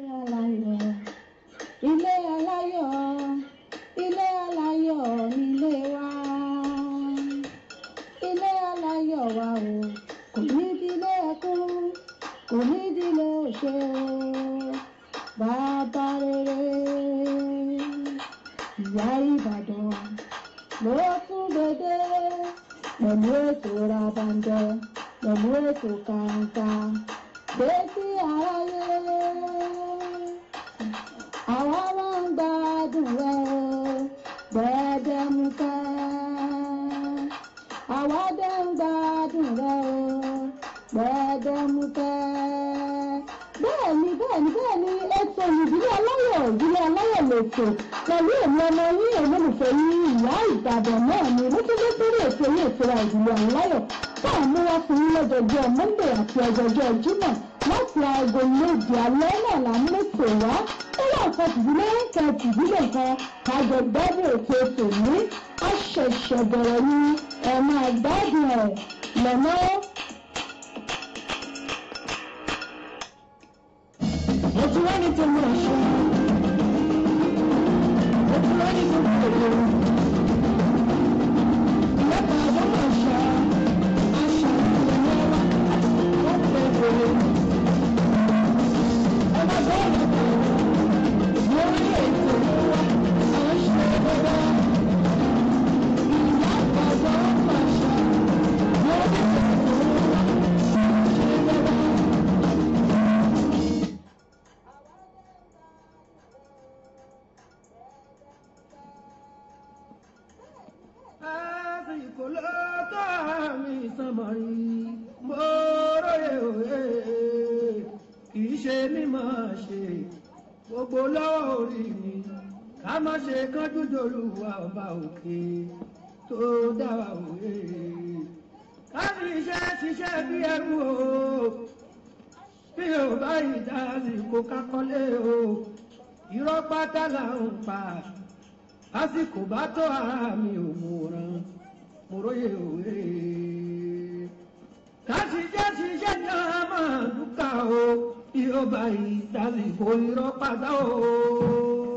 ilé aláyọ̀ ilé aláyọ̀. àjọ̀dún ẹ̀júmọ̀ láti aago méje alẹ́ náà là ń mètò wá nínú ọ̀kan tìdílé kan tìdílé kan àjọ̀gbẹ́bẹ̀ ètò tòní àṣẹ̀ṣẹ̀ bẹ̀rẹ̀ ni. tó dá wa wòye. káfí iṣẹ́ ṣiṣẹ́ bí ẹrú o bí o bá ìdásí kó kákọ́lé o irọ́ pátá là ń pa lásìkò bá tó àmì òmùràn mòróyè òwe. káṣíṣẹ́ ṣiṣẹ́ náà máa dúkà o bí o bá ìdásí kó irọ́ pátá o.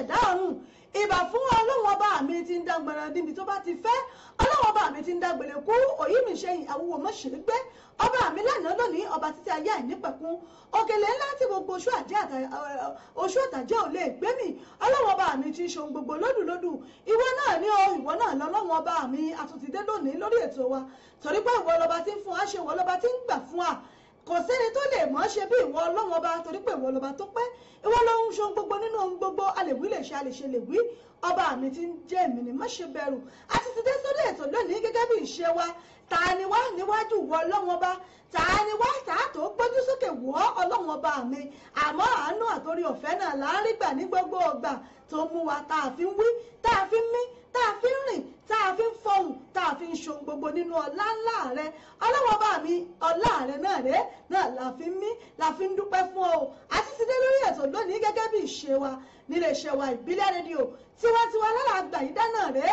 ṣẹ̀dá ọ̀run ìbà fún ọlọ́run ọba mi ti ń dágbére níbi tó bá ti fẹ́ ọlọ́run ọba mi ti ń dágbére kú òyì mi ṣẹyìn àwòwò mọ́ṣẹ́ gbé ọba mi lánàá lónìí ọba títí ayé àìnípẹ̀kun òkèlè ńlá tí gbogbo oṣù eh, àtàjẹ́ ò lè gbé mi ọlọ́run ọba mi ti ṣohun gbogbo lódùlódù ìwọ náà ní o ìwọ náà lọ́lọ́run ọba mi àtúntìdé lónìí lórí ètò wa torí pé ìwọ lọba ti ń fún wa ṣe ìwọ lọba ti ń gbà fún wa kò sẹ́ni tó lè mọ̀ ṣe bí ìwọ ọlọ́run ọba torí pé ìwọ lọba tó pẹ́ ìwọ lọ́hún ṣohun gbogbo nínú ohun gbogbo àlèwí lè ṣe àlèṣe lè wí ọba mi ti ń jẹ́ èmi ni má ṣe bẹ̀rù a ti ti dé sórí ètò lónìí gẹ́gẹ́ bí ìṣe wa ta ni wá níwájú ìwọ ọlọ́run ọba ta ni wá tàá tó gbójú sókè wọ́ ọlọ́run ọba mi àmọ́ àánú àtòrí ọ̀fẹ́ náà là gbà ní gbogbo ọgbà tó mú wa tá a ń wí tá a ń mí tá a fi ń rìn tá a fi ń fọhùn tá a fi ń ṣohun gbogbo nínú ọlá ńlá rẹ ọlọ́wọ́ bá mi ọlá rẹ náà rẹ náà la fi ń mí la fi ń dúpẹ́ fún ọ àti ti dé lórí ètò lónìí gẹ́gẹ́ bí ìṣe wa nílé iṣẹ́ wa ìbílẹ̀ rédíò tiwantiwa lára àgbà yìí dáná rẹ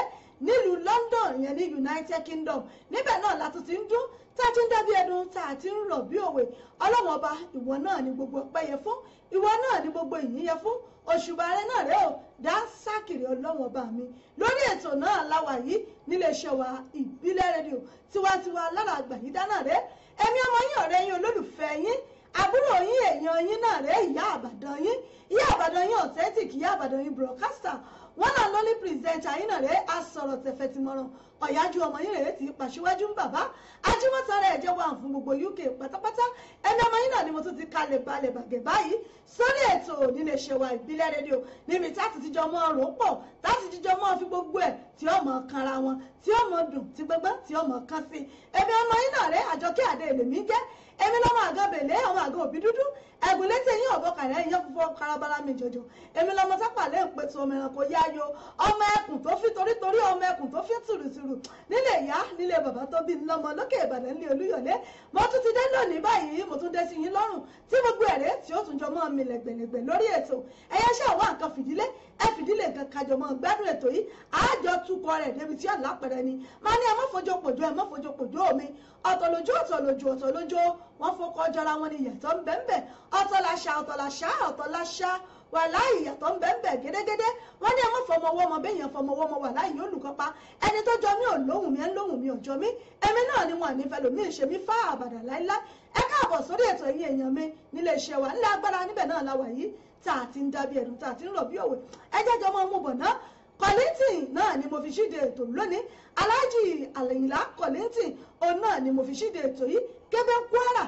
nílùú London ìyẹn ní United Kingdom níbẹ̀ náà la tún ti ń dún tá a ti ń dábí ẹdun tá a ti ń rọ̀ bí òwe ọlọ́wọ́n ọba ìwọ náà ni gbogbo ọpẹ́ yẹ fún ìwọ náà ni gbogbo ìyìn yẹ fún òṣùbà rẹ náà rẹ o dá sákìrì ọlọ́wọ́n ọba mi lórí ètò náà láwa yìí níléeṣẹ́ wa ìbílẹ̀ rédíò tiwantiwa lára àgbàyídá náà rẹ ẹ̀mí ọmọ yín ọ̀rẹ́ yín olólùfẹ́ yín àbúrò yín èèyàn yín náà rẹ ìyá àbàdàn yín ìyá àbàdàn yín authentic ìyá àbàdàn yín broadcaster wọ́n náà ló ní pírẹsẹ̀ntà yìí náà rèé asọ̀rọ̀ tẹ̀fẹ̀ ti mọ̀ràn ọ̀yájú ọmọ yìí rèé ti pàṣíwájú ń bàbá ajímọ̀tà rẹ̀ jẹ́ wà fún gbogbo UK pátápátá ẹni ọmọ yìí náà ni mo tún ti kalẹ̀ balẹ̀ bàgẹ́ báyìí sórí ètò nílé ṣe wa ìbílẹ̀ rédíò níbi táti jíjọ mọ́ ọ̀rùn pọ̀ táti jíjọ mọ́ fi gbogbo ẹ̀ tí ó mọ̀ kanra wọn tí ó mọ̀ dùn tí gbogbo tí ó mọ̀ kan sí èmi ọmọ yìí náà rèé àjọkẹ́ àdé èlèmí jẹ́ èmi lọ́mọ àgọ́ bèlè ọmọ àgọ́ òbí dúdú ẹ̀gùn létí eyín ọ̀bọ kàrẹ́ ìyá fúnfọ́ karabala mi jọjọ èmi lọmọ sápàlẹ́ ìpẹ̀tù ọmọ ẹranko yá yo ọmọ ẹkùn tó fi torítorí ọmọ ẹkùn tó fi tùrùtùrù nílé ìyá nílé bàbá tó bí lọmọ lókè ìbàdàn nílé olúyọ̀lé mo tún ti dé lónìí báyìí mo tún dé sí yín lọ́rùn tí gbogbo ẹ̀rẹ́ tí ó tún jọ mọ́ mi lẹ̀gbẹ̀lẹ̀gbẹ̀ lórí ètò ẹ̀yẹ ṣáà wá nǹkan fìdílé ẹ fìdílé nǹkan kájọ mọ́ gbẹ́dùn ètò yìí àjọ tukọ̀ rẹ̀ débi tí àlápẹ̀rẹ̀ ni máa ní ẹ mọ́fojopòjò ẹ mọ́fojopòjò mi ọ̀tọ̀ lójú ọ̀tọ̀ lójú ọ̀tọ̀ wọ́n fọkọ jọra wọn ni ìyàtọ̀ ń bẹ́ẹ̀ ọ̀tọ̀ làṣà ọ̀tọ̀ làṣà ọ̀tọ̀ làṣà wà láì ìyàtọ̀ ń bẹ́ẹ̀ gédégédé wọ́n ní ẹ̀mọ́ fọmọwọ́ ọmọ bẹ́ẹ̀ yẹn fọmọwọ́ ọmọ wà láì yóò lùkọ́ pa ẹni tó jọ mí ò lóhùn mi ẹ̀ ń lóhùn mi ò jọ mí èmi náà ni wọn ànífẹ́ lòmí ìṣe mi fá àbàdà láíláí ẹ káàbọ̀ sórí ètò ẹ̀yin èèyàn mi nílé iṣẹ́ wa ńlá agbára níbẹ̀ náà la wà yìí tá a ti ń dábì ẹ̀dùn tá a ti ń rọ̀ bí òwe ẹ jẹ́jọ́ mọ́ mú bọ̀ náà kọ́lẹ́ntìn náà ni mo fi ṣíde ètò lónìí aláàjì àlẹ́yìnlá kọ́lẹ́ntìn òun náà ni mo fi ṣíde ètò yìí kébé kwara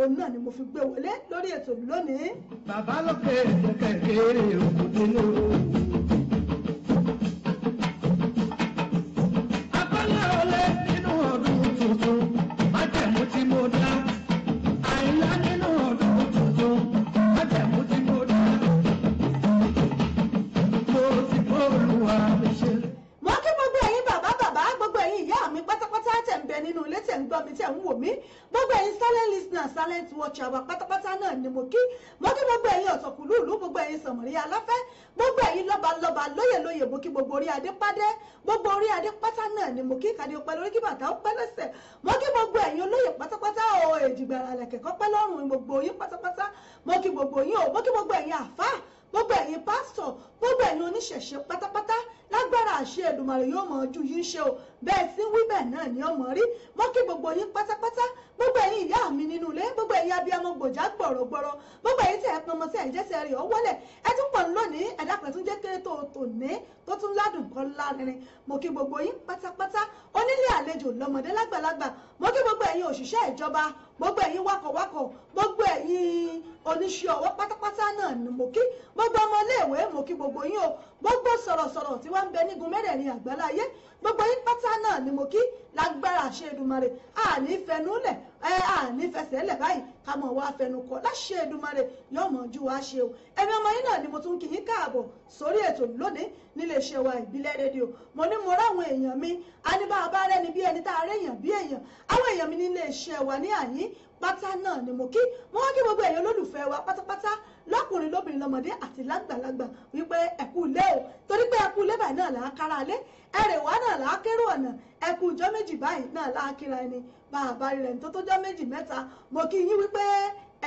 òun náà ni mo fi gbé wọlé lórí ètò lónìí. bàbá lọ́kẹ́ kẹ̀kẹ́ òkú tinubu. àrẹ̀lẹ̀ aláfẹ́ gbogbo ẹ̀yin lọ́ba lọ́ba lóyè lóyè mo kí gbogbo orí adé pádé gbogbo orí adé pátá náà ni mo kí kàdé pẹ́ lórí kí bàtà ó pẹ́ lẹ́sẹ̀ mo kí gbogbo ẹ̀yin olóyè pátápátá o èjìgbàrà lẹ̀kẹ̀kọ́ pẹ́ lọ́rùn gbogbo yín pátápátá mo kí gbogbo yín o mo kí gbogbo ẹ̀yin àfá gbogbo ẹ̀yin pásítọ̀ gbogbo ẹ̀yin oníṣẹ̀ṣe pátápátá lágbára àṣẹ Èdùmàrè yóò mọ̀ ojú yín ṣe o bẹ́ẹ̀ sí wí bẹ́ẹ̀ náà ni ọmọ rí mo kí gbogbo yín pátápátá gbogbo ẹ̀yin ìyá mi nínú ilé gbogbo ẹ̀yin abiyamọ gbòjá gbọ̀rọ̀gbọ̀rọ̀ gbogbo ẹ̀yin tẹ́ pọnmọ sí ẹ̀jẹ̀sẹ̀ rẹ̀ ó wọlé ẹ tún pọ̀ lónìí ẹ̀dá pẹ̀ tún jẹ́ kéré tó tò ní tó tún ládùn kan lárinrin mo kí gbogbo yín pátápátá onílé àlejò lọ́mọdé lágbàlagbà mo kí gbogbo ẹ̀yin òṣìṣẹ́ ìjọba gbogbo ẹ̀yin wákọ̀wákọ̀ gbogbo ẹ̀yin oníṣẹ́ ọwọ́ pátápátá náà ni mo kí gbogbo ọmọléèwé mo kí gbogbo yín o gbogbo sọ̀rọ̀sọ̀rọ̀ tí wọ́n ń bẹ nígun mẹ́rẹ̀ẹ̀rin àgbáláyé gbogbo yín pátá náà ni mo kí lágbára àṣẹ Èdùmàrè àní fẹnulẹ̀ àní fẹsẹ̀ lẹ̀ báyìí ká mọ̀ wá fẹnukọ̀ láṣẹ Èdùmàrè yọ ọmọjú wa ṣe o ẹ̀mí ọmọ yín náà ni mo tún kì í káàbọ̀ sórí ètò lónìí nílé iṣẹ́ wa ìbílẹ̀ rédíò mo ní mo ráwọn èèyàn mi a ní bá a bá rẹ́ni bí ẹni tá a rẹ́yàn bí èèyàn àwọn èèyàn mi nílé iṣẹ́ wa ní àní pátá náà ni mo kí mo wá kí gbogbo èèyàn olólùfẹ́ wa pátápátá lọ́kùnrin lóbìnrin lọ́mọdé àti lágbàlagbà wípé ẹ̀kú ilé o torí pé ẹ̀kú ilé báyìí náà là á kára lé ẹ̀rẹ̀ wá náà là á kérò ọ̀nà ẹ̀kú ọjọ́ méjì báyìí náà là á kíra ẹni bá a rẹ̀ ní tó tó méjì mẹ́ta mo kí yín wípé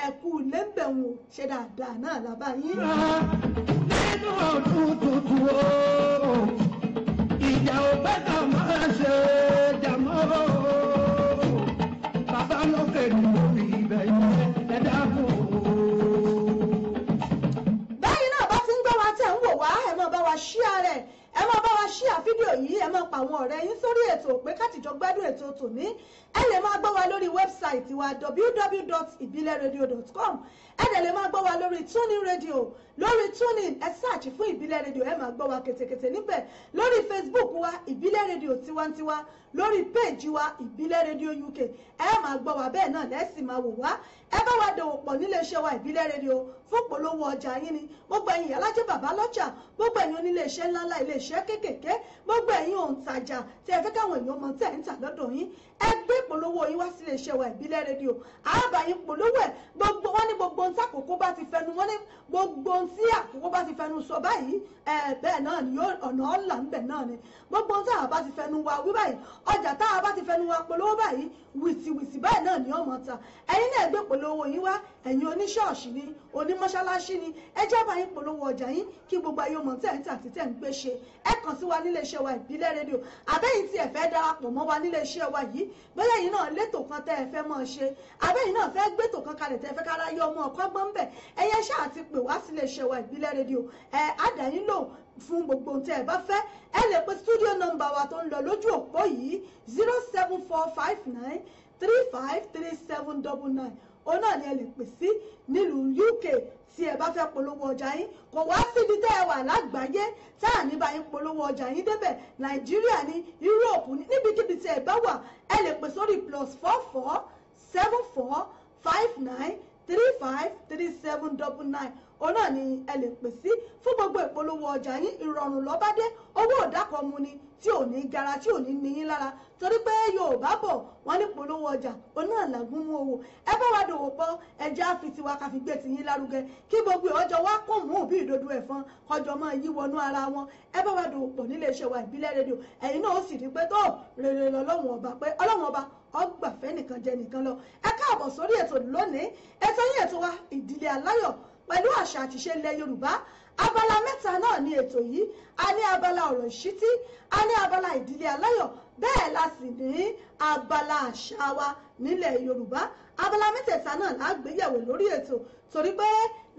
ẹ̀kú lẹ́ńbẹ̀wò ṣe dáadáa náà lábá yín. nínú ọdún tuntun o ìjà ò bẹ́ ká máa ṣe jàmọ́ o bàbá lókè nínú ibẹ̀ yẹn ẹ dákun o. báyìí náà bá ti gbọ́ wa tẹ̀ ń wò wá ẹ̀ máa bá wa ṣí ara ẹ̀ ẹ̀ máa bá máa ṣíà fídíò yìí ẹ máa pa àwọn ọ̀rẹ́ yín sórí ètò pé káàtìjọ gbádùn ètò tòní ẹ lè máa gbọ́ wa lórí wẹ́bsáìtì wa www.ibileradio.com ẹ dẹ̀ lè máa gbọ́ wa lórí tuning radio lórí tuning ẹ search fún ìbílẹ̀ radio ẹ máa gbọ́ wa kètèkètè níbẹ̀ lórí facebook wa ìbílẹ̀ radio tiwantiwa lórí page wa ìbílẹ̀ radio uk ẹ máa gbọ́ wa bẹ́ẹ̀ náà lẹ́sìn máa wò wá ẹ bá wa dòwò pọ̀ níléeṣẹ́ wa ìbílẹ̀ radio fún polówó ọjà yín ni gbogbo ẹ̀yin alájẹ́ bàbá lọ́jà gbogbo ẹ̀yin oníléeṣẹ́ ńláńlá iléeṣẹ́ kéékèèké gbogbo ẹ̀yin òǹtajà tí ẹ gbé ìpolówó yín wá sílé iṣẹ́ wa ìbílẹ̀ rédíò àábà yín polówó ẹ̀ gbogbo wọn ní gbogbo ohun tí àkókò bá ti fẹnu wọn ní gbogbo ohun tí àkókò bá ti fẹnu sọ báyìí ẹ bẹ́ẹ̀ náà ni ọ̀nà ọ̀là ńbẹ̀ náà ni gbogbo ohun tí àwa bá ti fẹnu wa wí báyìí ọjà táwa bá ti fẹnu wa polówó báyìí wìsìwìsì báyìí náà ni ọmọ ta ẹ̀yin náà gbé polówó yín wá ẹ̀yin oníṣọ́ọ̀ṣì ni onímọ́ṣáláṣí ni ẹ jábà yín polówó ọjà yín kí gbogbo ayé ọmọ tẹ̀ ń tà àti tẹ̀ ń gbé ṣe ẹ kàn sí wa nílé iṣẹ́ wa ìbílẹ̀ rédíò àbẹ́yìn tí ẹ fẹ́ darapọ̀ mọ́ wa nílé wa yìí bóyá ẹ̀yin náà létò kan tẹ́ ẹ fẹ́ mọ́ ṣe àbẹ́yìn náà fẹ́ gbétò kan kalẹ̀ tẹ́ ẹ fẹ́ kára yọ ọmọ ọ̀kọ́ gbọ́n bẹ̀ ẹ̀yẹ ṣáà ti pè wá sílé wa ìbílẹ̀ rédíò ẹ̀ àdàyìn lò fún gbogbo ohun tí ẹ bá fẹ́ ẹ lè pe studio nọ́mbà wa tó ń lọ lójú òpó yìí zero seven four five nine three five three seven double nine òun náà ni ẹ lè pè sí nílùú UK tí ẹ bá fẹ́ polówó ọjà yín kò wá síbi tẹ́ ẹ wà lágbàáyé tá à ní bá yín polówó ọjà yín débẹ̀ Nàìjíríà ní Europe ní níbikíbi tí ẹ bá wà ẹ lè pè sórí plus four four seven four five nine three five three seven double nine òun náà ni ẹ lè pè sí fún gbogbo ìpolówó ọjà yín ìrọ̀rùn lọ́bádé owó òdàkọ̀ mu ni tí ò ní gara tí ò ní níyín lára torí pé yorùbá bọ̀ wọ́n ní polówó ọjà òun náà làgún mú owó ẹ bá wa dòwò pọ̀ ẹjẹ́ á fi tiwa ká fi gbé tiyín lárugẹ kí gbogbo ọjọ́ wa kò mú bí ìdodo ẹ̀fọn kọjọ máa yí wọnú ara wọn ẹ bá wa dòwò pọ̀ nílé iṣẹ́ wa ìbílẹ̀ rédíò ẹ̀yin náà ó sì rí pé tó rere lọ́lọ́run ọba pé ọlọ́run ọba ọgbàfẹ́ nìkan jẹ nìkan lọ ẹ káàbọ̀ sórí ètò lónìí ètò yín ètò wa ìdílé aláyọ̀ pẹ̀lú àṣà àtìṣe ilẹ̀ Yorùbá abala mẹ́ta náà ni ètò yìí a ní abala ọ̀rọ̀ ìṣítí a ní abala ìdílé aláyọ̀ bẹ́ẹ̀ la sì ní abala àṣà wa nílẹ̀ Yorùbá abala mẹ́tẹ̀ẹ̀ta náà la gbéyẹ̀wò lórí ètò torí pé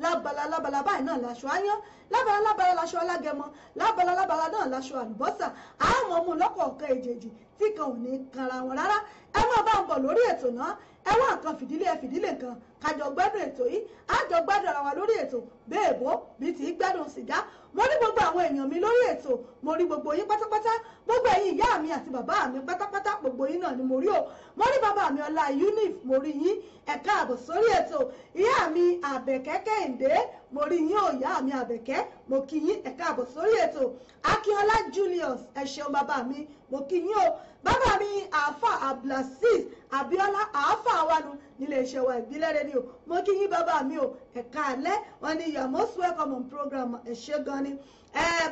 lábala lábala báyìí náà làṣọ áyán lábala lábala laṣọ alágẹmọ lábala lábala náà laṣọ àlùbọ́sà àwọn ọmọ lọ́kọ̀ọ̀kan èjèèjì tí kan ò ní kanra wọn rárá ẹ máa bá ń bọ̀ lórí ètò náà ẹ wá nǹkan fìdílé ẹ fìdílé kan kájọ gbádùn ètò yìí á jọ gbádùn ara wa lórí ètò bẹ́ẹ̀ bó bí ti gbádùn sìgá mo rí gbogbo àwọn èèyàn mi lórí ètò mo rí gbogbo yín pátápátá gbogbo ẹ̀yin ìyá mi àti bàbá mi pátápátá gbogbo yín náà ni mo rí o mo rí bàbá mi ọlá unif mo rí yín ẹ káàbọ̀ sórí ètò ìyá mi àbẹ̀kẹ́kẹ́ ìdè mo rí yín òyà mi àbẹ̀kẹ́ mo kí yín ẹ̀ka àbọ̀ sórí ètò akínọlá julius ẹ ṣeun bàbá mi mo kí yín o bàbá mi àáfà abdulaziz abiola àáfà awanu níléeṣẹ́ wa ìbílẹ̀ rédíò mo kí yín bàbá mi o ẹ̀ka alẹ́ wọn ni your most welcome on program ẹ ṣé gan ni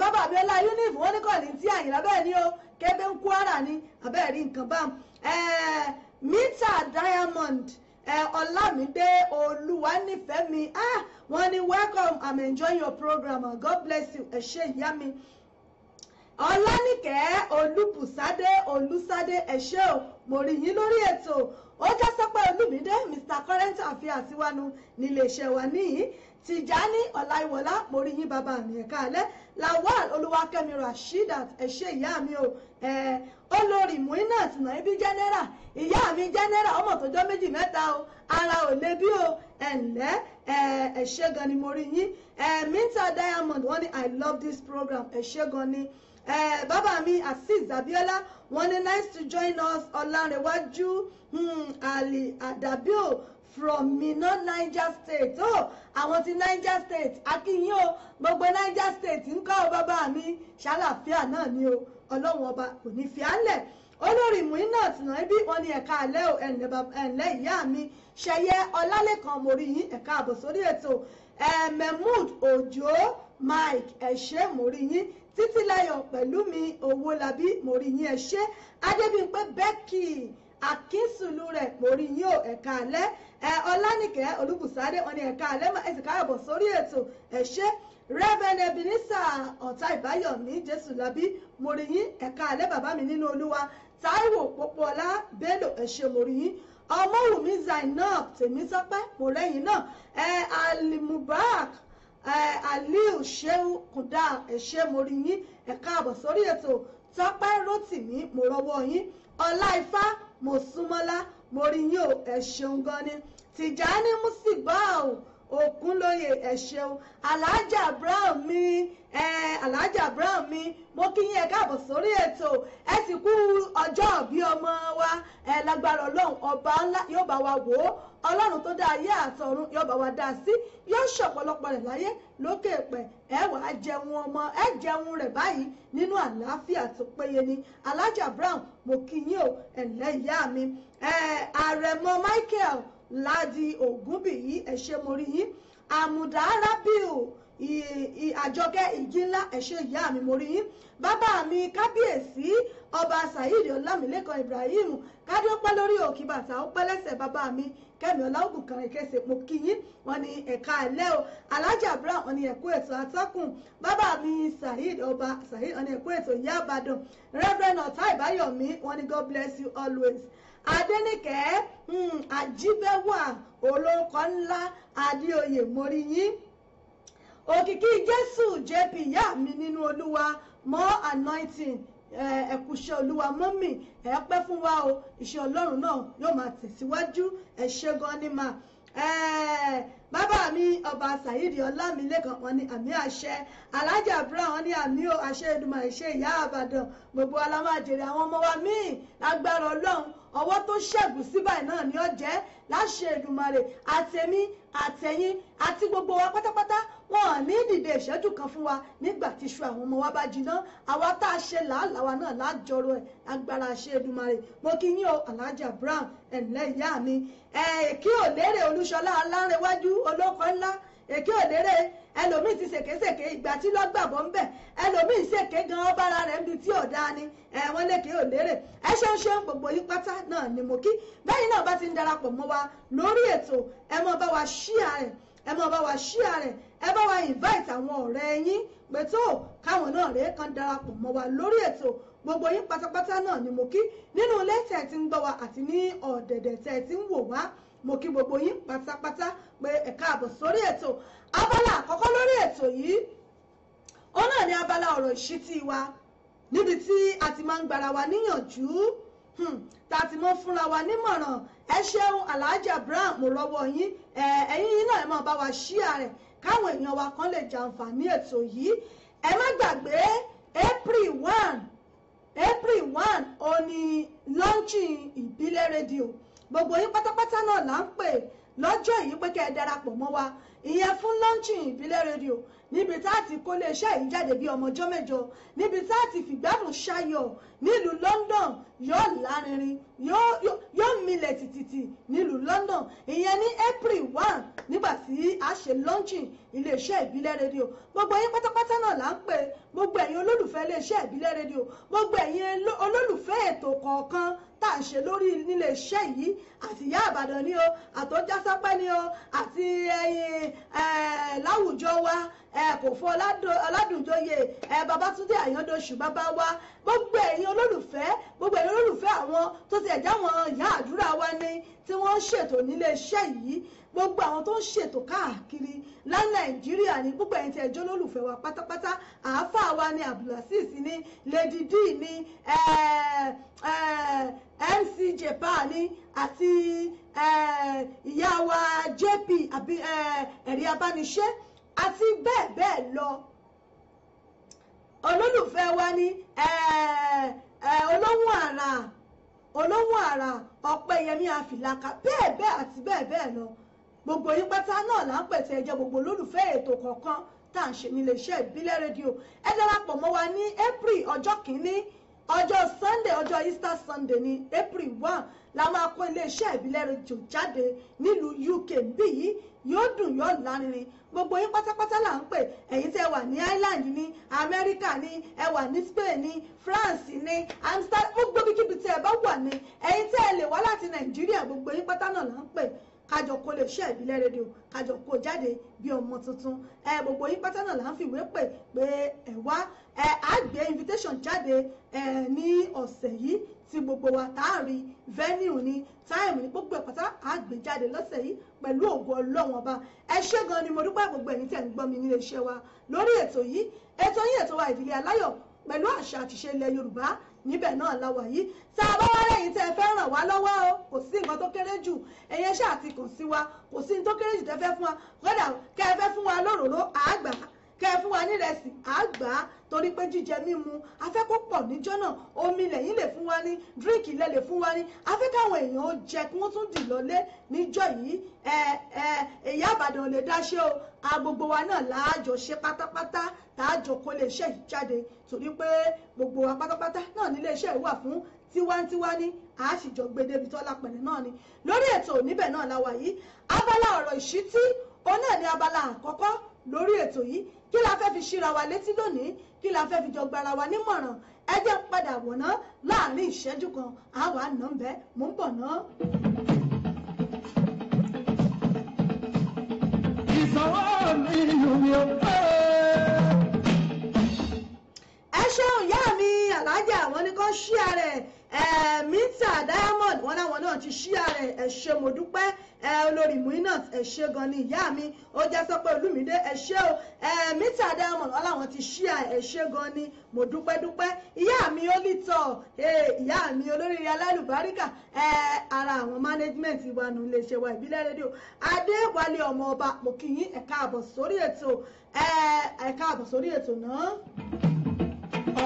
bàbá abiola unif wọn ní kọ́ni tí àyìnlá bẹ́ẹ̀ ni o kébé ń kwara ni àbẹ́ẹ̀rí nǹkan bá mítà diamond. Ọlámídé Olúwanífẹ́mi ah, wọ́n ní welcome I'm enjoying your program and God bless you ẹ ṣé ìyá mi ọlánìkẹ́ olùbùsádé olùsádé ẹ̀ṣẹ́ o mo rí yín lórí ètò ó já sọpẹ́ olùmídé mr current affair tiwanu níléeṣẹ́ wa níyì Tìjání ọláìwọlá mo rí yín bàbá mi ẹ̀ka alẹ́ Lawal Olúwakẹ́mi Rashidat ẹ ṣé ìyá mi o olórí Muinat Naibi jẹ́nẹ́rà ìyá mi jẹ́nẹ́rà ọmọ tọjọ́ méjì mẹ́ta o ara ò lè bí o ẹ̀ǹlẹ́ ẹ ṣé gan ni mo rí yín Minta Diamond wọ́n ní I love this program ẹ ṣé gan ni bàbá mi Azeez Abiola wọ́n ní nice to join us Hmm. Ali Adabio from Minna Niger State oh àwọn ti Niger State akínyìn o gbogbo Niger State ń kọ́ ọ bàbá mi ṣàlàfíà náà ni o ọlọ́run ọba kò ní fi álẹ̀ olórí Muinat Nuebi wọn ni ẹ̀ka alẹ́ o ẹ̀ǹlẹ́ ìyá mi ṣẹyẹ ọlálẹ́kan mórí yín ẹ̀ka àbọ̀ sórí ètò mehmood ojo mike ẹ̀ṣẹ́ mórí yín títílayọ̀ pẹ̀lú mi owó labi mórí yín ẹ̀ṣẹ́ adébímpé becky àkínsùnú rẹ̀ mórí yín ò ẹ̀ka alẹ́ ẹ ọlánìkẹ́ olúbùsáré ọ̀nì ẹ̀ka alẹ́ mọ̀ ẹ̀sìn káyọ̀bọ̀ sórí ètò ẹ̀ṣẹ́ Reverend Ebenezer ọ̀tá ìbáyọ̀mí jésù lábí mórí yín ẹ̀ka alẹ́ bàbá mi nínú olúwa táíwò pópóọlá bello ẹ̀ṣẹ́ mórí yín ọmọwùmí zainab tèmítọ́pẹ́ mọ̀rẹ́yìn náà ẹ alimubarak ẹ aliu sheu kùdà ẹ̀ṣẹ́ mórí ẹ̀ka àbọ̀ sórí ètò tọ́pẹ́ rótìmí mọ̀rọ̀wọ́ yín ọláìfá mo súnmọ́lá mo rí yín o ẹ ṣeun gan ni Tìjání Musibau ògúnlóye ẹ ṣeun aláàjà brown mi aláàjà brown mi mo kí yín ẹ káàbọ̀ sórí ètò ẹ sì kú ọjọ́ bí ọmọ wa ẹ lágbára ọlọ́run ọba ńlá yóò bá wa wò ó ọlọ́run tó dá ayé àtọ̀run yóò bá wa dá sí yóò ṣọ̀pọ̀lọpọ̀ rẹ̀ láyé lókè pẹ̀ ẹ wà á jẹun ọmọ ẹ jẹun rẹ̀ báyìí nínú àlàáfíà tó péye ni aláàjà brown mo kí yín o ẹ̀lẹ́ ìyá mi ààrẹ mọ michael Ládi Ògúnbìyí ẹ̀ṣẹ̀ morí yín Àmùdá Rábìù àjọkẹ́ ìjì ńlá ẹ̀ṣẹ̀ ìyá mi morí yín bàbá mi kábíyèsí ọba Saheed Ọlámilékan Ibrahim kádé ó pẹ́ lórí òkè bàtà ó pẹ́ lẹ́sẹ̀ bàbá mi kẹ́mi ọláògùn kan ìkẹsẹ̀ pò kíyín wọ́n ní ẹ̀ka ẹ̀lẹ́ o alájà brown wọ́n ní ẹ̀kú ètò atọ́kùn bàbá mi Saheed ọba Saheed wọ́n ní ẹ̀kú ètò ìyá àbàdàn Reverend ọ̀tá ìbáyọ̀mí wọ́n ní God bless you always adẹ́nìkẹ́ hmm, àjíbẹ́wà olórúkọ ńlá adéoyè moríyìn òkìkí jésù jp ìyá mi nínú olúwa more anointing ẹ̀kúṣẹ́ olúwa mọ́mì ẹ̀ pẹ́ fún wa o iṣẹ́ ọlọ́run náà yóò máa tẹ̀síwájú ẹ̀ ṣe gan ni mà ẹ̀ bàbá mi ọba Saheed Ọlámilékan wọn ní àmì àṣẹ Alhaji Abraham wọn ní àmì ò àṣẹ ìdùnnú àṣẹ ìyá àbàdàn gbogbo alámàjèrè àwọn ọmọ wa míì lágbára Ọlọ́run ọwọ́ tó ṣẹ́gun síbàì náà ni ó jẹ́ láṣẹ Èdùmàrè àtẹ̀mí àtẹ̀yìn àti gbogbo wa pátápátá wọn à ní dìde ìṣẹ́jú kan fún wa nígbà tí iṣu àwọn ọmọ wa bá jiná àwa tá a ṣe làálàá náà lájọrọ ẹ̀ agbára ṣe Èdùmàrè mo kí yín o Alhaja Brown ẹ̀ǹlẹ́ ìyá mi èkí òlérè Olúṣọlá alárẹ̀wájú olóko ńlá èkí òlérè ẹlòmíì ti ṣèkéṣèké ìgbà tí lọ́gbàbọ̀ ń bẹ̀ ẹlòmíì ṣèké gan ọba ara rẹ̀ ń du tí ọ̀dá ni ẹ̀wọ̀n lékè ò lérè ẹ ṣeun ṣeun gbogbo yí pátá náà ni mo kí bẹ́yìn náà bá ti ń darapọ̀ mọ́ wa lórí ètò ẹ mọ́ bá wa ṣíà rẹ̀ ẹ mọ́ bá wa ṣíà rẹ̀ ẹ bá wa invite àwọn ọ̀rẹ́ yín pé tó káwọn náà rèé kan darapọ̀ mọ́ wa lórí ètò gbogbo yín pátápátá náà ni mo kí nínú ilé tẹ̀ ti ń gbọ́ wa àti ní ọ̀dẹ̀dẹ̀ tẹ̀ ti ń wò wá mo kí gbogbo yín pátápátá pé ẹ káàbọ̀ sórí ètò abala àkọ́kọ́ lórí ètò yìí òun náà ni abala ọ̀rọ̀ ìṣítí wa níbi tí a ti máa ń gbara wa níyànjú hmm, tá a ti mọ fúnra wa nímọ̀ràn ẹ ṣeun alhaji abraham mo rọwọ́ yín ẹ̀yin náà ẹ máa bá wa ṣíà rẹ̀ káwọn èèyàn wa kan lè jàǹfààní ètò yìí ẹ má gbàgbé April one April one òní launching ìbílẹ̀ rédíò gbogbo yín pátápátá náà là ń pè lọ́jọ́ yìí pé kẹ́ ẹ darapọ̀ mọ́ wa ìyẹn fún launching ìbílẹ̀ rédíò níbi tá a ti kó lè iṣẹ́ yìí jáde bí ọmọ ọjọ́ mẹ́jọ níbi tá a ti fìgbádùn ṣayọ̀ nílùú London yóò lárinrin yóò milẹ̀ tìtìtì nílùú London ìyẹn ní April one nígbà tí a ṣe launching iléeṣẹ́ ìbílẹ̀ rédíò gbogbo yín pátápátá náà là ń pè gbogbo ẹ̀yin olólùfẹ́ iléeṣẹ́ ìbílẹ̀ rédíò gbogbo ẹ̀yin olólùfẹ́ ètò kọ̀ọ̀kan tá à ń ṣe lórí nílé iṣẹ́ yìí àti ìyá àbàdàn ni o àtọ́jásápẹ́ ni o àti ẹyin eh, láwùjọ wa eh, kò fún ọládùnjọyè eh, babatunde àyàndọṣù bàbá wa gbogbo ẹ̀yin olólùfẹ́ gbogbo ẹ̀yin olólùfẹ́ àwọn tó ti ẹ̀já wọn ìyá àdúrà wa ni tí wọ́n ṣètò nílé iṣẹ́ yìí gbogbo àwọn tó ń ṣètò káàkiri lá nàìjíríà ní púpọ̀ ẹ̀yìn tí ẹjọ́ lólùfẹ́ wa pátápátá àáfà wa ni abdulaziz ni lady d ni mc eh, eh, japan ni àti eh, ìyá wa jp àbí ẹ̀rí abániṣẹ́ àti bẹ́ẹ̀ bẹ́ẹ̀ lọ olólùfẹ́ wa ni olóhùn àrà olóhùn àrà ọ̀pẹ̀yẹmí afilaka bẹ́ẹ̀ bẹ́ẹ̀ àti bẹ́ẹ̀ bẹ́ẹ̀ lọ gbogbo yín pátá náà là ń pèsè ẹjẹ gbogbo olólùfẹ́ ètò kọ̀ọ̀kan tá à ń ṣe níléeṣẹ́ ìbílẹ̀ rédíò ẹ darapọ̀ mọ́ wa ní april ọjọ́ kìíní ọjọ́ sunday ọjọ́ easter sunday ní april one la máa kó iléeṣẹ́ ìbílẹ̀ rédíò jáde nílùú uk níbí yìí yóò dùn yóò lárinrin gbogbo yín pátápátá là ń pè ẹ̀yin tẹ́ wà ní Ireland ní America ní ẹ wà ní Spain ní France ní Amsterdam gbogbo bíkíbi tí ẹ bá wà ní ẹ̀yin tẹ́ ẹ lè wá láti Nàìjíríà gbogbo yín pátá náà là ń pè kájọ kó lè ṣe ìbílẹ̀ rédíò kájọ kó jáde bí ọmọ tuntun ẹ gbogbo yín pátá náà là ń fìwé pè pé ẹ wá ẹ á gbé invitation jáde ẹ ní ọ̀sẹ̀ yìí tí gbogbo wa tá a rí venue ní time ní gbogbo ẹ̀pátá á gbé jáde lọ́sẹ̀ yìí pẹ̀lú ògo Ọlọ́run ọba ẹ ṣé gan ni mo dúpẹ́ gbogbo ẹ̀yin tẹ̀ ń gbọ́ mi nílé iṣẹ́ wa lórí ètò yìí ètò yìí ètò wa ìdílé aláyọ̀ pẹ̀lú àṣà àtìṣe ilẹ̀ Yorùbá níbẹ̀ náà la wà yìí tá a bá wá lẹ́yìn tẹ́ ẹ fẹ́ ràn wá lọ́wọ́ o kò sí nǹkan tó kéré jù ẹ̀yẹn ṣáà ti sí wa kò sí nǹkan tó kéré jù tẹ́ fẹ́ fún wa kódà kẹ́ ẹ fẹ́ fún wa lóròró àgbà kẹ́ ẹ fún wa nírẹsì àgbà torí pé jíjẹ mímu afẹ́kó pọ̀ níjọ́ náà omi lẹ́yìn lè fún wa ní díríǹkì lẹ́ lè fún wa ní afẹ́ káwọn èèyàn ó jẹ kí wọ́n tún dì lọ́lé níjọ́ yìí ẹ ẹ Ìyá Ìbàdàn lè dáṣẹ́ o a wa náà láàjọ ṣe pátápátá tààjọ kó lè ṣe yìí jáde torí pé gbogbo wa pátápátá náà ní iléeṣẹ́ yìí fún tiwantiwa ní àṣìjọ gbedebí tọ́lá pẹ̀lẹ́ náà ni lórí ètò níbẹ̀ náà la wà yìí abala ọ̀rọ̀ ìṣítí òun náà ní abala àkọ́kọ́ lórí ètò yìí kí la fẹ́ fi ṣíra wa létí lónìí kí la fẹ́ fi jọ gbara wa nímọ̀ràn ẹ jẹ́ padà wọ̀ná láàrin ìṣẹ́jú kan àwa nà ń bẹ́ mò ń bọ̀ ná. ìsanwó mi ìlú mi ò pé. ẹ ṣeun ìyá mi alájà àwọn ni kò ṣí ara ẹ̀ Eh, Mr. diamond wọn láwọn náà ti ṣí ààrẹ ẹ ṣé mo dúpẹ́ eh, olórí muinat ẹ ṣé gan ni ìyá mi ó jẹ́ sọ pé olúmídé ẹ o eh, mítà diamond wọn láwọn ti ṣí ààrẹ ẹ ṣé gan ni mo dúpẹ́ dúpẹ́ ìyá mi ó lè tọ̀ ìyá mi olóríire alálùbáríkà ara àwọn management wa nù iléeṣẹ́ wa ìbílẹ̀ rédíò adéwálé ọmọ ọba mo kí yín ẹ káàbọ̀ sórí ètò ẹ káàbọ̀ sórí ètò náà.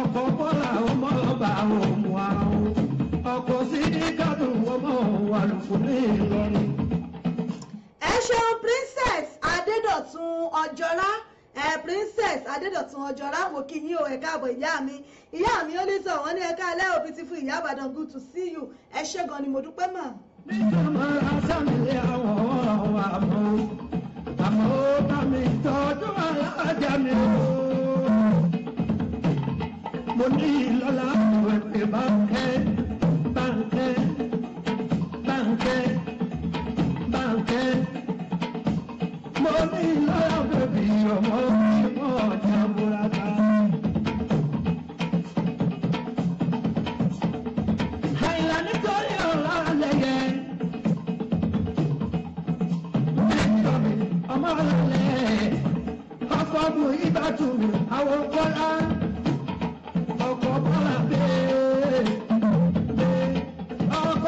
ọkọ̀ bọ́lá ọmọ ọba àwọn ọmọ àwọn ọkọ̀ sí kádùnwó mọ̀ àlùfòlè lọ́nà. ẹ ṣeun princess adédọ̀tun ọjọ́lá ẹ princess adédọ̀tun ọjọ́lá mo kí yín o ẹ káàbọ̀ ìyá mi ìyá mi ó lè sọ wọn ní ẹ̀ka alẹ́ òbí ti fún ìyá àbàdàn good to see you ẹ ṣé ni mo dúpẹ́ mà. níjọba asámilé àwọn àmọ́ àmọ́ bá mi tọ́jú alájà mi o mo ní ìlọ́lá ọ̀rẹ́ bá tẹ́. Banque, banque, banque. Mo ní lọ́yọ̀ bèbí ọmọ ìmọ̀ ọ̀jà burata. Àyìnlá nítorí ọ̀la lẹ́yẹ. Bẹ́ẹ̀ni mi, ọmọ ọ̀làlẹ̀. Ọkọ̀ bu ìbátú mi, àwọn kọ́lá. Ọkọ̀ bọ́lá bẹ́ẹ̀.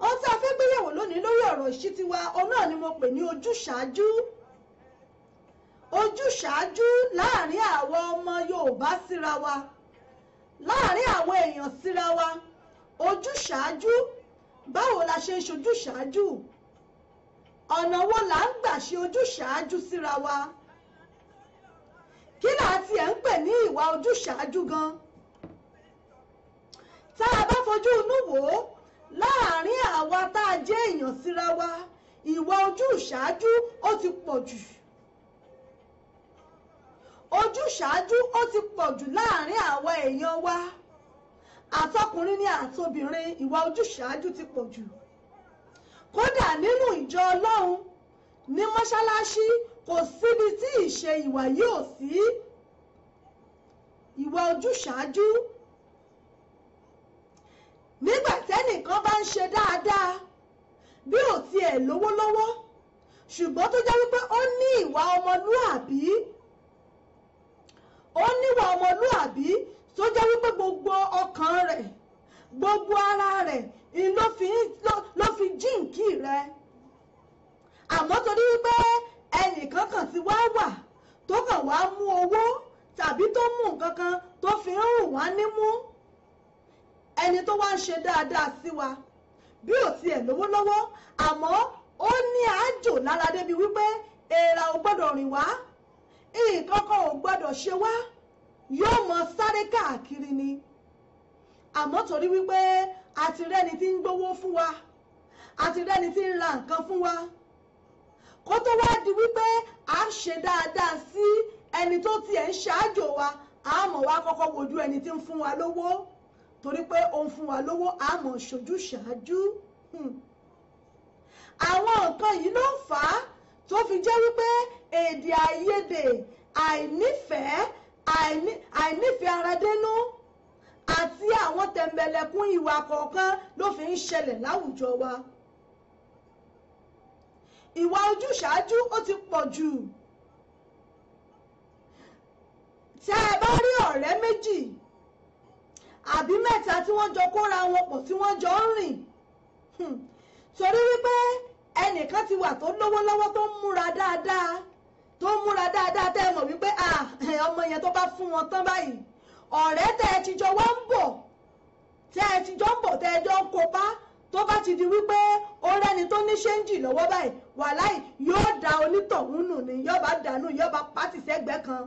ohun tá a fẹ́ gbéyẹ̀wò lónìí lórí ọ̀rọ̀ ìṣítí wa òun náà ni mo pè ní ojúṣàájú ojúṣàájú láàrin àwọn ọmọ Yorùbá síra wa láàrin àwọn èèyàn síra wa ojúṣàájú báwo la ṣe ń ṣojúṣàájú ọ̀nà wo là ń gbà ṣe ojúṣàájú síra wa kí là á tiẹ̀ ń pè ní ìwà ojúṣàájú gan tá a bá fojú inú wò ó láàárín àwa tá a jẹ́ èèyàn síra wa ìwà ojú ìṣáájú ó ti pọ̀ jù ojú ìṣáájú ó ti pọ̀ jù láàárín àwa èèyàn wa àtọkùnrin ni àtobìnrin ìwà ojú ìṣáájú ti pọ̀ jù kódà nínú ìjọ ọlọ́run ní mọ́ṣáláṣí kò síbi tí ìṣe ìwà yìí ò sí ìwà ojú ìṣáájú nígbà tẹ́nìkan bá ń ṣe dáadáa bí ò tiẹ̀ lówó lọ́wọ́ ṣùgbọ́n tó jẹ́ wípé ó ní ìwà ọmọlúàbí ó níwà ọmọlúàbí tó jẹ́ wípé gbogbo ọkàn rẹ̀ gbogbo ara rẹ̀ ló fi jíǹkì rẹ̀ àmọ́ torí wípé ẹnìkan kan ti wá wà tó kàn wá mú owó tàbí tó mú nǹkan kan tó fi ń rùn nímú ẹni tó wá ń ṣe dáadáa sí wa bí ò tiẹ̀ lówó lọ́wọ́ àmọ́ ó ní àjò lára débi wípé èèrà ò gbọ́dọ̀ rìn wá ìkọ̀kọ̀ ò gbọ́dọ̀ ṣe wá yóò mọ sáré káàkiri ni àmọ́ torí wípé a ti rẹ́ni tí ń gbówó fún wa a ti rẹ́ni tí ń ra nǹkan fún wa kó tó wá di wípé a ń ṣe dáadáa sí ẹni tó tiẹ̀ ń ṣáájò wa àmọ́ wa kọ́kọ́ wojú ẹni tí ń fún wa lówó torí pé ó ń fún wa lówó àmọ́ ṣojú ṣáájú hmm. àwọn nǹkan yìí ló fà á tó fi jẹ́ wípé èdè àìyedè àìnífẹ̀ẹ́ àìnífẹ̀ẹ́ ara dénú àti àwọn tẹ̀m̀bẹ̀lẹ̀kún ìwà kọ̀ọ̀kan ló fi ń ṣẹlẹ̀ láwùjọ wa ìwà ojúṣàájú ó ti pọ̀ jù tẹ́ ẹ bá rí ọ̀rẹ́ méjì àbí mẹ́ta tí wọ́n jọ kóra wọn pọ̀ tí wọ́n jọ ń rìn hmm. torí wípé ẹnìkan ti wà tó lówó lọ́wọ́ tó ń múra dáadáa tó ń múra dáadáa tẹ́ ẹ mọ̀ wípé ọmọ yẹn tó bá fún wọn tán báyìí ọ̀rẹ́ tẹ́ ẹ ti jọ wá ń bọ̀ tẹ́ ẹ ti jọ ń bọ̀ tẹ́ ẹ jọ ń kópa tó bá ti di wípé ó rẹ́ni tó ní ṣéǹjì lọ́wọ́ báyìí wàláì yóò da onítọ̀hún nù ni yóò bá dànù yóò bá pàtì sẹ́gbẹ́ kan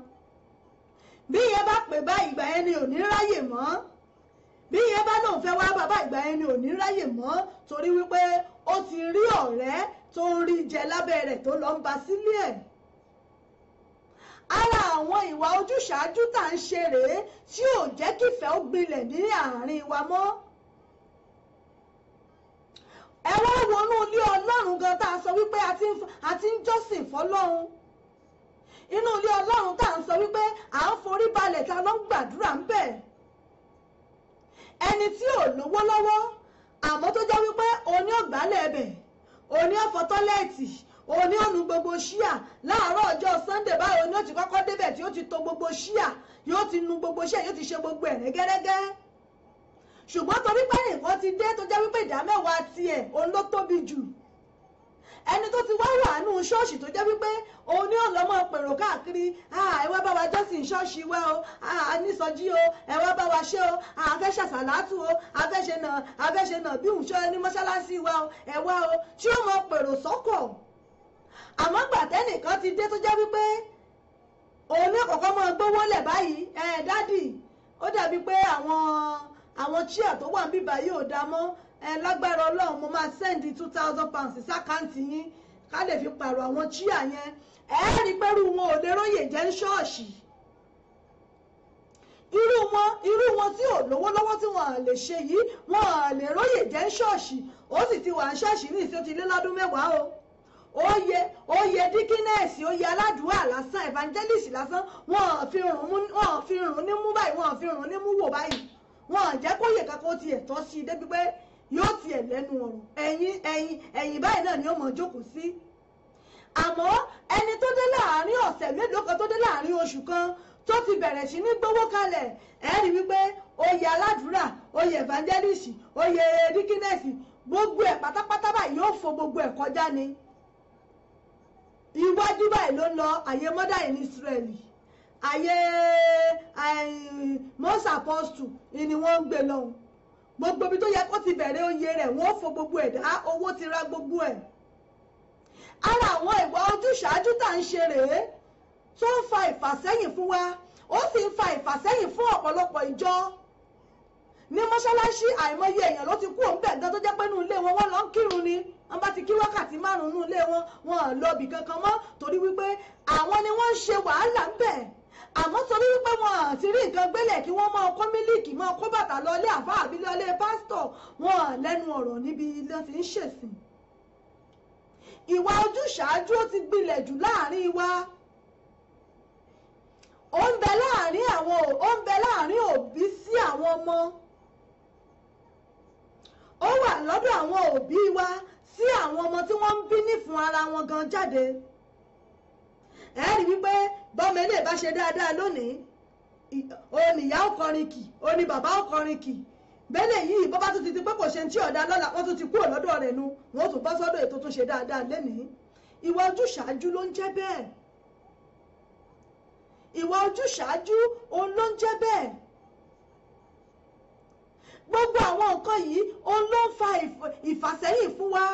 bí ìyẹn bá pè báyìí ìgbà yẹn ni ò ní ráyè mọ́ bí ìyẹn bá lóun fẹ́ wá bàbá ìgbà yẹn ni ò ní ráyè mọ́ torí wípé ó ti rí ọ̀rẹ́ tó ń rí jẹ lábẹ́ rẹ̀ tó lọ ń ba sílé ẹ̀ ara àwọn ìwà ojúṣàájú tá à ń ṣe rèé tí ò jẹ́ kífẹ́ ó gbilẹ̀ ní àárín wa mọ́ ẹ wá wọnú ilé ọlọ́run gan tá a sọ wípé a ti ń jọ́sìn fọlọ́run inú ilé ọlọ́run tá à sọ wípé à ń forí balẹ̀ tá a lọ ń gbàdúrà ń bẹ̀ ẹni tí ò lówó lọ́wọ́ àmọ́ tó jẹ́ wípé òní ọ̀gbálẹ̀ ẹbẹ̀ òní ọ̀fọ̀ òní ọ̀nù gbogbo ṣíà láàárọ̀ ọjọ́ sunday báyìí òní ó ti kọ́kọ́ débẹ̀ tí ó ti tò gbogbo ṣíà yóò ti nu gbogbo ṣíà yóò ti ṣe gbogbo ẹ̀ gẹ́gẹ́ ṣùgbọ́n torí pé nǹkan ti dé tó jẹ́ wípé ìdá mẹ́wàá tiẹ̀ òun ló tóbi jù ẹni tó ti wá wà nù ṣọ́ọ̀ṣì tó jẹ́ wípé òun ni ọ̀lọ́ máa pèrò káàkiri ẹ wá bá wa jọ́sìn ṣọ́ọ̀ṣì wa o àníṣọjí o ẹ wá bá wa ṣe o àfẹ́ṣẹ̀ sàlátù o àfẹ́ṣẹ̀ náà àfẹ́ṣẹ̀ náà bí òun ṣọ́ ẹni mọ́ṣáláṣí wa o ẹ wá o tí ó máa pèrò sọ́kọ̀ àmọ́ gbàtẹ́nìkan ti dé tó jẹ́ wípé òun ní kọ̀kọ́ máa gbówó lẹ̀ báyìí ẹ̀ dádì ó dàbí pé àwọn àwọn chia tó wà níbí báyìí ò dá mọ́ ẹ lágbára ọlọ́run mo máa sẹ́ndì two thousand pounds sákàǹtì yín ká lè fi pààrọ̀ àwọn chíà yẹn ẹ rí pẹ́rù wọn ò lè róye jẹ́ ń ṣọ́ọ̀ṣì irú wọn irú wọn tí ò lówó lọ́wọ́ tí wọn à lè ṣe yìí wọn à lè róye jẹ́ ń ṣọ́ọ̀ṣì ó sì ti wà ń ṣọ́ọ̀ṣì ní ìsìn ó ti lé lọ́dún mẹ́wàá o oyè oyè díkínẹ́ẹ̀sì oyè aládùúgbò lásán evangelist lásán wọn ò fi rùn wọn ò fi rùn ní mú báyìí wọn ò fi rùn ní mú wò báyìí wọn ò jẹ́ kóyè kankan ó ti ẹ̀tọ́ sí i débi pé yóò tiẹ̀ lẹ́nu ọ̀rọ̀ ẹ̀yìn ẹ̀yìn ẹ̀yìn báyìí náà ni ó mọ̀ jókòó sí àmọ́ ẹni tó dé láàárín ọ̀sẹ̀ mélòó kan tó dé láàárín oṣù kan tó ti bẹ̀rẹ̀ sí ní gbowó kalẹ̀ ẹ̀ rí wípé oyè aládùúrà oyè evangelist oyè dikinesi gbogbo ẹ̀ pátápátá báyìí yóò fò gbogbo ẹ̀ kọjá ni iwájú báyìí ló lọ àyè mọ́dà in Israel àyè eh, Moses apostle ni wọ́n ń gbé lọ́hùn gbogbo ibi tó yẹ kó ti bẹ̀rẹ̀ oyè rẹ̀ wọ́n fo gbogbo ẹ̀ dá owó ti ra gbogbo ẹ̀ ara àwọn ìwà ojúṣàájú tá à ń ṣe rèé tó ń fa ìfàsẹ́yìn fún wa ó sì ń fa ìfàsẹ́yìn fún ọ̀pọ̀lọpọ̀ ìjọ ní mọ́ṣáláṣí àìmọye èèyàn ló ti kú òun bẹ̀ẹ̀ gan tó jẹ́ pé nínú ilé wọn wọ́n lọ ń kírun ni wọ́n bá ti kí wákàtí márùn-ún nínú ilé wọn wọn lọ ibì kankan mọ́ torí wípé àwọn ni wọ́n ń ṣe wàhálà ń bẹ̀ẹ́ àmọ́ torí wípé wọn àti rí nǹkan gbélé kí wọ́n máa kó mílíìkì máa kó bàtà lọlé àfáà àbí lọlé pásítọ̀ wọn lẹ́nu ọ̀rọ̀ níbi ló ti ń ṣèsìn ìwà ojúṣàájú ó ti gbilẹ̀ jù láàrin wa ó ń bẹ láàrin àwọn ó ń bẹ láàrin òbí sí àwọn ọmọ ó wà lọ́dọ̀ àwọn òbí wa sí àwọn ọmọ tí wọ́n ń bí nífun ara wọn gan jáde ẹ rí wípé bọ́mọ ilé ìbá ṣe dáadáa lónìí oníyá ọkọrin kì oní bàbá ọkọrin kì bẹ́lẹ̀ yìí bọ́bá tó ti ti pé kò ṣe tí ọ̀dà lọ́la wọ́n tún ti kúrò lọ́dọ̀ rẹ̀ nu wọ́n tún bọ́ sọ́dọ̀ ètò tó ṣe dáadáa lẹ́nìí ìwà ojúṣàájú ló ń jẹ́ bẹ́ẹ̀ ìwà ojúṣàájú òun ló ń jẹ́ bẹ́ẹ̀ gbogbo àwọn nǹkan yìí òun ló ń fa ìfàsẹ́yìn fún wa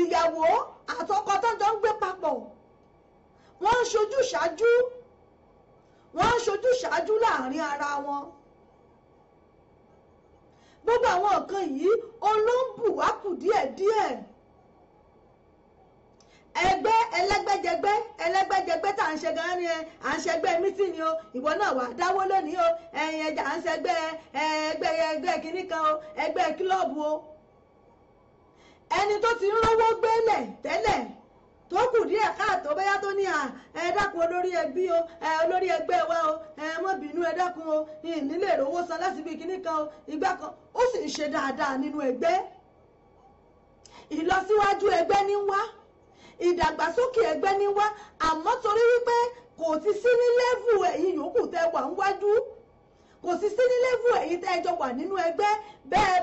ìyàwó àtọkọ tó ń gbé papọ̀ wọ́n ń ṣojú ṣáájú wọ́n ń ṣojú ṣáájú láàrin ara wọn gbogbo àwọn nǹkan yìí olóńbù wá kù ẹgbẹ́ ẹlẹ́gbẹ́jẹgbẹ́ ẹlẹ́gbẹ́jẹgbẹ́ tá à ń ṣe gan ni ẹ à ń ṣẹgbẹ́ mítìn ni o ìwọ náà wà dáwó lónìí o ẹ̀yìn ẹ̀jà à ń ṣẹgbẹ́ ẹgbẹ́ ẹgbẹ́ kínní kan o ẹgbẹ́ kílọ̀bù o ẹni tó ti ń rówó gbélẹ̀ tẹ́lẹ̀ tó kù díẹ̀ káàtó bóyá tó ní à ẹ dákun olórí wa o ẹ mọ́ bínú ẹ dákun o ìnílẹ̀ ìrówó san láti ibi kíní kan o ìgbà kan ó sì ń ṣe dáadáa nínú ẹgbẹ́ ìlọsíwájú ẹgbẹ́ ní wá ìdàgbàsókè ẹgbẹ́ ní wá àmọ́ torí kò ti sí ní yòókù tẹ wà ń wájú kò sí ní wà nínú ẹgbẹ́ bẹ́ẹ̀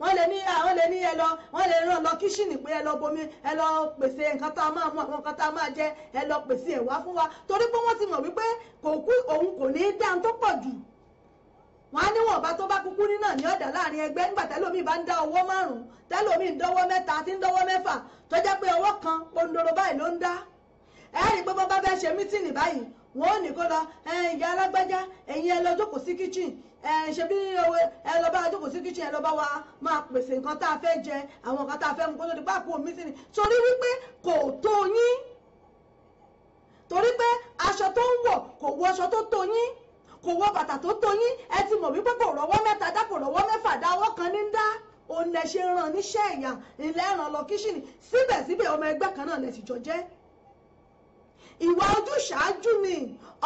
wọ́n lè ní àwọn ah, lè ní ẹ lọ wọ́n lè rán lọ kíṣìnì pé ẹ bomi ẹ lọ pèsè nǹkan tá a máa mu àwọn nǹkan tá a máa jẹ ẹ lọ pèsè ẹ wá fún wa torí pé wọ́n ti mọ̀ wípé kò kú òun kò ní í dá tó pọ̀ jù wọ́n á níwọ̀n bá tó bá kúkú ní náà ní ọ̀dà láàrin ẹgbẹ́ nígbà tẹ́lómi bá ń dá owó márùn-ún tẹ́lómi ń dọ́wọ́ mẹ́ta tí ń dọ́wọ́ mẹ́fà tó jẹ́ pé ọwọ́ kan pondoro báyìí ló ń dá ẹ̀rí pé bọ́ bá fẹ́ ṣe mítìnì báyìí wọ́n ò ní kó lọ ìyá alágbájá ẹ̀yin ẹ lọ jókòó sí kíchìn ẹ ṣe bí owó ẹ lọ bá jókòó sí kíchìn ẹ lọ bá wa máa pèsè nǹkan tá a fẹ́ jẹ àwọn nǹkan tá a fẹ́ mu kó tó di páàkó omi sí ni torí wípé kò tó yín torí pé aṣọ tó ń wọ̀ kò wọ aṣọ tó tó yín kò wọ bàtà tó tó yín ẹ ti mọ̀ wípé kò rọ́wọ́ mẹ́ta dá kò rọ́wọ́ mẹ́fà dá ọwọ́ kan ní ń dá òun lẹ ṣe ràn níṣẹ́ ìyà ìlẹ́ràn lọ kíṣìnì síbẹ̀síbẹ̀ ọmọ ẹgbẹ́ kan náà lẹ sì jẹ́ ìwà ojúṣàájú ni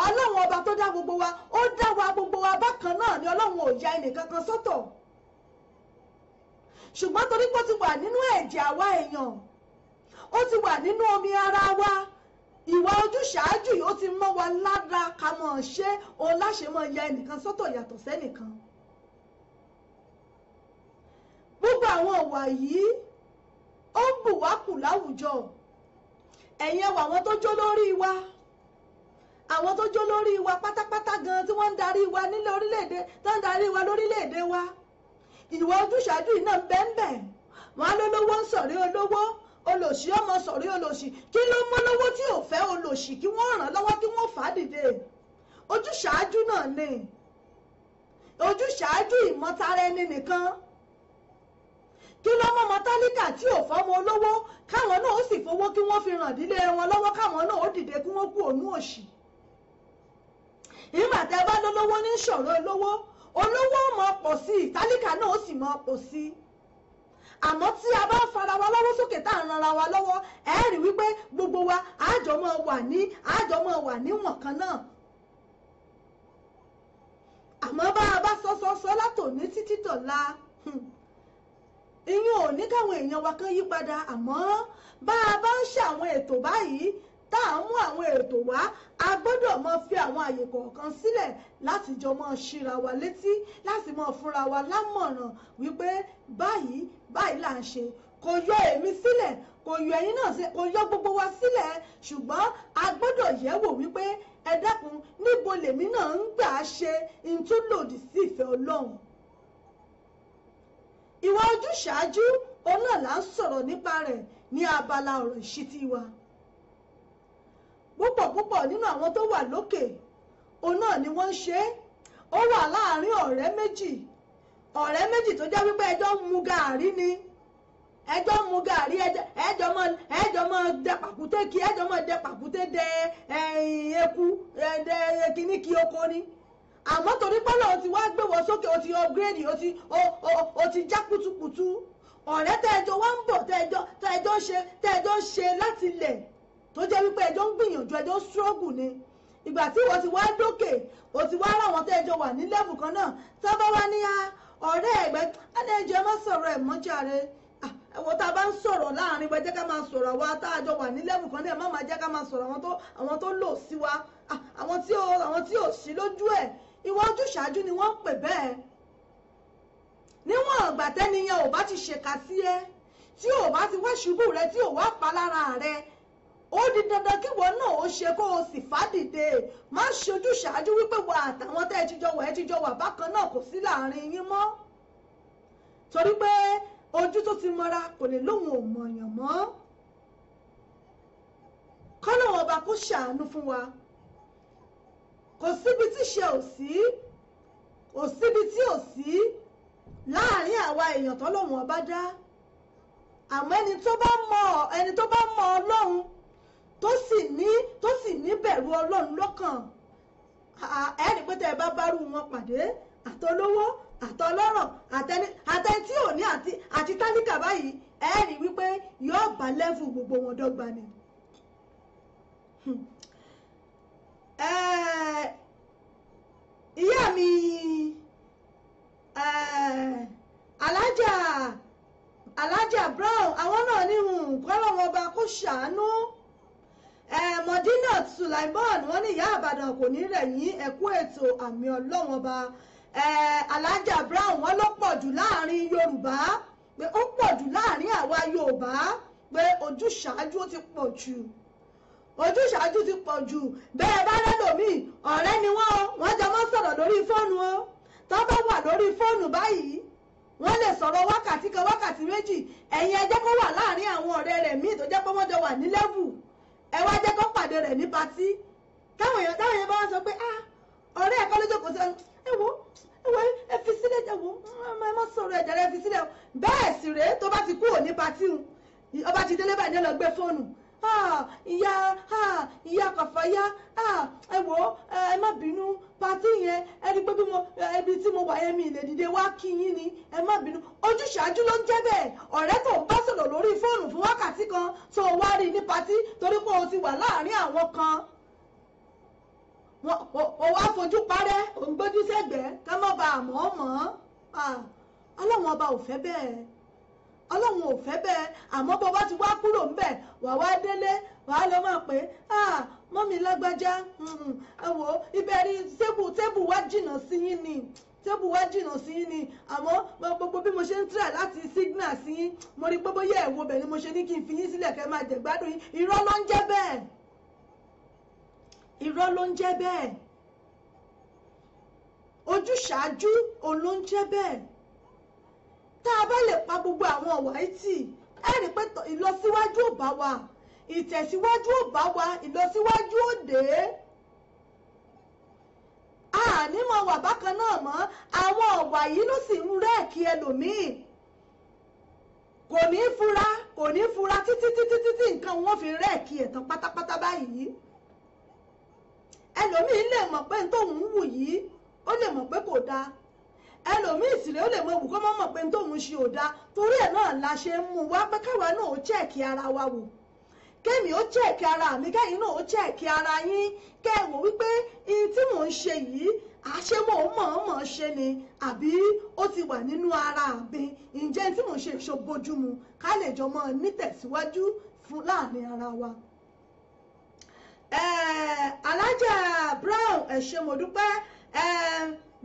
ọlọ́run ọba tó dá gbogbo wa ó dá wa gbogbo wa bákan náà ni ọlọ́run ò ya ẹnìkankan sọ́tọ̀ ṣùgbọ́n torí pé ó ti wà nínú ẹ̀jẹ̀ àwa èèyàn ó ti wà nínú omi ara wa ìwà ojúṣàájú yìí ó ti mọ́ wa lára ká mọ̀ ṣe òun láṣẹ mọ̀ ya ẹnìkan sọ́tọ̀ yàtọ̀ sẹ́nìkan gbogbo àwọn ìwà yìí ó ń bù wá kù láwùjọ ẹ̀yin ẹwà àwọn tó jó lórí wa àwọn tó jó lórí wa pátápátá gan tí wọ́n ń darí wa nílẹ̀ orílẹ̀-èdè tó ń darí wa lórílẹ̀-èdè wa ìwà ojúṣàájú iná bẹ́ẹ̀nbẹ́ wọn á lólówó ń sọ̀rí olówó olòṣì ọmọ sọ̀rí olòṣì kí ló mọ́ lówó tí ò fẹ́ olòṣì kí wọ́n ràn lọ́wọ́ kí wọ́n fà á dìde ojúṣàájú náà ni ojúṣàájú ìmọ̀tara ẹni nìkan kí ló mọ́ mọ́tálíkà tí ò fọ́mọ olówó káwọn náà ó sì fowó kí wọ́n fi ràn dílé wọn lọ́wọ́ káwọn náà ó dìde kí wọ́n kú ònú òṣì ìgbà tẹ́ bá lólówó ní ṣòro olówó olówó mọ pọ̀ sí i tálíkà náà ó sì mọ pọ̀ sí i àmọ́ tí a bá ń fara wa lọ́wọ́ sókè tá à ń ranra wa lọ́wọ́ ẹ rí wípé gbogbo wa àjọ máa wà ní àjọ máa wà níwọ̀n kan náà àmọ́ bá a bá sọ sọ sọ látòní títí dọ̀la. Hmm ìyún ò ní káwọn èèyàn wa kan yí padà àmọ́ bá a bá ń ṣe àwọn ètò báyìí tá à mú àwọn ètò wá a gbọ́dọ̀ mọ fi àwọn àyè kọ̀ọ̀kan sílẹ̀ láti jọ mọ ṣíra wa létí láti mọ fúnra wa lámọ̀ràn wípé báyìí báyìí là ń ṣe kò yọ èmi sílẹ̀ kò yọ ẹ̀yin náà sílẹ̀ kò yọ gbogbo wa sílẹ̀ ṣùgbọ́n a gbọ́dọ̀ yẹ̀wò wípé ẹ dákun níbo lèmi náà ń gbà ṣe ìtúlòdì sí ìfẹ́ Ọlọ́run ìwà ojúṣàájú òun náà là ń sọ̀rọ̀ nípa rẹ̀ ní abala ọ̀rọ̀ ìṣítí wa púpọ̀ púpọ̀ nínú àwọn tó wà lókè òun náà ni wọ́n ń ṣe é ó wà láàárín ọ̀rẹ́ méjì ọ̀rẹ́ méjì tó jẹ́ wípé ẹjọ́ mu gàárì ni ẹjọ́ ń mu gàárì ẹjọ́ mọ ẹjọ́ mọ dẹ pàkúté kí ẹjọ́ mọ dẹ pàkúté dẹ ẹ̀yìn eku ẹ̀ dẹ kíní kí oko ni àmọ́ torí pé Ọlọ́run ti wá gbé wọ sókè o ti upgrade o ti o ti já kùtùkùtù ọ̀rẹ́ tẹ́ẹ̀jọ wá ń bọ̀ tẹ́ẹ̀jọ tẹ́ẹ̀jọ ṣe tẹ́ẹ̀jọ ṣe láti lẹ̀ tó jẹ́ wípé ẹjọ́ ń gbìyànjú ẹjọ́ struggle ni ìgbà tí ìwọ ti wá dókè o ti wá ráwọn tẹ́ẹ̀jọ wà ní level kan náà tọ́ba wá ní ọ̀rẹ́ ẹ̀gbẹ́ ẹ̀ẹ́dẹ́jọ ẹ má sọ̀rọ̀ ẹ̀ mọ́jàre àwọn ah, tá a bá ń sọ̀rọ̀ láàrin wa jẹ́ ká máa sọ̀rọ̀ wa tá a jọ wà ní level kan náà má máa jẹ́ ká máa sọ̀rọ̀ àwọn tó lò sí wa ah, àwọn tí ò sí lójú ẹ̀ ìwà ojúṣàájú ni wọ́n ń pè bẹ́ẹ̀ níwọ̀n ìgbà tẹ́ni yẹn ò bá ti ṣèkà sí ẹ tí ò bá ti wá ṣubú rẹ tí ò wá palára rẹ ó di dandan kí wọn náà ó ṣe kó o sì fàdìde má ṣojú ṣáájú wípé wà àtàwọn tẹ́ ẹ ti jọ wà ẹ ti jọ wà bákan náà kò sí láàrin yín mọ́ torí pé ojú tó ti mọra kò lè lóhùn ò mọ̀yàn mọ́ kọ́nà ọba kó ṣàánú fún wa kò síbi tí ṣe ò sí kò síbi tí ò sí láàrin àwa èèyàn tọ́lọ́hun ọba dá àmọ́ ẹni tó bá mọ ẹni tó bá mọ ọlọ́run tó sì ní tó sì ní bẹ̀rù ọlọ́run lọ́kàn ẹni pé tẹ́ ẹ bá bárù wọn pàdé àtọlówó àtọlọ́rọ̀ àtẹni tí ò ní àti tálíkà báyìí ẹni wípé yóò bá lẹ́fù gbogbo wọn dọ́gba ni. Hmm. Eh, ìyá mi eh, alájà alájà brown àwọn náà ní nǹkan hmm, lọ́wọ́ ọba kó ṣàánú eh, mọ̀dínà sulaimon wọ́n ní ìyá àbàdàn kò ní rẹ̀ yín ẹ̀kú ètò àmì ọlọ́wọ́n ọba alájà brown wọ́n ló pọ̀ jù láàrin yorùbá pé ó pọ̀ jù láàrin àwa yorùbá pé ojúṣàájú ti pọ̀ jù ojúṣàájú ti pọ̀ jù bẹ́ẹ̀ bá lẹ́lòmíì ọ̀rẹ́ ni wọ́n wọ́n jọ mọ́ sọ̀rọ̀ lórí fóònù o tó bá wà lórí fóònù báyìí wọ́n lè sọ̀rọ̀ wákàtí kan wákàtí méjì ẹ̀yin ẹ jẹ́ kó wà láàrin àwọn ọ̀rẹ́ rẹ̀ míì tó jẹ́ pé wọ́n jọ wà ní lẹ́vù ẹ wá jẹ́ kó pàdé rẹ̀ ní patí táwọn èèyàn táwọn èèyàn bá wá sọ pé ah ọ̀rẹ́ ẹ̀kọ́ lójó kò sí ẹ wo ẹ wo ẹ fi sílẹ̀ ẹ wo ẹ ah, má sọ̀rọ̀ ẹ̀jẹ̀ rẹ fi sílẹ̀ bẹ́ẹ̀ sì rèé tó bá ti kúrò ní patí ọba ti délé báyìí ní ọlọ́gbẹ́ fóònù ìyá ìyá kàfáyá ẹ wò ẹ má bínú pàtí yẹn ẹ rí pé bí mo ẹbí tí mo wà yẹn mi lè dìde wá kí yín ni ẹ má bínú ojúṣàájú ló ń jẹ́ bẹ́ẹ̀ ọ̀rẹ́ tó ń bá sọ̀rọ̀ lórí fóònù fún wákàtí kan tó o wá rí ní pàtí torí pé o ti wà láàárín àwọn kan o wá fojú parẹ́ o ń gbójú sẹ́gbẹ̀ẹ́ ká má bàa mọ̀ ọ́ ọ́ aláwọn ọba ò fẹ́ bẹ́ẹ̀ ọlọ́run ò fẹ́ bẹ́ẹ̀ àmọ́ bó bá ti wá kúrò ńbẹ̀ wà wá délé wà á lọ máa pè é mọ́mí lágbájá ẹ wò ó ibẹ̀ rí tébù tébù wá jìnnà sí yín ni tébù wá jìnnà sí yín ni àmọ́ gbogbo bí mo ṣe ń tíra láti signal sí yín mo rí gbogbo yẹ̀ ẹ̀wò bẹ̀ ni mo ṣe ní kí n fi yín sílẹ̀ kẹ́ máa jẹ̀gbádùn yín irọ́ ló ń jẹ́ bẹ́ẹ̀ irọ́ ló ń jẹ́ bẹ́ẹ̀ ojúṣàájú òun ló ń jẹ́ bẹ́ẹ̀ tá a bá lè pa gbogbo àwọn ọ̀wà yìí tì ẹ rí i pé ìlọsíwájú ò bá wa ìtẹ̀síwájú ò bá wa ìlọsíwájú ò dé àní mọ wà bákan náà mọ́ àwọn ọ̀wà yìí ló sì ń rẹ́ẹ̀kì ẹlòmíì kò ní fura kò ní fura títí títí títí nǹkan wọn fi rẹ́ẹ̀kì ẹ̀tàn pátápátá báyìí ẹlòmíì lè mọ̀ pé tóun ń wù yìí ó lè mọ̀ pé kò dáa ẹlòmíì sì lè ó lè mọ ewu kọ́ mọ́mọ́ pé tóun ṣe ò dáa torí ẹ̀ náà la ṣe ń mú wá pé káwa náà ó chẹ́ẹ̀kì ara wa wò kémi ó chẹ́ẹ̀kì ara mi kẹ́yìn náà ó chẹ́ẹ̀kì ara yín kẹ́wò wípé iye tí mò ń ṣe yìí àṣé mò ń mọ̀ọ́mọ̀ ṣe ni àbí ó ti wà nínú ara mi ǹjẹ́ tí mò ń ṣe ìṣòbojúmu ká lè jọ mọ́ nítẹ̀síwájú fún láàrin ara wa. alájà Brown ẹ ṣé mo dúpẹ́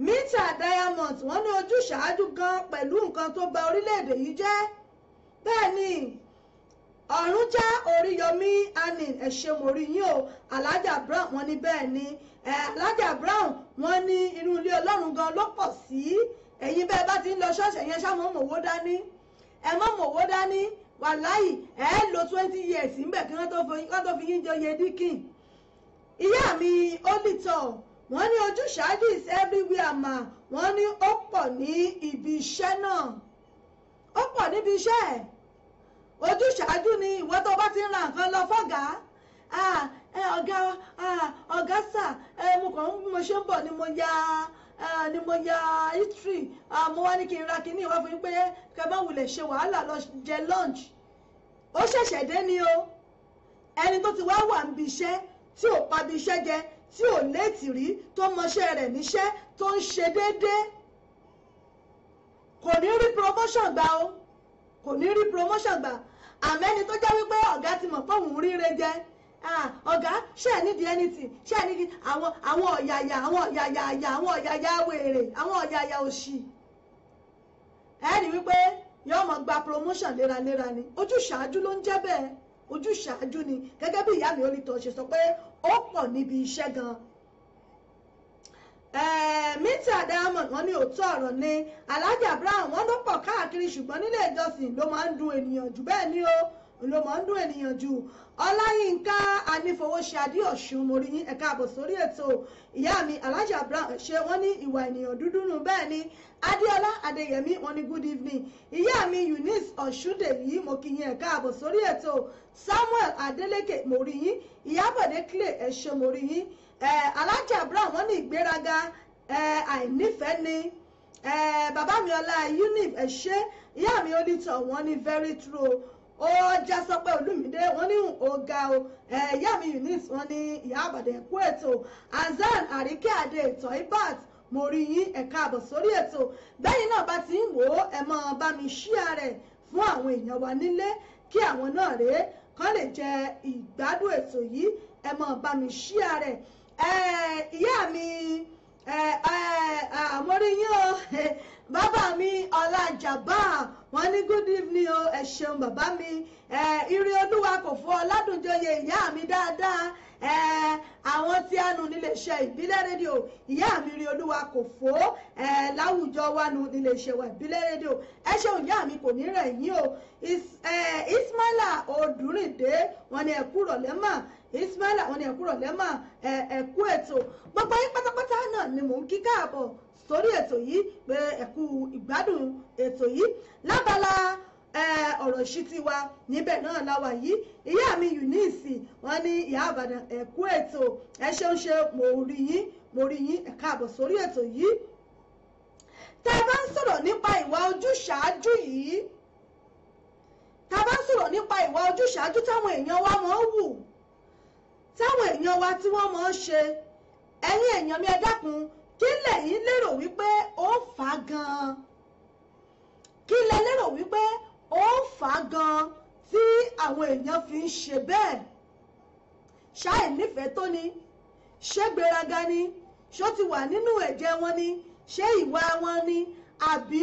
Mita Diamond wọ́n ní ojúṣàájú gan pẹ̀lú nǹkan tó ba orílẹ̀-èdè yìí jẹ́ bẹ́ẹ̀ ni ọ̀run já oríyọmí anin ẹ̀ṣẹ̀ mórí yín o alájà brown wọ́n ní bẹ́ẹ̀ ni alájà brown wọ́n ní inú ilé ọlọ́run gan ló pọ̀ sí ẹ̀yin bẹ́ẹ̀ bá ti ń lọ ṣọ́ọ̀ṣì yẹn ṣáà mọ̀wó dání ẹ mọ̀ mọ̀wó dání wàláyì ẹ lo twenty years ńbẹ̀ kí wọ́n tó fi yín jẹ oyè díkìn ìyá mi ó lì tọ̀ wọ́n ní ojúṣàájú is everywhere mà wọ́n ní ó pọ̀ ní ibi iṣẹ́ náà ó pọ̀ níbi iṣẹ́ ẹ̀ ojúṣàájú ni ìwọ tó bá ti ń ra nǹkan lọ fọ́gàá ọ̀gá ọ̀gá sà mo kàn ń mo ṣe ń bọ̀ ni mo ya ni mo ya history mo wá ní kí n ra kíní ìwà fún yín pé kẹ bá wulẹ̀ ṣe wàhálà lọ jẹ lunch ó ṣẹ̀ṣẹ̀ dé ni o ẹni tó ti wá wà níbi iṣẹ́ tí ò pa ibi iṣẹ́ jẹ tí ò léètì rí tó mọṣẹ́ rẹ̀ níṣẹ́ tó ń ṣe déédéé kò ní rí promotion gbà o kò ní rí promotion gbà àmẹ́ni tó jẹ́ wípé ọ̀gá ti mọ̀ fóun ríire jẹ ọ̀gá ṣe é nídìí anything ṣe é nídìí àwọn àwọn ọ̀yàyà àwọn ọ̀yàyà àyà àwọn ọ̀yàyà wèrè àwọn ọ̀yàyà òṣì ẹ̀ rí wípé yóò mọ̀ gba promotion léraléra ni ojúṣàájú ló ń jẹ́ bẹ́ẹ̀ ojúṣàájú ni gẹ́gẹ́ bí ìyá mi onítọ̀ ṣe sọ pé ó pọ̀ níbi iṣẹ́ gan mítà diamond wọ́n ní òótọ́ ọ̀rọ̀ ni alhaji abraham wọ́n ló pọ̀ káàkiri ṣùgbọ́n nílé ìjọsìn ló máa ń dùn ènìyàn jù bẹ́ẹ̀ ni o. Eh, ló mọ̀ ń dún ènìyàn jù ọláyínká anífowóṣe adéọ̀sùn mo rí yín ẹ̀ka àbọ̀ sórí ètò ìyá mi alhaji abraham ṣe wọ́n ní ìwà ènìyàn dúdú nù bẹ́ẹ̀ ni adéọlá adéyẹmí wọ́n ní good evening ìyá mi eunice ọ̀ṣúndèyí mo kí yín ẹ̀ka àbọ̀ sórí ètò samuel adélékè mo rí yín ìyábọ̀dé clay ẹ̀ṣẹ̀ mo rí yín alhaji abraham wọ́n ní ìgbéraga àìnífẹ̀ẹ́ ni bàbá mi ọlá unif ẹ̀ṣẹ̀ ìyá mi onítọ̀ wọ́n ní very true ó já sọpẹ́ olúmídé wọ́n ní ọ̀gá o ẹ̀yà mi eunice wọ́n ní ìyá àbàdàn ẹ̀kú ètò azan àríkẹ́ adé ìtọ́ ibat mo rí yín ẹ̀ka àbọ̀ sórí ètò bẹ́yìn náà bá ti ń wò ó ẹ̀ máa bá mi ṣíà rẹ̀ fún àwọn èèyàn wa nílé kí àwọn náà rèé kán lè jẹ ìgbádùn ètò yìí ẹ máa bá mi ṣíà rẹ̀ ìyá mi àmọ́rí o bàbá mi ọlá jabaa wọ́n ní good evening o ẹ ṣeun bàbá mi ẹ ire olúwa kò fún ọ ládùnjọyè ìyá mi dáadáa ẹ àwọn tí a nù níléeṣẹ́ ìbílẹ̀ rédíò ìyá mi ire olúwa kò fò ẹ láwùjọ wa nù níléeṣẹ́ wa ìbílẹ̀ rédíò ẹ ṣeun ìyá mi kò ní rẹ̀ yín o Ismaila Odúrìndé wọ́n ní ẹ kú ìrọ̀lẹ́ mà Ismaila wọ́n ní ẹ kú ìrọ̀lẹ́ mà ẹ kú ètò gbogbo yín pátápátá náà ni mò ń kí káàbọ̀ sórí ètò yìí pé ẹ̀kú ìgbádùn ètò yìí lábala ọ̀rọ̀ ìṣítí wa níbẹ̀ náà láwa yìí ìyá mi Eunice wọn ní ìyá àbàdàn ẹ̀kú ètò ẹ ṣeun ṣe mo rí yín mo rí yín ẹ káàbọ̀ sórí ètò yìí tá a bá ń sọ̀rọ̀ nípa ìwà ojúṣàájú yìí tá a bá ń sọ̀rọ̀ nípa ìwà ojúṣàájú táwọn èèyàn wa mọ̀ ń wù táwọn èèyàn wa tí wọ́n mọ̀ ń ṣe ẹ̀yin èèyàn mi ẹ dákun kí lẹ̀yin lérò wípé ó fà á gan-an kí lẹ lérò wípé ó fà á gan-an tí àwọn èèyàn fi ń ṣe bẹ́ẹ̀ ṣáì nífẹ̀ẹ́ tó ni ṣé gbéraga ni ṣó ti wà nínú ẹ̀jẹ̀ wọn ni ṣé ìwà wọn ni àbí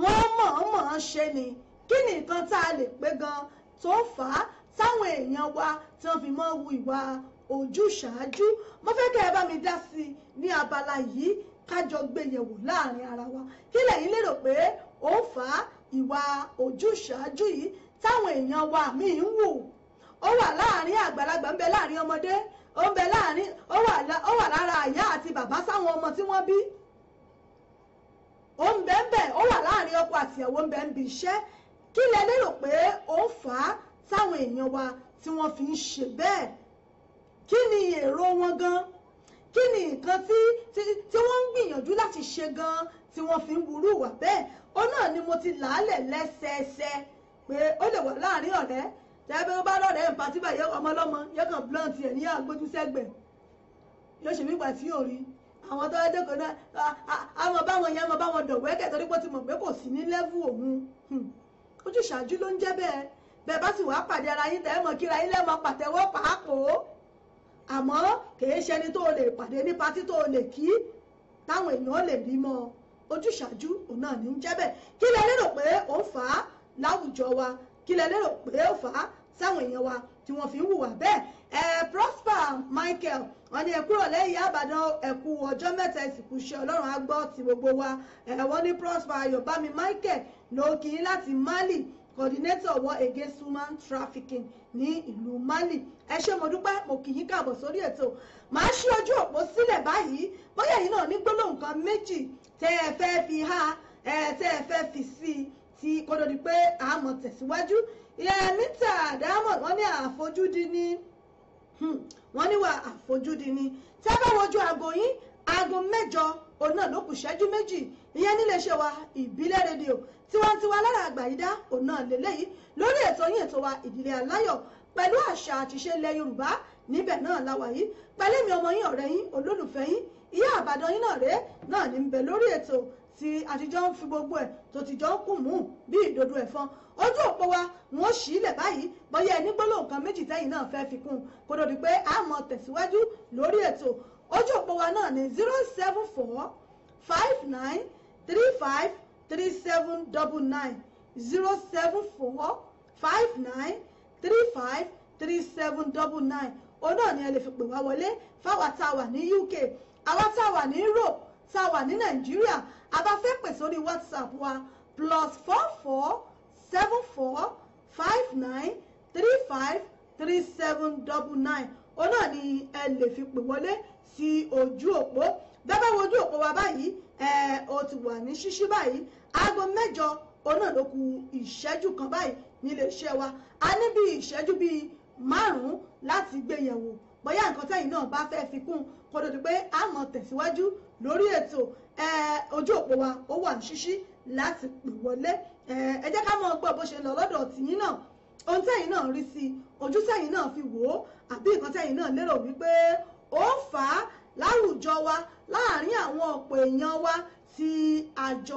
wọ́n mọ̀ọ́mọ̀ ṣe ni kí ni nǹkan tá a lè pé gan tó fà á táwọn èèyàn wa tí wọ́n fi mọ́ wu ìwà ojúṣàájú mo fẹ́ kẹ́ ẹ bá mi dá sí i ní abala yìí kájọ gbé yẹ̀wò láàrin ara wa kí lẹ̀yin lérò pé ó fà á ìwà ojúṣàájú yìí táwọn èèyàn wa míì ń wù ó wà láàrin àgbàlagbà ń bẹ láàrin ọmọdé ó ń bẹ láàrin ó wà lára àyá àti bàbá sáwọn ọmọ tí wọ́n bí ó ń bẹ ń bẹ ó wà láàrin ọkọ àti ìyàwó ń bẹ ń bi iṣẹ́ kí lẹ lérò pé ó fà táwọn èèyàn wa tí wọ́n fi ń ṣe bẹ́ẹ̀ kí ni èrò wọn gan kí ni nǹkan tí tí wọ́n ń gbìyànjú láti ṣe gan tí wọ́n fi ń burú wà bẹ́ẹ̀ ó náà ni mo ti làálẹ̀ lẹ́sẹẹsẹ pé ó lè wà láàrin ọ̀rẹ́ tẹ́bí ó bá lọ́rẹ̀ẹ́ ń patí báyìí ọmọ ọlọ́mọ yóò kàn blunt ẹ̀ ní àgbójú sẹ́gbẹ̀ẹ́ yóò ṣe nígbà tí yóò rí àwọn tó dẹ́kun náà àmọ́ báwọn yẹn mọ báwọn dọ̀wẹ́kẹ̀ torí pé ó ti mọ̀ pé kò sí ní lẹ́vù òun hmm. ojúṣàájú ló ń jẹ́ bẹ́ẹ̀ bẹ́ẹ̀ bá sì wàá pàdé ara yín tẹ́ mọ̀ kíra yín lẹ́mọ̀ pàtẹ́wọ́ pàápọ̀ àmọ́ kìí ṣẹni tó o lè pàdé ní patí tó o lè kí táwọn èèyàn lè rí mọ́ ojúṣàájú òun náà ní í jẹ́ bẹ́ẹ̀ kí lẹ lérò pé ó ń fà á láwùjọ wa kí lẹ lérò pé ó fà á sáwọn èèyàn wa tí wọ́n fi ń hùwà bẹ́ẹ̀ ẹ Prosper Michael wọ́n ní ẹ kúrò lẹ́yìn àbàdàn ẹ̀kú ọjọ́ mẹ́ta ìsìnkú iṣẹ́ ọlọ́run á gbọ́ ti gbogbo wa ẹ wọ́n ní Prosper Ayọ̀bámi Michael ló kì í láti Mali coordinator war against human trafficking ní ìlú Mali ẹ ṣé mo dúpẹ́ mo kì í káàbọ̀ sórí ètò màá ṣí ojú òpó sílẹ̀ báyìí bóyá yìí náà ní gbólóhùn kan méjì tẹ́ ẹ fẹ́ fi há ẹ tẹ́ ẹ fẹ́ fi sí i tí kó tó di pé a mọ̀ tẹ̀síwájú Yẹmítà Diamond wọ́n ní àfojúdi ni hmm, wọ́n níwà àfojúdi ni tẹ́ bá wojú aago yín aago mẹ́jọ òun náà ló kù ṣẹ́jú méjì ìyẹn níléeṣẹ́ wa ìbílẹ̀ rédíò tiwantiwa lára àgbàyídá òun náà lélẹ́yìí lórí ètò yín ètò wa ìdílé aláyọ̀ pẹ̀lú àṣà àtìṣe ilẹ̀ Yorùbá níbẹ̀ náà láwa yìí pẹ̀lú mi ọmọ yín ọ̀rẹ́ yín olólùfẹ́ yín ìyá àbàdàn yín náà rèé náà ní bẹ̀ lórí ètò tí àtijọ́ ń fi gbogbo ẹ̀ tó ti jọ ń kù mú bí ìdodo ẹ̀fọn ojú òpó wa wọn ò sí ilẹ̀ báyìí bóyá ẹni gbólóhùn kan méjì tẹ́yìn náà fẹ́ fi kún un kó dòdì pé a mọ̀ tẹ̀síwájú lórí ètò ojú òpó wa náà ní zero seven four five nine three five three seven double nine zero seven four five nine three five three seven double nine òun náà ni ẹ lè fi pè wá wọlé fáwa tá a wà ní UK àwa tá a wà ní Europe tá a wà ní Nàìjíríà a bá fẹ́ pè sórí WhatsApp wa plus four four seven four five nine three five three seven double nine òun náà ni ẹ lè fi pè wọlé sí ojú òpó bẹ́ẹ̀ bá wo ojú òpó wa báyìí ẹ̀ o ti wà ní ṣíṣí báyìí aago mẹ́jọ òun náà ló kù ìṣẹ́jú kan báyìí iléeṣẹ́ wa a ní bí ìṣẹ́jú bíi márùn-ún láti gbé yẹ̀wò bóyá nǹkan tẹ́yìn náà bá fẹ́ fi kún kó tó di pé a mọ̀ tẹ̀síwájú lórí ètò ojú òpó wa ó wà ní ṣíṣí láti pè wọlé ẹ jẹ́ ká máa gbọ́ bó ṣe lọ lọ́dọ̀ tìyín náà ohun tẹ́yìn náà rí sí ojú tẹ́yìn náà fi wò ó àbí nǹkan tẹ́yìn náà lérò wípé ó fà á láwùjọ wa láàárín àwọn ọ̀pọ̀ èèyàn wa tí àjọ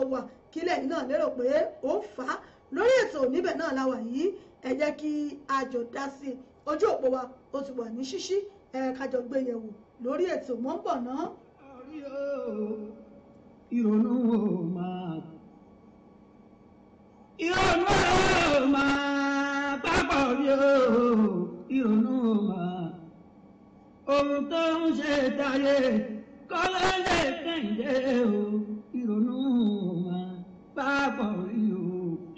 kílẹ̀ yìí náà lérò pé ó fà á lórí ètò níbẹ̀ náà la wà yìí ẹ jẹ́ kí a jọ dá sí i ojú òpó wa ó ti wà ní ṣíṣí ẹ ká jọ gbé yẹ̀ lórí ètò mọ́ ń bọ̀ náà. ìrònú ò máa ìrònú ò máa pápọ̀ rí o ìrònú ò máa ohun tó ń ṣe táyé kọ́lá lè kẹ́hìndé o ìrònú ò máa pápọ̀ rí.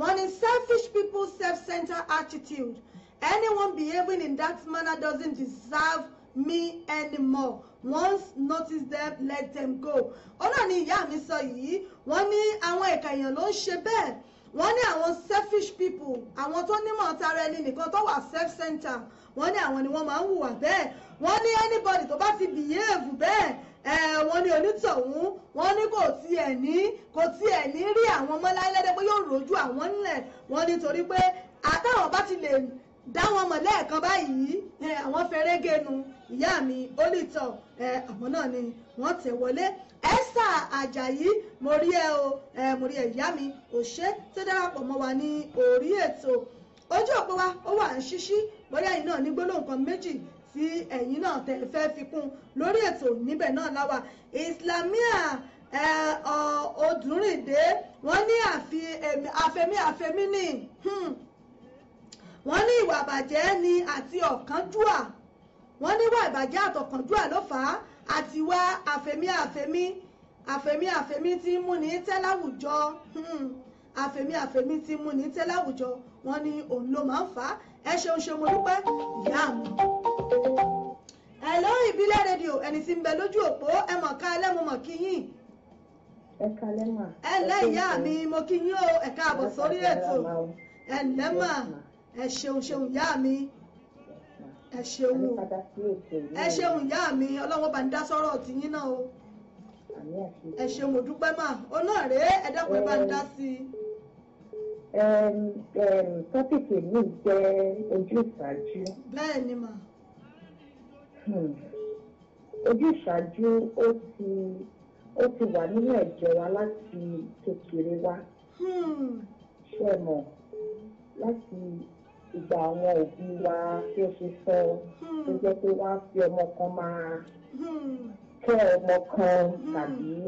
One is selfish people's self-centered attitude anyone behaving in that manner doesn't deserve me anymore once notice them let them go. ó ni ìyá mi sọ yìí wọ́n ní àwọn ẹ̀ka èèyàn ló ń ṣe bẹ́ẹ̀ wọ́n ní àwọn selfish people àwọn tó nímọ̀ tara ẹni nìkan tó wà self-centered wọ́n ní àwọn ni wọ́n máa ń hùwà bẹ́ẹ̀ wọ́n ní anybody tó bá ti behave bẹ́ẹ̀ wọ́n ní onítọ̀hún wọ́n ní kò tiẹ̀ ní kò tiẹ̀ ní rí àwọn ọmọ láìlẹ́dẹ́ pé yóò rojú àwọn nílẹ̀ wọ́n nítorí pé àtàwọn bá ti lè dá wọn mọ̀ lẹ́ẹ̀kan báyìí àwọn fẹ́rẹ́ gẹnu ìyá mi onítọ̀ àwọn náà ni wọ́n tẹ̀ wọlé Esther Ajayi mo rí ẹ o mo rí ẹ ìyá mi òṣè tó darapọ̀ mọ́ wa ní orí ètò ojú òpó wa ó wà ń ṣíṣí bóyá yìí ní gbólóhùn méjì tí ẹ̀yin náà tẹ́ fẹ́ fi kún lórí ètò níbẹ̀ náà láwa islamia odùnrìndé wọ́n ní àfẹ́mí àfẹ́mí ni hmm. wọ́n ní ìwà àbàjẹ́ ni àti ọ̀kánjúà wọ́n ní ìwà ìbàjẹ́ àtọ̀kánjúà ló fà á àti wá àfẹ́mí àfẹ́mí àfẹ́mí àfẹ́mí tí múni tẹ́ Hmm àfẹ̀mí àfẹ̀mí ti mú ní tẹ́lẹ̀ àwùjọ wọn ni òun ló máa ń fà á ẹ ṣeun ṣe mo dúpẹ́ ìyá mi. Hello ìbílẹ̀ rédíò ẹni tí ń bẹ lójú òpó ẹ mọ̀ ká ẹlẹ́mu mọ̀ kí yín. ẹ kalẹ́ mà. ẹ lẹ́ ìyá mi mo kí yín o ẹ káàbọ̀ sórí ètò ẹ lẹ́ ẹ ṣeun ṣeun ìyá mi ẹ ṣeun o ẹ ṣeun ìyá mi ọlọ́wọ́n bá ń dá sọ́rọ̀ tìyín náà o ẹ ṣeun mo dúpẹ́ mà ọ náà rèé ẹ dákun ẹ bá ń dá sí i tọ́pìkì mi jẹ́ ojú ìṣáájú. bẹ́ẹ̀ ni mà. Hmm. ojú ìṣáájú ó ti ó ti wà nínú ẹ̀jẹ̀ wa láti kékeré wa. Hmm. ṣé ẹ mọ̀ láti ìgbà àwọn òbí wa bí ó ṣe sọ hmm. tó jẹ́ pé wọ́n á fi ọmọ kan máa kẹ́ ọmọ kan tàbí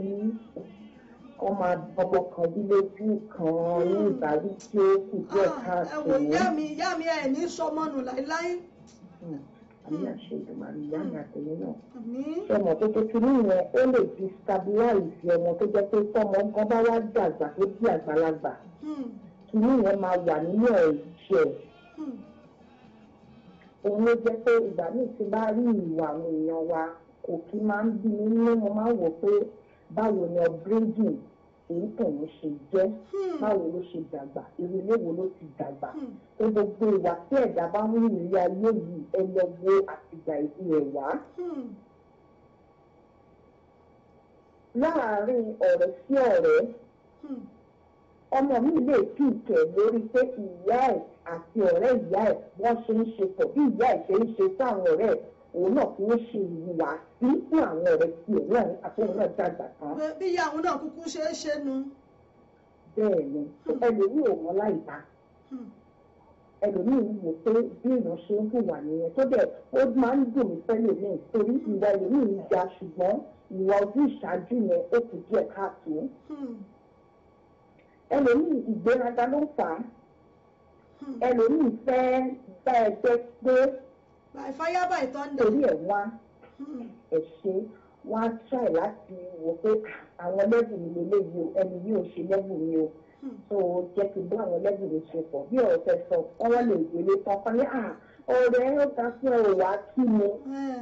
ó máa bọ́bọ́ kan bí lójú kan ní ìbárí tí ó kù díẹ̀ ah, káàkiri. ẹ̀wọ̀n ìyá mi ìyá mi ẹ̀ ní sọmọnù láéláé. Hmm, àmì àṣẹ ìdùnnú àmì ìyá mi àtẹ̀yìn náà. ọmọ tó tó kiri yẹn ó lè di stabilize ọmọ tó jẹ́ pé tọ́mọ gan bá wá dàgbà tó di àgbàlagbà kiri hmm. yẹn máa wà nínú ẹ̀jẹ̀ hmm. òun ló jẹ́ pé ìgbà míì ti bá rí ìwà àwọn èèyàn wa kò kí máa ń bí nínú mo máa ń pé báwo ni upbringing onítọ̀hún ṣe jẹ́ hmm. báwo ló ṣe dàgbà irú ilé wo ló ti dàgbà o hmm. gbogbo ìwà tí ẹ̀dá bá mú ìrírí ayé yìí ẹ lọ wo àtìgbà ìdí ẹ̀ wá. Hmm. láàárín ọ̀rẹ́ sí ọ̀rẹ́ ọmọ mi lè kí ìkẹ́ lórí pé ìyá ẹ̀ àti ọ̀rẹ́ ìyá ẹ̀ wọ́n ṣe ń ṣe pọ̀ bí ìyá ẹ̀ ṣe ń ṣe sáwọn ọ̀rẹ́ ẹ̀ òun náà kì í ṣe ìwà sí fún àwọn ọ̀rẹ́ tí òun náà àtúnwò náà dàgbà kan. bí ìyá àwọn náà kúkú ṣe é ṣe nu. bẹ́ẹ̀ ni hmm. ẹlòmíì ò wọ́n láì bá hmm. ẹlòmíì wò pé bí èèyàn ṣe ń hùwà nìyẹn tó bẹ́ẹ̀ ó máa ń dùn mí pẹ́lú mi torí ìwà ẹlòmíì ń ga ṣùgbọ́n ìwà ojú ìṣáájú yẹn ó kù díẹ̀ káàtó. Hmm. ẹlòmíì ìgbéraga ló fà á ẹlòmíì fẹ́ bá ẹgbẹ́ pé by fire by thunder. torí ẹ̀ wá hmm. ẹ̀ ṣe wọ́n á try láti wò pé ah, àwọn lẹ́bù mi lè léyìí o ẹni yìí ò ṣe lẹ́bù mi o hmm. so jẹ́ kí n bá àwọn lẹ́bù mi ṣe pọ̀ bí ọ̀rọ̀ fẹ́ sọ ọwọ́ lè gbélé tán kan ní ah, ọ̀rẹ́ ẹ̀rọ ta sí ọ̀rọ̀ wá kí mi eh.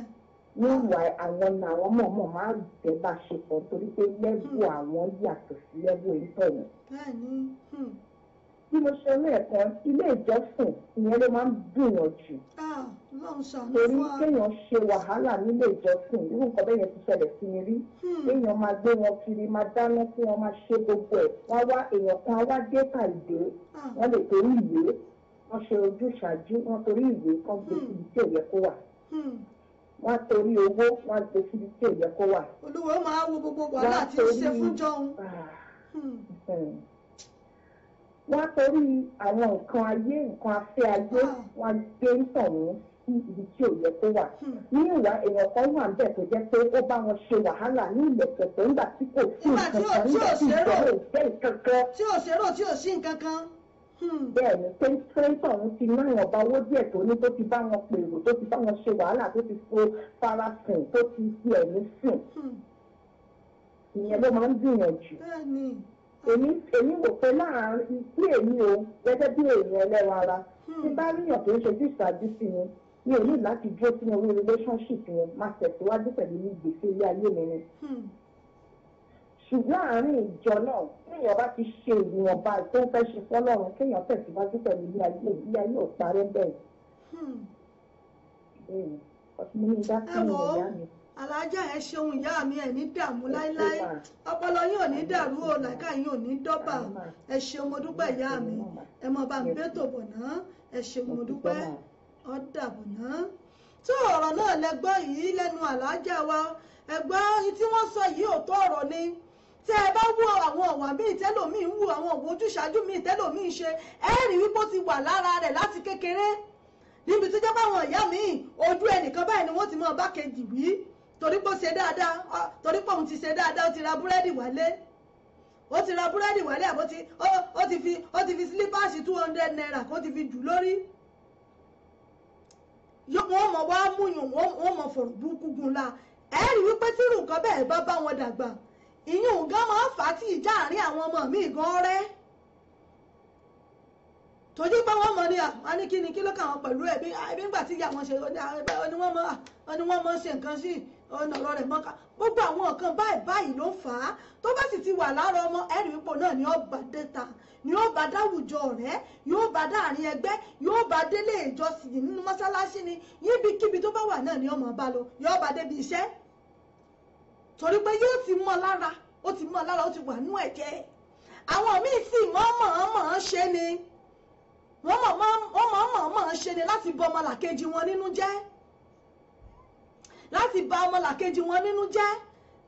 ní ìwà àwọn làwọn mọ̀ọ́mọ̀ máa tẹ̀ bá ṣe pọ̀ torí pé lẹ́bù hmm. àwọn yàtọ̀ sí lẹ́bù ìtọ̀nù. bẹ́ẹ̀ ni bí mo ṣe lẹ́ẹ̀kan ilé ìjọsìn ìyẹn ló máa ń dùnyàn jù. Ah, torí kéèyàn ṣe wàhálà nílé ìjọsìn irú nǹkan bẹ́ẹ̀ yẹn ti ṣẹlẹ̀ sí mi rí. Hmm. kéèyàn máa gbé wọn kiri máa dáná fún wọn máa ṣe gbogbo ẹ̀ wọ́n wá èèyàn kan wá dé pàdé ah. wọ́n lè torí ìwé wọ́n ṣe ojúṣàájú wọ́n torí ìwé kan hmm. hmm. gbé síbi tí ò yẹ kó wà. wọ́n torí owó wọ́n gbé síbi tí ò yẹ kó wà. olúwo máa wo gbogbo wàhálà àti iṣẹ́ fún jọun wọ́n torí àwọn nǹkan ayé nǹkan afẹ́ ayé hmm. wọ́n gbé ń tàn wọ́n sí ibi tí ò yẹ kó wà. Hmm. ní ìwà èèyàn kan wà ń bẹ̀ tó jẹ́ pé ó bá wọn ṣe wàhálà ní ìlẹ̀kẹ̀kẹ̀ nígbà tí kò sí nǹkan kan nígbà tí ìjọba ò fẹ́ nǹkan kan. tí ò ṣèrò tí ò sí nǹkan kan hmm. bẹ́ẹ̀ pé tẹ́ńtọ̀ ń ti ná ìwọ̀nba owó díẹ̀ tó ní tó ti bá wọn pèrò tó ti bá wọn ṣe wàhálà tó ti fo fara sìn tó ti fi ẹ̀mí sìn ìyẹn ló máa ń gbìyànjú èmi èmi wò pé láàárín sí èmi o gẹ́gẹ́ bí èèyàn ẹlẹ́wọ̀n ara tí hmm. bá níyàn tó ń ṣe dìsàbí sí mi mi ò ní láti dúró sínú orí relationship yẹn máa tẹ̀síwájú pẹ̀lú ìgbésí ilé ayé mi ni hmm. ṣùgbọ́n àárín ìjọ náà kéèyàn bá ti ṣe ìwọ̀nba tó ń fẹ́ ṣe fọ́lọ́run kéèyàn tẹ̀síwájú pẹ̀lú ilé ayé ilé ayé ò parẹ́ bẹ́ẹ̀. Hmm. ẹ wọ alájà ẹ ṣeun ìyá mi ẹ ní dààmú láéláé ọpọlọ yín ò ní dàrú o làkà yín ò ní dọ́bà ẹ ṣeun mo dúpẹ́ ìyá mi ẹ mọ bá mi bẹ́tò bọ̀ náà ẹ ṣeun mo dúpẹ́ ó dàbọ̀ náà tí ọ̀rọ̀ náà lẹ́gbọ́ yìí lẹ́nu alájà wa ẹgbẹ́ tí wọ́n sọ yìí ò tó ọ̀rọ̀ ni tẹ́ ẹ bá wo àwọn ọ̀wà míì tẹ́lòmíì ń wo àwọn òwò ojúṣàájú míì tẹ́lòmíì ṣe ẹ rí wípé ó ti wà lára rẹ̀ láti kékeré níbi tó jẹ́ báwọn ìyá míì ojú ẹnìkan báyìí ni wọ́n ti mọ bá kejì wí torí pé ó ṣe dáadáa torí pé òun ti ṣe dáadáa ó ti ra búrẹ́dì wálé ó ti ra búrẹ́dì wálé àbó ti ó ti fi ó ti fi sílípáàsì two hundred naira kó ti fi jù lórí wọ́n mọ̀ wá múyàn wọ́n mọ̀ fọ̀rọ̀ burúkú gun la ẹ rí wípé tí irú nǹkan bẹ́ẹ̀ bá bá wọn dàgbà ìyún nǹkan máa ń fà á tí ìjà àárín àwọn ọmọ mi gan rẹ́ tójú pé wọ́n mọ̀ ní à ní kí ni kí ló kà wọ́n pẹ̀lú ẹbí ẹbí ńgbà tí ìyá wọn ṣe ọ ni wọ́n mọ̀ ṣe nǹkan sí i ọ̀nà ọ̀rọ̀ rẹ̀ mọ́ka gbogbo àwọn nǹkan báyìí báyìí ló fà á tó bá sì ti wà lára ọmọ ẹ̀rì wípò náà ni ó bá dé ta ni ó bá dáwùjọ rẹ̀ yóò bá dáàrin ẹgbẹ́ yóò bá délé ìjọsìn nínú mọ́ṣáláṣí ni yíbikíbi tó bá wà náà ni ọmọ bá lọ yóò bá débi iṣẹ́ torí pé yóò ti mọ́ lára ó ti mọ́ lára ó ti wà nú ẹ̀jẹ̀ àwọn míì sì mọ́ mọ̀ọ́mọ̀ ṣe ni wọ́n mọ̀ọ́mọ̀ ṣe ni láti bọ́ ọmọlàkejì wọn nínú jẹ́ láti bà ọmọlàkejì wọn nínú jẹ́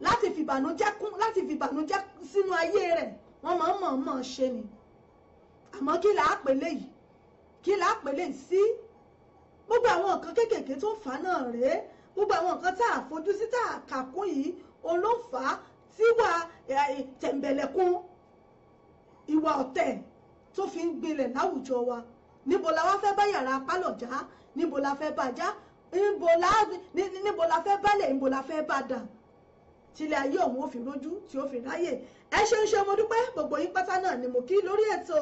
láti fìbànújẹ́ kún láti fìbànújẹ́ sínú ayé rẹ̀ wọ́n mọ̀ mọ̀ mọ̀ ṣe ni àmọ́ kí là á pè léyìí kí là á pè léyìí sí gbogbo àwọn nǹkan kéékèèké tó fà á náà rèé gbogbo àwọn nǹkan tá a fojú sí tá a kà kún yìí olófà tíwà tẹ̀m̀bẹ̀lẹ̀kún ìwà ọ̀tẹ̀ tó fi ń gbilẹ̀ láwùjọ wa níbo la wá fẹ́ bá yàrá pálọ̀ já níbo la fẹ́ bá já níbo la fẹ́ bálẹ̀ níbo la fẹ́ bá dàn tílé ayé ọ̀hún ò fi rojú tí ó fi ráyè ẹ ṣe ṣe mo dúpẹ́ gbogbo yín pátá náà ni mo kí lórí ètò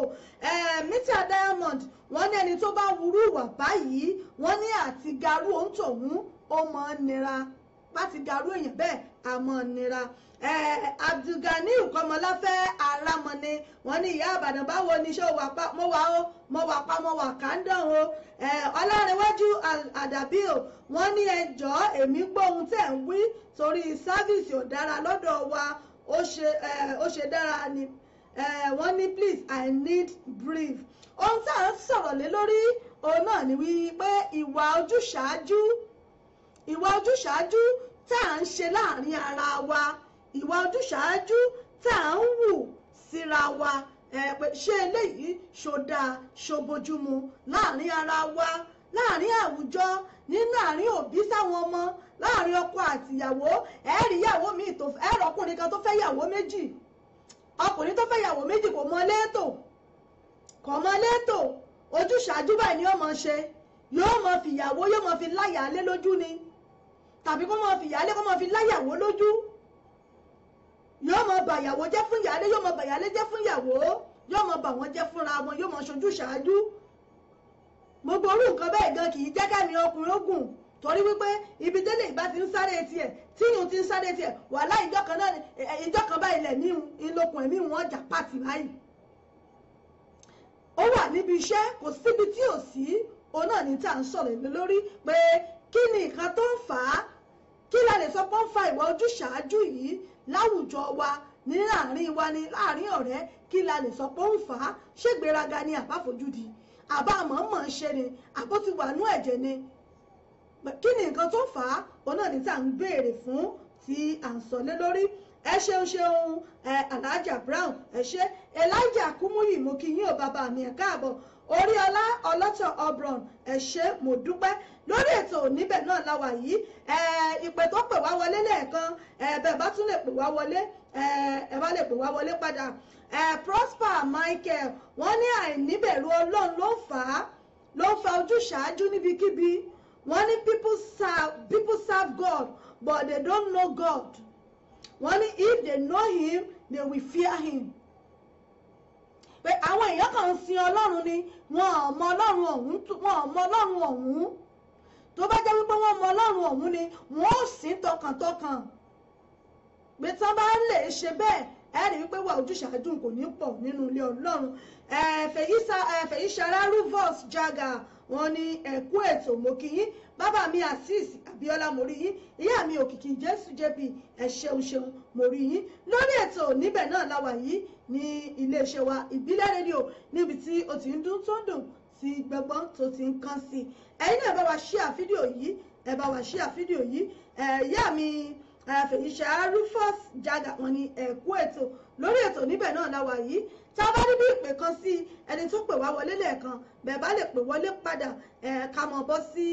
mítà diamond wọ́n ní ẹni tó bá wúrú ìwà báyìí wọ́n ní àti garú òun tòun ó mọ̀ ń nira láti garú èèyàn bẹ́ẹ̀ a mọ̀ ń nira abdulganiu kọmọláfẹ́ aramọni wọ́n ní ìyá àbàdàn báwo ni iṣẹ́ òwà pa mo wà ó mo wà pa mo wà kàńdàn o ọlárẹ̀wájú àdàbí o wọ́n ní ẹjọ́ èmi gbóhun tẹ̀ ń wí torí sáfíìsì ò dára lọ́dọ̀ wa ó ṣe dára ni wọ́n ní please i need brief ohun tá à ń sọ̀rọ̀ lé lórí òun náà ni wípé ìwà ojúṣàájú ìwà ojúṣàájú tá à ń ṣe láàrin ara wa ìwà ojúṣàájú tá à ń wù síra wa pé ṣé eléyìí ṣó dáa ṣó bójúmu láàrin ara wa láàrin àwùjọ ní láàrin òbí sáwọn ọmọ láàrin ọkọ àtìyàwó ẹ̀ẹ́rì ìyàwó míì tó ẹ̀rọ ọkùnrin kan tó fẹ́ yàwó méjì ọkùnrin tó fẹ́ yàwó méjì kò mọ léètò kò mọ léètò ojúṣàájú báyìí ni ó mọ ṣe yóò mọ fìyàwó yóò mọ fi láyàálé lójú ni tàbí kó mọ fìyàálé kó mọ fi láyàwó lójú yóò máa bà ìyàwó jẹ́ fún ìyáálé yóò máa bà ìyáálé jẹ́ fún ìyàwó yóò máa bà wọ́n jẹ́ fúnra wọn yóò máa ṣojú ṣáájú gbogbo orú nǹkan bẹ́ẹ̀ gan kì í jẹ́ kẹ́mi ọkùnrin ogun torí wípé ibi délé ìbá ti ń sáré tiẹ̀ tíyùn ti ń sáré tiẹ̀ wàhálà ìjọ kan náà ìjọ kan báyìí lẹ̀ níhun ìlókun ẹ̀mí wọn jà pàtì báyìí ó wà níbi iṣẹ́ kò síbi tí ò sí òun náà ní tá à ń sọ̀rọ̀ lórí pé kí ni nǹkan tó ń fà á kí la lè sọ pé ń fa ìwà ojúṣàájú yìí láwùjọ wa ní láàrin wa ní láàrin ọ̀rẹ́ kí la lè sọ pé ń fà á ṣègbéraga ni àbáfojúdi àbá àmọ́mọ́ ṣe ni àbótiwànú ẹ̀jẹ̀ ni kí ni nǹkan tó fà á òun náà ní tí à ń béèrè fún tí à ń sọ lé lórí ẹ ṣeun ṣeun ẹ alhaja brown ẹ ṣe elijah kúmúyì mo kí yín o bàbá mi ẹ káàbọ̀ Oríọlá Ọlọ́tàn Obron ẹ ṣé mo dúpẹ́ lórí ètò níbẹ̀ náà la wà yìí ìpè tó pè wá wọlé lẹ́ẹ̀kan bẹ́ẹ̀ bá tún lè pè wá wọlé ẹ bá lè pè wá wọlé padà Prosper Michael wọ́n ní àìníbẹ̀rù Ọlọ́run ló fà á ló ń fa ojúṣàájú níbikíbi wọ́n ní people serve people serve God but they don't know God wọ́n ní if they know him they will fear him pé àwọn èèyàn kan ń sin ọlọ́run ni wọn ò mọ ọlọ́run ọ̀hún wọn ò mọ ọlọ́run ọ̀hún tó bá jẹ́ wípé wọ́n mọ ọlọ́run ọ̀hún ni wọ́n ó sìn tọkàntọkàn pé tí wọ́n bá lè ṣe bẹ́ẹ̀ ẹ rí wípé wà ojúṣàdùn kò ní pọ̀ nínú ilé ọlọ́run ẹ̀fẹ̀yìṣara rufus jaga wọn ni ẹ̀kú ètò mọ́kìyín bàbá mi azeez abiola mórí yín ìyá mi òkìkí jésù jp ẹ ṣeun ṣeun mórí yín lórí ètò níbẹ̀ náà la wà yìí ní iléeṣẹ́ wa ìbílẹ̀ rédíò níbi tí o ti ń dún tó ń dùn tí gbẹgbọ́n tó ti ń kán sí i ẹ̀yin náà ẹ bá wa ṣíà fídíò yìí ẹ bá wa ṣíà fídíò yìí ẹ̀yà mi fèyíṣẹ́ Rufus Jaga wọn ni ẹ̀kú ètò lórí ètò níbẹ̀ náà láwa yìí tá a bá rí bí ìpè kan sí ẹni tó pè wá wọlé lẹ́ẹ̀kan bẹ́ẹ̀ bá lè pè wọlé padà ká mọ̀ bọ́ sí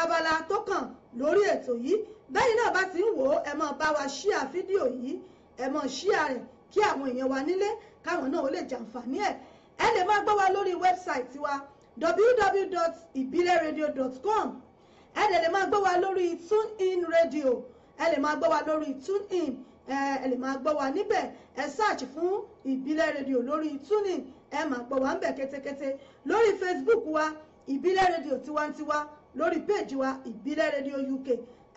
abala tó kàn lórí ètò yìí bẹ́ẹ̀ náà bá ti ń wò ó ẹ máa bá wa ṣíà fídíò yìí ẹ máa ṣíà rẹ̀ kí àwọn èèyàn wa nílé káwọn náà ó lè jàǹfààní ẹ̀ ẹ lè máa gbọ́ wa lórí wẹ́bsáìtì wa www.ibileradio.com ẹ dẹ̀ lè máa gbọ́ wa lórí TuneIn Radio ẹ lè máa gbọ́ wa lórí TuneIn ẹ lè máa gbọ́ wa níbẹ̀ ẹ search fún ìbílẹ̀ rédíò lórí TuneIn ẹ máa gbọ́ wa ńbẹ̀ kétékété lórí Facebook wa ìbílẹ̀ rédíò tiwantiwa lórí page wa ìbílẹ̀ radio UK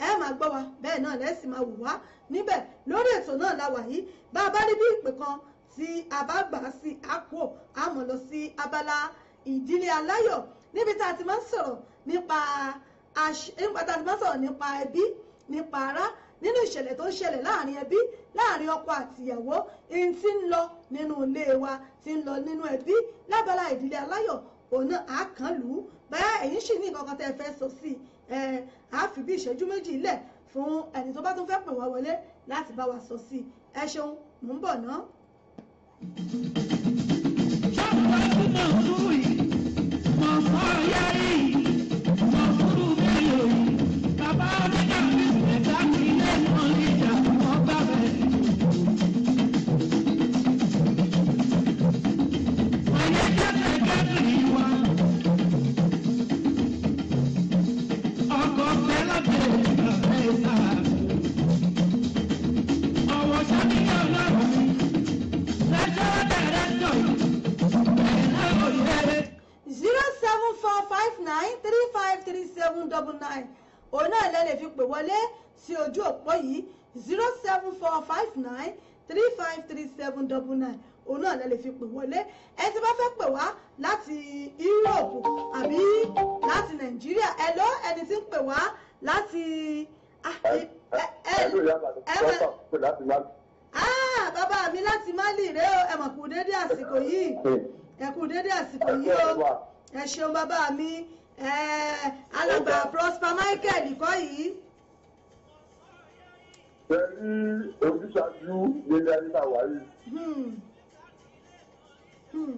ẹ máa gbọ́ wa bẹ́ẹ̀ náà lẹ́sì máa wù wá níbẹ̀ lórí ètò náà la wà yìí bá a bá rí bí ìpè kan tí a bá gbà á sí àpò àmọ́ lọ sí abala ìdílé aláyọ̀ níbi tá a ti máa ń sọ̀rọ̀ nípa nípa tá a ti máa ń sọ̀rọ̀ nípa ẹbí nípa ará nínú ìṣẹ̀lẹ̀ tó ń ṣẹlẹ̀ láàrin ẹbí láàrin ọkọ àtìyàwó ẹni tí ń lọ nínú ilé wa tí ń lọ nínú ẹbí lábala ìdílé aláyọ̀ òun náà àákànlù bẹ́ẹ̀ èyí sì ní nǹkan tẹ́ fẹ́ sọ sí i a fi bí ìṣẹ́jú méjì lẹ̀ fún ẹni tó bá tún fẹ́ pè wá wọlé láti bá wa sọ sí ẹ ṣeun mò ń bọ̀ ná. ṣọ́ọ̀bù wa kúmọ̀ ọdún yìí mọ̀ fọ́ yára yìí. four five nine three five three seven double nine òun náà lẹ lè fi pè wọlé sí ojú òpó yìí zero seven four five nine three five three seven double nine òun náà lẹ lè fi pè wọlé ẹ tí bá fẹ́ pè wá láti Europe àbí láti Nàìjíríà ẹ lọ ẹni tí ń pè wá láti. bàbá mi láti Mali rèé o ẹ mà kú dédé àsìkò yìí ẹ kú dédé àsìkò yìí o ẹ ṣeun bàbá mi alàgbà Prosper Michael kọ́ yìí. pẹ̀lú ojúṣàjú nílé ayé náà wáyé hmm. hmm.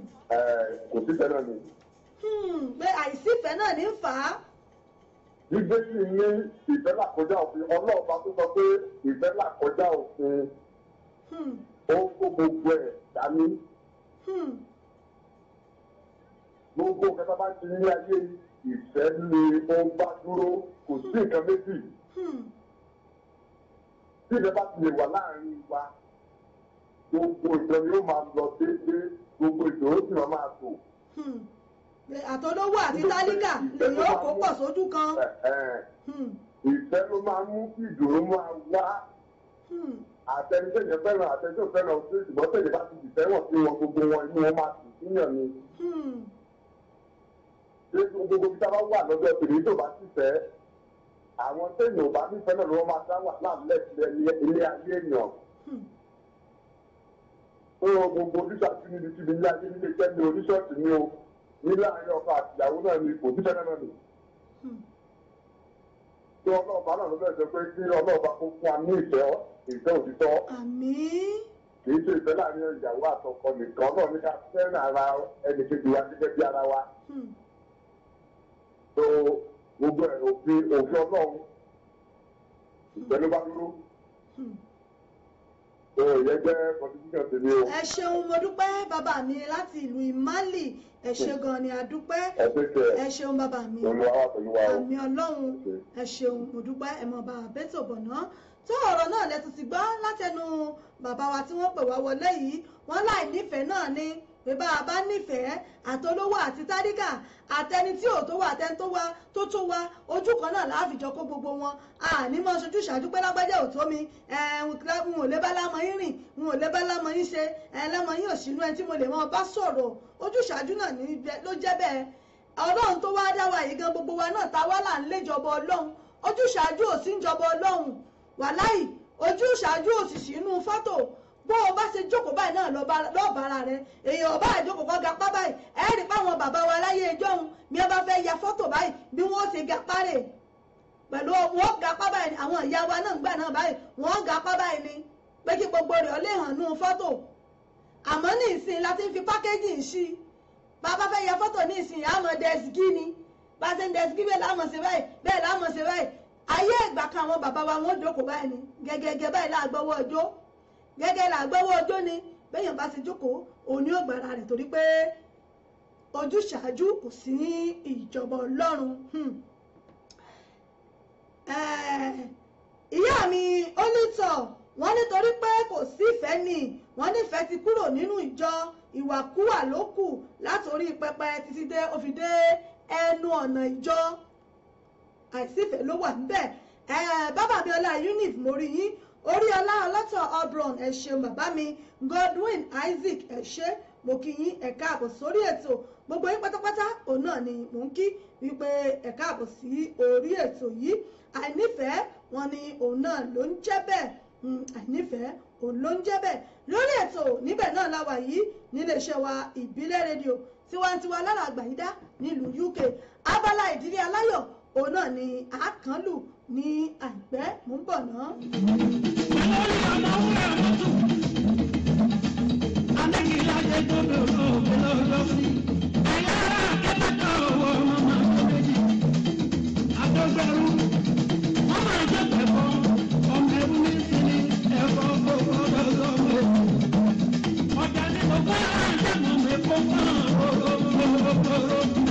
kò sífẹ́ náà ni. Hmm. pé àìsífẹ́ náà ní fà á. gbígbé sí ní ìfẹ́ làkọjá òfin ọlọ́ọ̀bá tó sọ pé ìfẹ́ làkọjá òfin ó kó gbogbo ẹ̀ dání gbogbo nǹkan bá ti ní ayé ìfẹ́ lè ó bá dúró kò sí nǹkan méjì hmm. tí ìfẹ́ bá ti lè wà láàrin wa gbogbo ìtàn yóò máa lọ déédéé gbogbo ìṣòro sì máa máa tò. Hmm. àtọ́lówó àti tálíkà lèyìn ó kó pọ̀ sójú kan. Hmm. ìfẹ́ ló máa mú kí ìdòrò máa wá àtẹnudẹ́yẹ fẹ́ràn àtẹnudẹ́yẹ fẹ́ràn ṣùgbọ́n tẹ̀lé bá ti dìfẹ́ràn sí wọn gbogbo wọn inú wọn máa tù síyàn ni lẹ́sùn gbogbo bí táwa wà lọ́jọ́ tèmi tó bá sì fẹ́ àwọn tẹ̀yìn ò bá sì fẹ́ náà ni wọ́n máa dá wà láàmúlẹ̀ sílẹ̀ ilé ayé èèyàn. ó gbogbo oníṣàtú níbi tíbi ilé ayé nílé iṣẹ́ ni oníṣọ́ọ̀tì ni o nílé ayé ọkọ àtìyàwó náà ni kò níṣẹ́ náà nì. tí ọlọ́ọ̀bá náà ló bẹ̀rẹ̀ sọ pé kí ọlọ́ọ̀bá kó fún wa ní ìfẹ́ ìfẹ́ òtítọ́. àmín kì í ṣe ìfẹ́ láàrin ìyàwó àtọkọ nìkan náà ní ká fẹ́ràn ara ẹnì kejì wa tó gbogbo ẹ̀ òfin òfin ọlọ́run ìgbẹ́lú bá dúró ìyẹn jẹ́ contribution tèmi o. ẹ ṣeun mo dúpẹ́ bàbá mi láti ìlú Ìmálì ẹ ṣe gan ni a dúpẹ́ ẹ ṣeun bàbá mi àmì ọlọ́run ẹ ṣeun mo dúpẹ́ ẹ mọ̀ bá abẹ́tò bọ̀ náà tó ọ̀rọ̀ náà lẹ́tù ti gbọ́ látẹnu bàbá wa tí wọ́n pè wá wọlé yìí wọ́n láì nífẹ̀ẹ́ náà ni pé bá a bá nífẹ̀ẹ́ àtolówó àti tádíkà àtẹni tí ò tó wà àtẹni tó wá tó tó wá ojú kan náà láàfìjọ kó gbogbo wọn àní mọ aṣojú ṣáájú pé lágbájá ò tó mi n ò lè bá lámọ yín rìn n ò lè bá lámọ yín ṣe lámọ yín ò sínú ẹni tí mo lè mọ bá sọ̀rọ̀ ojú ṣáájú náà ló jẹ́ bẹ́ẹ̀ ọlọ́run tó wá dá wa yìí gan gbogbo wa náà ta wá là ń léjọba ọlọ́run ojú ṣáájú ò sí ń ọlọ́run wàláì ojú ṣáájú ò sì sínú fọ́tò bó o bá ṣe jókòó báyìí náà lọ́ọ́ bára rẹ èèyàn ọba àjókòó kan gapá báyìí ẹ rí páwọn bàbá wa láyé ẹjọ́ òun bí wọ́n fẹ́ ya fọ́tò báyìí bí wọ́n ṣe gapá rẹ̀ pẹ̀lú wọ́n gapá báyìí àwọn ìyá wa náà gbà náà báyìí wọ́n gapá báyìí ni pé kí gbogbo rẹ̀ lè hàn nú fọ́tò àmọ́ ní ìsìn láti fi pákéjì sí bàbá fẹ́ ya fọ́tò ní ìsìn àmọ́ dẹ́sígì ni bá ṣe ń dẹ́sígì bẹ́ẹ̀ láàmọ̀ sí báyìí bẹ́ẹ̀ láàmọ̀ sí báyìí ayé ìgbà kan àwọn bàbá wa wọ́n jókòó gẹ́gẹ́ là gbọ́wọ́ ọjọ́ ni bẹ́yàn bá ti jókòó òní ò gbára rẹ̀ torí pé ojúṣàájú kò sí ní ìjọba ọlọ́run hmm. eh, ìyá mi ó ní tọ̀ wọ́n nítorí pé kò sífẹ̀ẹ́ ni wọ́n nífẹ̀ẹ́ ti kúrò nínú ìjọ ìwàkúwà ló kù látòrí pẹpẹ títí dé ó fi dé ẹnu ọ̀nà ìjọ àìsífẹ̀ẹ́ ló wà níbẹ̀ eh, bàbá mi ọlá unif mo rí yín Oríọlá Ọlọ́tọ̀ Obron ẹ ṣeun bàbá mi Godwin Isaac ẹ ṣé mo kí yín ẹ káàbọ̀ sórí ètò gbogbo yín pátápátá òun náà ni mò ń kí wípé ẹ káàbọ̀ sí orí ètò yìí àìnífẹ̀ẹ́ wọn ni òun náà ló ń jẹ́ bẹ́ẹ̀ hmm, àìnífẹ̀ẹ́ òun ló ń jẹ́ bẹ́ẹ̀ lórí ètò níbẹ̀ náà la wà yìí níléeṣẹ́ wa ìbílẹ̀ rédíò tiwantiwa lára àgbàyídá nílùú UK abala ìdílé aláyọ̀ òun náà ni àkànlù ní àìpẹ́ mò ń bọ̀ náà. olórí ọmọ wúrà mọ́tò adékìlájẹ gbọdọ̀ olóòlọ́sí ayára akẹ́kọ̀ọ́ owó ọmọ máa tó méjì adọ́gbẹ́rú wọ́n máa jẹ́ pẹ̀fọ́ ọmọ ẹ̀rú ní sinmi ẹ̀fọ́ gbogbo ọlọ́lọ́mọ ọ̀dà ni mo bá àjẹmọ̀ mi kó fún ọ̀rọ̀ ọ̀rọ̀ ọ̀rọ̀.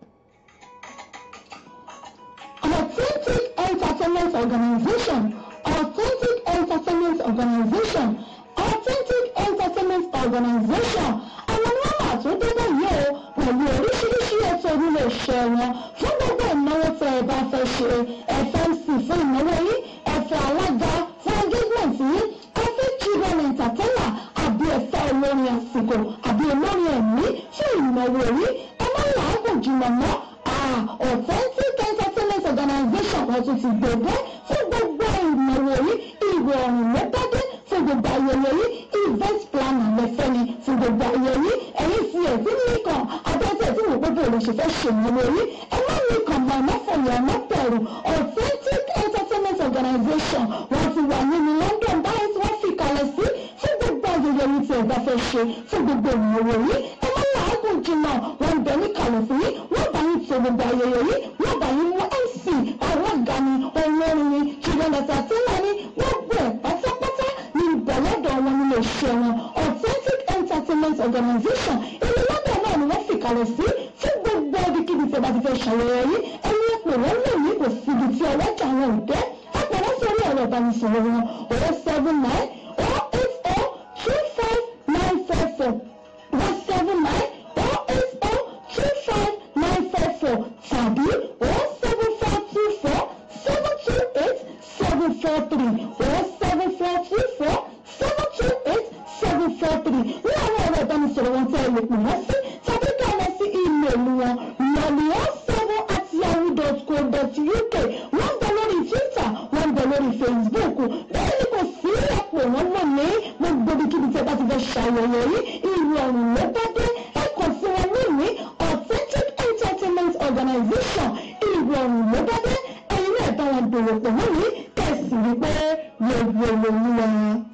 Authentic Entertainment Organization, Authentic Entertainment Organization, Authentic Entertainment Organization. Àwọn nọ́mbà tó débẹ̀ yìí o pẹ̀lú oríṣiríṣi ètò onílé iṣẹ́ wọn fún gbogbo ìnáwó tẹ ẹ bá fẹ́ ṣe FMC fún ìnáwó yìí ẹ̀fẹ̀ alága fún engagement yìí ẹ̀fẹ̀ children entertainer àbí ẹ̀fẹ̀ olórin àsìkò àbí olórin ẹ̀mí fún ìnáwó yìí ẹ má làágùn jùmọ̀ mọ́ authentic organization kan tún ti gbèdé fún gbogbo ìmọ̀wé yìí ìwé ọ̀rùn lẹ́gbẹ́dẹ́ fún gbogbo ayẹyẹ yìí event planning lẹ́fẹ̀ẹ́ni fún gbogbo ayẹyẹ yìí ẹ̀yìn fi ẹ̀sìn nìkan abẹ́tẹ̀ tí wò gbogbo olùṣèfẹ́ ṣèmọ̀wé yìí ẹ má nìkan mọ̀ ẹ̀mẹ́fọ̀lẹ̀ ẹ̀mẹ́pẹ̀rù authentic entertainment organization wọ́n ti wà nínú London báyìí tí wọ́n fi kalẹ̀ sí fún gbogbo ayẹyẹ yìí tí ẹ bá fẹ́ ṣe fún gbogbo ìmọ̀wé yìí ẹ láàgùn jìnnà wọn bẹ ní kàlùfín wọn bá yín ṣe gbogbo ayẹyẹ yìí wọn bá yín mú mc àwọn ọgá ni olórin ni ṣùgbọ́n ẹ̀sà tí wọ́n ní gbogbo ẹ̀ pátápátá ní ìbẹ̀lẹ́dọ̀ wọn nílé iṣẹ́ wọn authentic entertainment organization ìlú lọ́dọ̀ náà ni wọ́n fìkàlẹ̀ sí fún gbogbo ibikíbi tí a bá ti fẹ́ ṣàyẹyẹ yìí ẹni ẹ̀pẹ̀ wọ́n lè ní kò síbi tí ọlọ́jà wọn ò dé ẹ̀pẹ̀ wọ́n sọ̀rọ̀ ẹ̀rọ ìbánisọ̀rọ̀ wọn 079 080 two five nine four four. four three or seven four two four seven two eight seven four three ní àwọn ẹ̀rọ ìbánisọ̀rọ̀ wọn tí a lè pè wọ́n sí tàbí kí a lọ sí ímeèlì wọn mọ̀lẹ́ọ̀sẹ̀wọ̀ àti yahoo dot co dot uk wọ́n ń bẹ lórí twitter wọ́n ń bẹ lórí facebook bẹ́ẹ̀ ni kò sí àpò wọn lónìí gbogbo ibikíbi tí a bá ti fẹ́ ṣàyẹ̀wò yìí ìlú ọ̀rùn ló bá dé sí wọn lónìí authentic entertainment organization ìlú ọ̀rùn ló bá dé ẹ̀yin náà bá wọn dòwò pọ̀ lónìí sì rí pé mo bu olóyún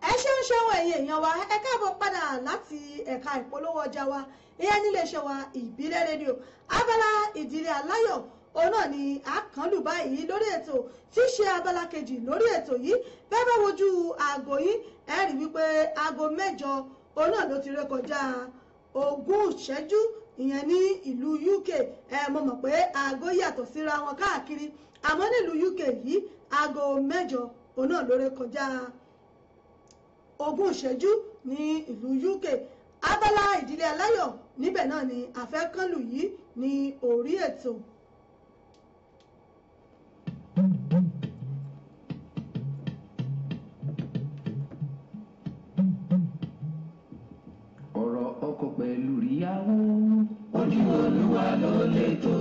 ẹ ṣeun ṣeun ẹ̀yin èèyàn wa ẹ káàbọ̀ padà láti ẹ̀ka ìpolówó ọjà wa ìyẹn níléeṣẹ́ wa ìbílẹ̀ rédíò abala ìdílé aláyọ̀ òun náà ni àkànlù báyìí lórí ètò tí ṣe abala kejì lórí ètò yìí bẹ́ẹ̀ bá wojú aago yìí ẹ rí wípé aago mẹ́jọ òun náà ló ti rékọjá ogún ìṣẹ́jú ìyẹn ní ìlú UK ẹ mo mọ̀ pé aago yàtọ̀ síra wọn káàkiri àmọ́ nílùú UK yìí aago mẹ́jọ òun náà lóore kọjá ogún ìṣẹ́jú ní ìlú UK abala ìdílé aláyọ̀ níbẹ̀ náà ni àfẹ́kànlù yìí ní orí ètò. pẹ̀lú ìyàwó. ojú olúwa ló lè tó.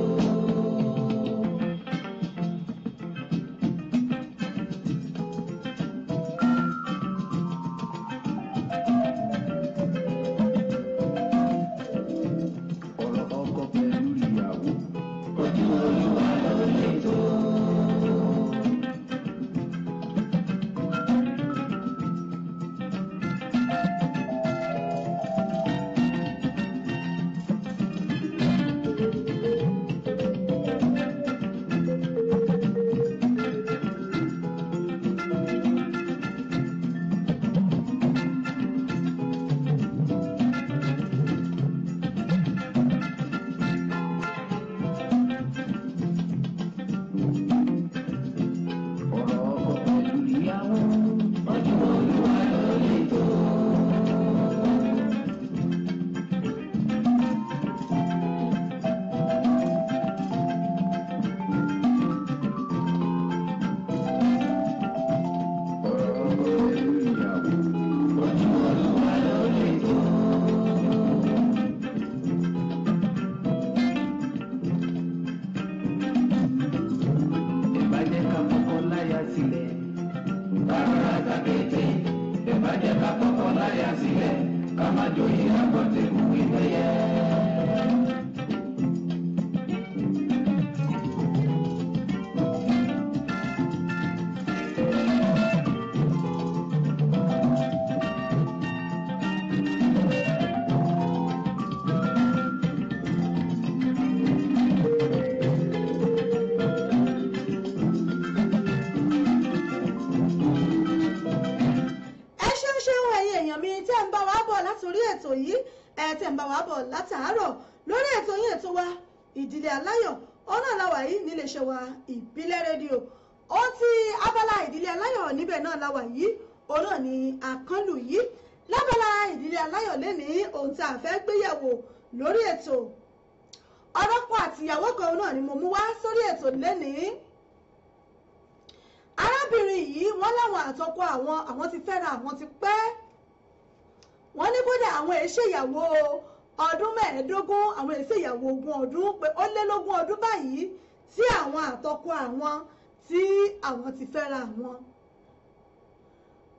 àwọn ti fẹ́ra àwọn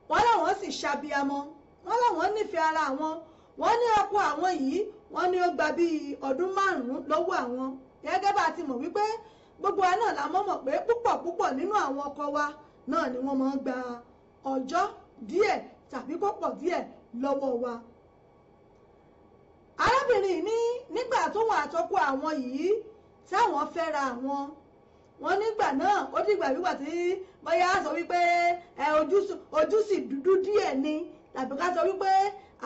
wọ́n láwọn sì ṣàbíamọ́ wọ́n láwọn nífẹ̀ẹ́ ara àwọn wọ́n ní ọkọ àwọn yìí wọ́n ní ó gba bíi ọdún márùn-ún lọ́wọ́ àwọn gẹ́gẹ́ bá a ti mọ̀ wípé gbogbo wa náà la mọ̀mọ̀ pé púpọ̀ púpọ̀ nínú àwọn ọkọ wa náà ni wọ́n máa ń gba ọjọ́ díẹ̀ tàbí kó díẹ̀ lọ́wọ́ wa. arábìnrin ní nígbà tóun àtọkọ àwọn yìí táwọn fẹ́ra àwọn wọ́n nígbà náà ó dìgbà wíwà tí bóyá sọ wípé ojú sì dúdú díẹ̀ ni tàbí ká sọ wípé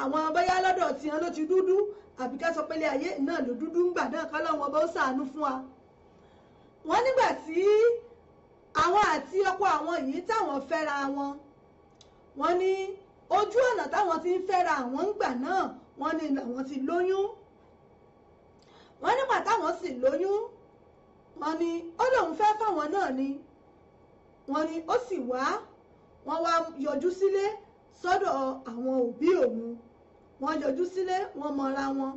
àwọn bóyá lọ́dọ̀ tiwọn ló ti dúdú àbí ká sọ pé ilé ayé náà ló dúdú ńgbà náà kọ́lọ́hún ọba ó ṣàánú fún wa. wọ́n nígbà tí àwọn àti ọkọ àwọn yìí táwọn fẹ́ra wọn wọ́n ní ojú ọ̀nà táwọn ti ń fẹ́ra àwọn ńgbà náà wọ́n ní làwọn ti lóyún wọ́n nígbà táwọn sì lóyún wọ́n ní ó lóun fẹ́ fáwọn náà ni wọ́n ní ó sì wá wọ́n wá yọjú sílé sọ́dọ̀ àwọn òbí òun wọ́n yọjú sílé wọ́n mọra wọn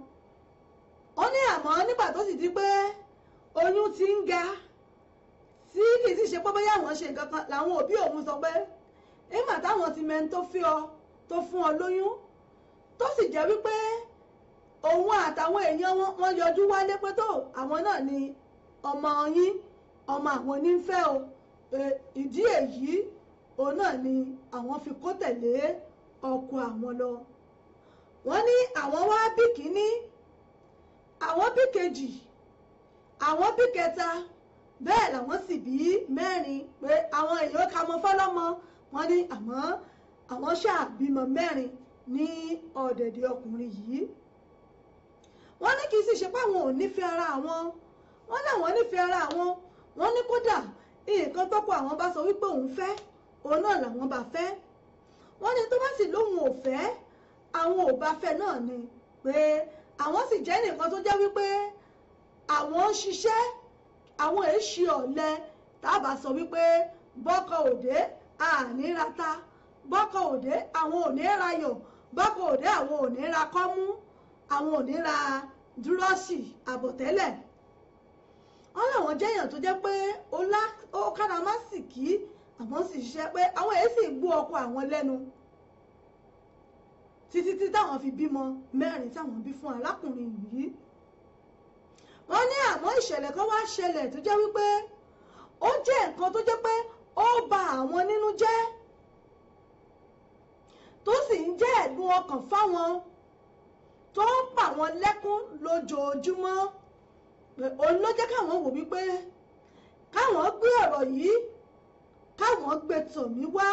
ó ní àmọ́ nígbà tó sì di pé oyún ti ń ga tí kì í sì ṣe pé bóyá àwọn ṣe nǹkan kan làwọn òbí òun sọ pé ìgbà táwọn ti mẹ́ni tó fi ọ tó fún ọ lóyún tó sì jẹ́ wípé òun àtàwọn èèyàn wọn yọjú wálé pé tó àwọn náà ni ọmọ yín ọmọ àwọn onífẹ́ o ìdí èyí òun náà ni àwọn fi kó tẹ̀lé ọkọ àwọn lọ wọ́n ní àwọn wá bí kínní àwọn bí kejì àwọn bí kẹta bẹ́ẹ̀ làwọn sì bí mẹ́rin pé àwọn èèyàn ká mọ fọlọ́mọ wọ́n ní àmọ́ àwọn ṣáà mẹ́rin ní ọ̀dẹ̀dẹ̀ ọkùnrin yìí wọ́n ní kì í sì ṣe pé àwọn ò nífẹ̀ẹ́ ara àwọn wọ́n láwọn nífẹ̀ẹ́ ara àwọn wọ́n ní kódà nǹkan tọ́kọ àwọn bá sọ wípé òun fẹ́ òun náà làwọn bá fẹ́ wọ́n ní tó bá sì lóhun ò fẹ́ àwọn ò bá fẹ́ náà ni pé àwọn sì jẹ́ nìkan tó jẹ́ wípé àwọn ń ṣiṣẹ́ àwọn èé ṣe ọ̀lẹ tábà sọ wípé bọ́kọ òde ànírata bọ́kọ òde àwọn ò ní rayọ̀ bọ́kọ òde àwọn ò ní ra kọ́mú àwọn ò ní ra dúrọ́ọ̀sì àbọ̀tẹ́lẹ̀ wọ́n láwọn jẹ́yàn tó jẹ́ pé ọlá ó kára má sì kí àmọ́ sì ṣiṣẹ́ pé àwọn èyí sì gbọ́ ọkọ àwọn lẹ́nu títí tí táwọn fi bímọ mẹ́rin táwọn bí fún arákùnrin yìí wọ́n ní àmọ́ ìṣẹ̀lẹ̀ kan wá ṣẹlẹ̀ tó jẹ́ wípé ó jẹ́ nǹkan tó jẹ́ pé ó bà àwọn nínú jẹ́ tó sì ń jẹ́ ẹ̀dùn ọkàn fáwọn tó ń pa wọ́n lẹ́kún lójoojúmọ́ òun ló jẹ́ káwọn wò wípé káwọn gbé ọ̀rọ̀ yìí káwọn gbé tòmí wá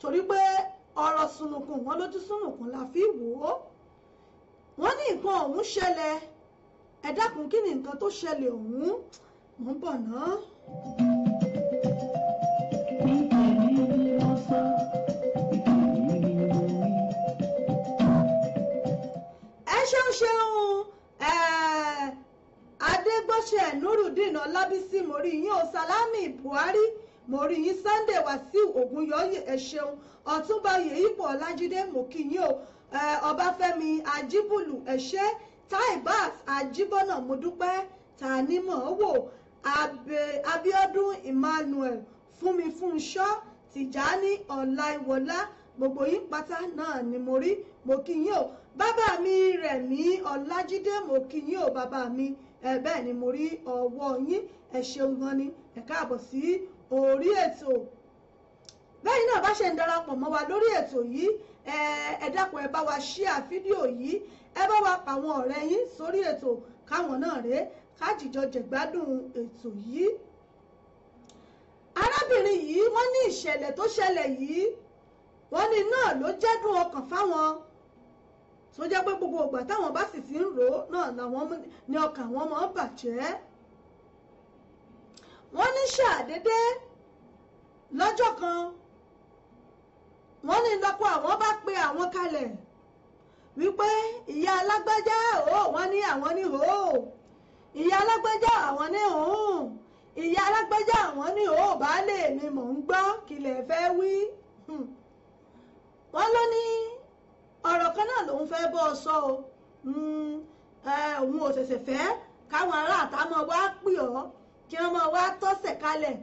torí pé ọ̀rọ̀ sunùkùn wọn lójú sunùkùn la fi wò ó wọ́n ní nǹkan ọ̀hún ṣẹlẹ̀ ẹ dákun kí ni nǹkan tó ṣẹlẹ̀ ọ̀hún mò ń bọ̀ ná. nípa ẹni ẹ ṣeun ṣeun ẹgbọ́nsẹ̀ nurudeen ọlábísí mo rí yín salami buhari mo rí yín sunday wàsíù ògúnyọyè ẹ ṣeun ọ̀túnba yèyípọ̀ ọlájídé mo kí yín o ọbáfẹ́mi ajíbùlù ẹ ṣé taibas ajibọnà mo tanimọ wò abiodun emmanuel fúnmi fúnṣọ́ tìjání ọláìwọlá gbogbo yín pátá náà ni mo rí mo o bàbá mi rẹ̀ mí ọlájídé mo o bàbá mi ẹ bẹ́ẹ̀ ni mo rí ọwọ́ yín ẹ ṣeun gan ni ẹ káàbọ̀ sí orí ètò bẹ́ẹ̀ náà bá ṣe ń darapọ̀ mọ́ wa lórí ètò yìí ẹ dákun ẹ bá wa ṣíà fídíò yìí ẹ bá wa pa àwọn ọ̀rẹ́ yín sórí ètò káwọn náà rèé kájíjọ jẹ̀gbádùn ètò yìí arábìnrin yìí wọ́n ní ìṣẹ̀lẹ̀ tó ṣẹlẹ̀ yìí wọ́n ní náà ló jẹ́dùn ọkàn fáwọn tó jẹ́ pé gbogbo ìgbà táwọn bá sì ti ń rò ó náà làwọn ní ọkàn wọn máa ń bàjẹ́ wọ́n ní ṣàdédé lọ́jọ́ kan wọ́n ní lọ́kọ àwọn bá pe àwọn kalẹ̀ wípé ìyá alágbájá ò wọ́n ní àwọn ní hò ìyá alágbájá àwọn ní òun ìyá alágbájá àwọn ní hò baálé mi mò ń gbọ́ kí lè fẹ́ wí. Hmm. náà lòun fẹ́ bọ́ ọ sọ o hmm, òun ò ṣẹ̀ṣẹ̀ fẹ́ káwọn aráàta máa wá pè ọ́ kí wọ́n máa wá tọ́sẹ̀ kalẹ̀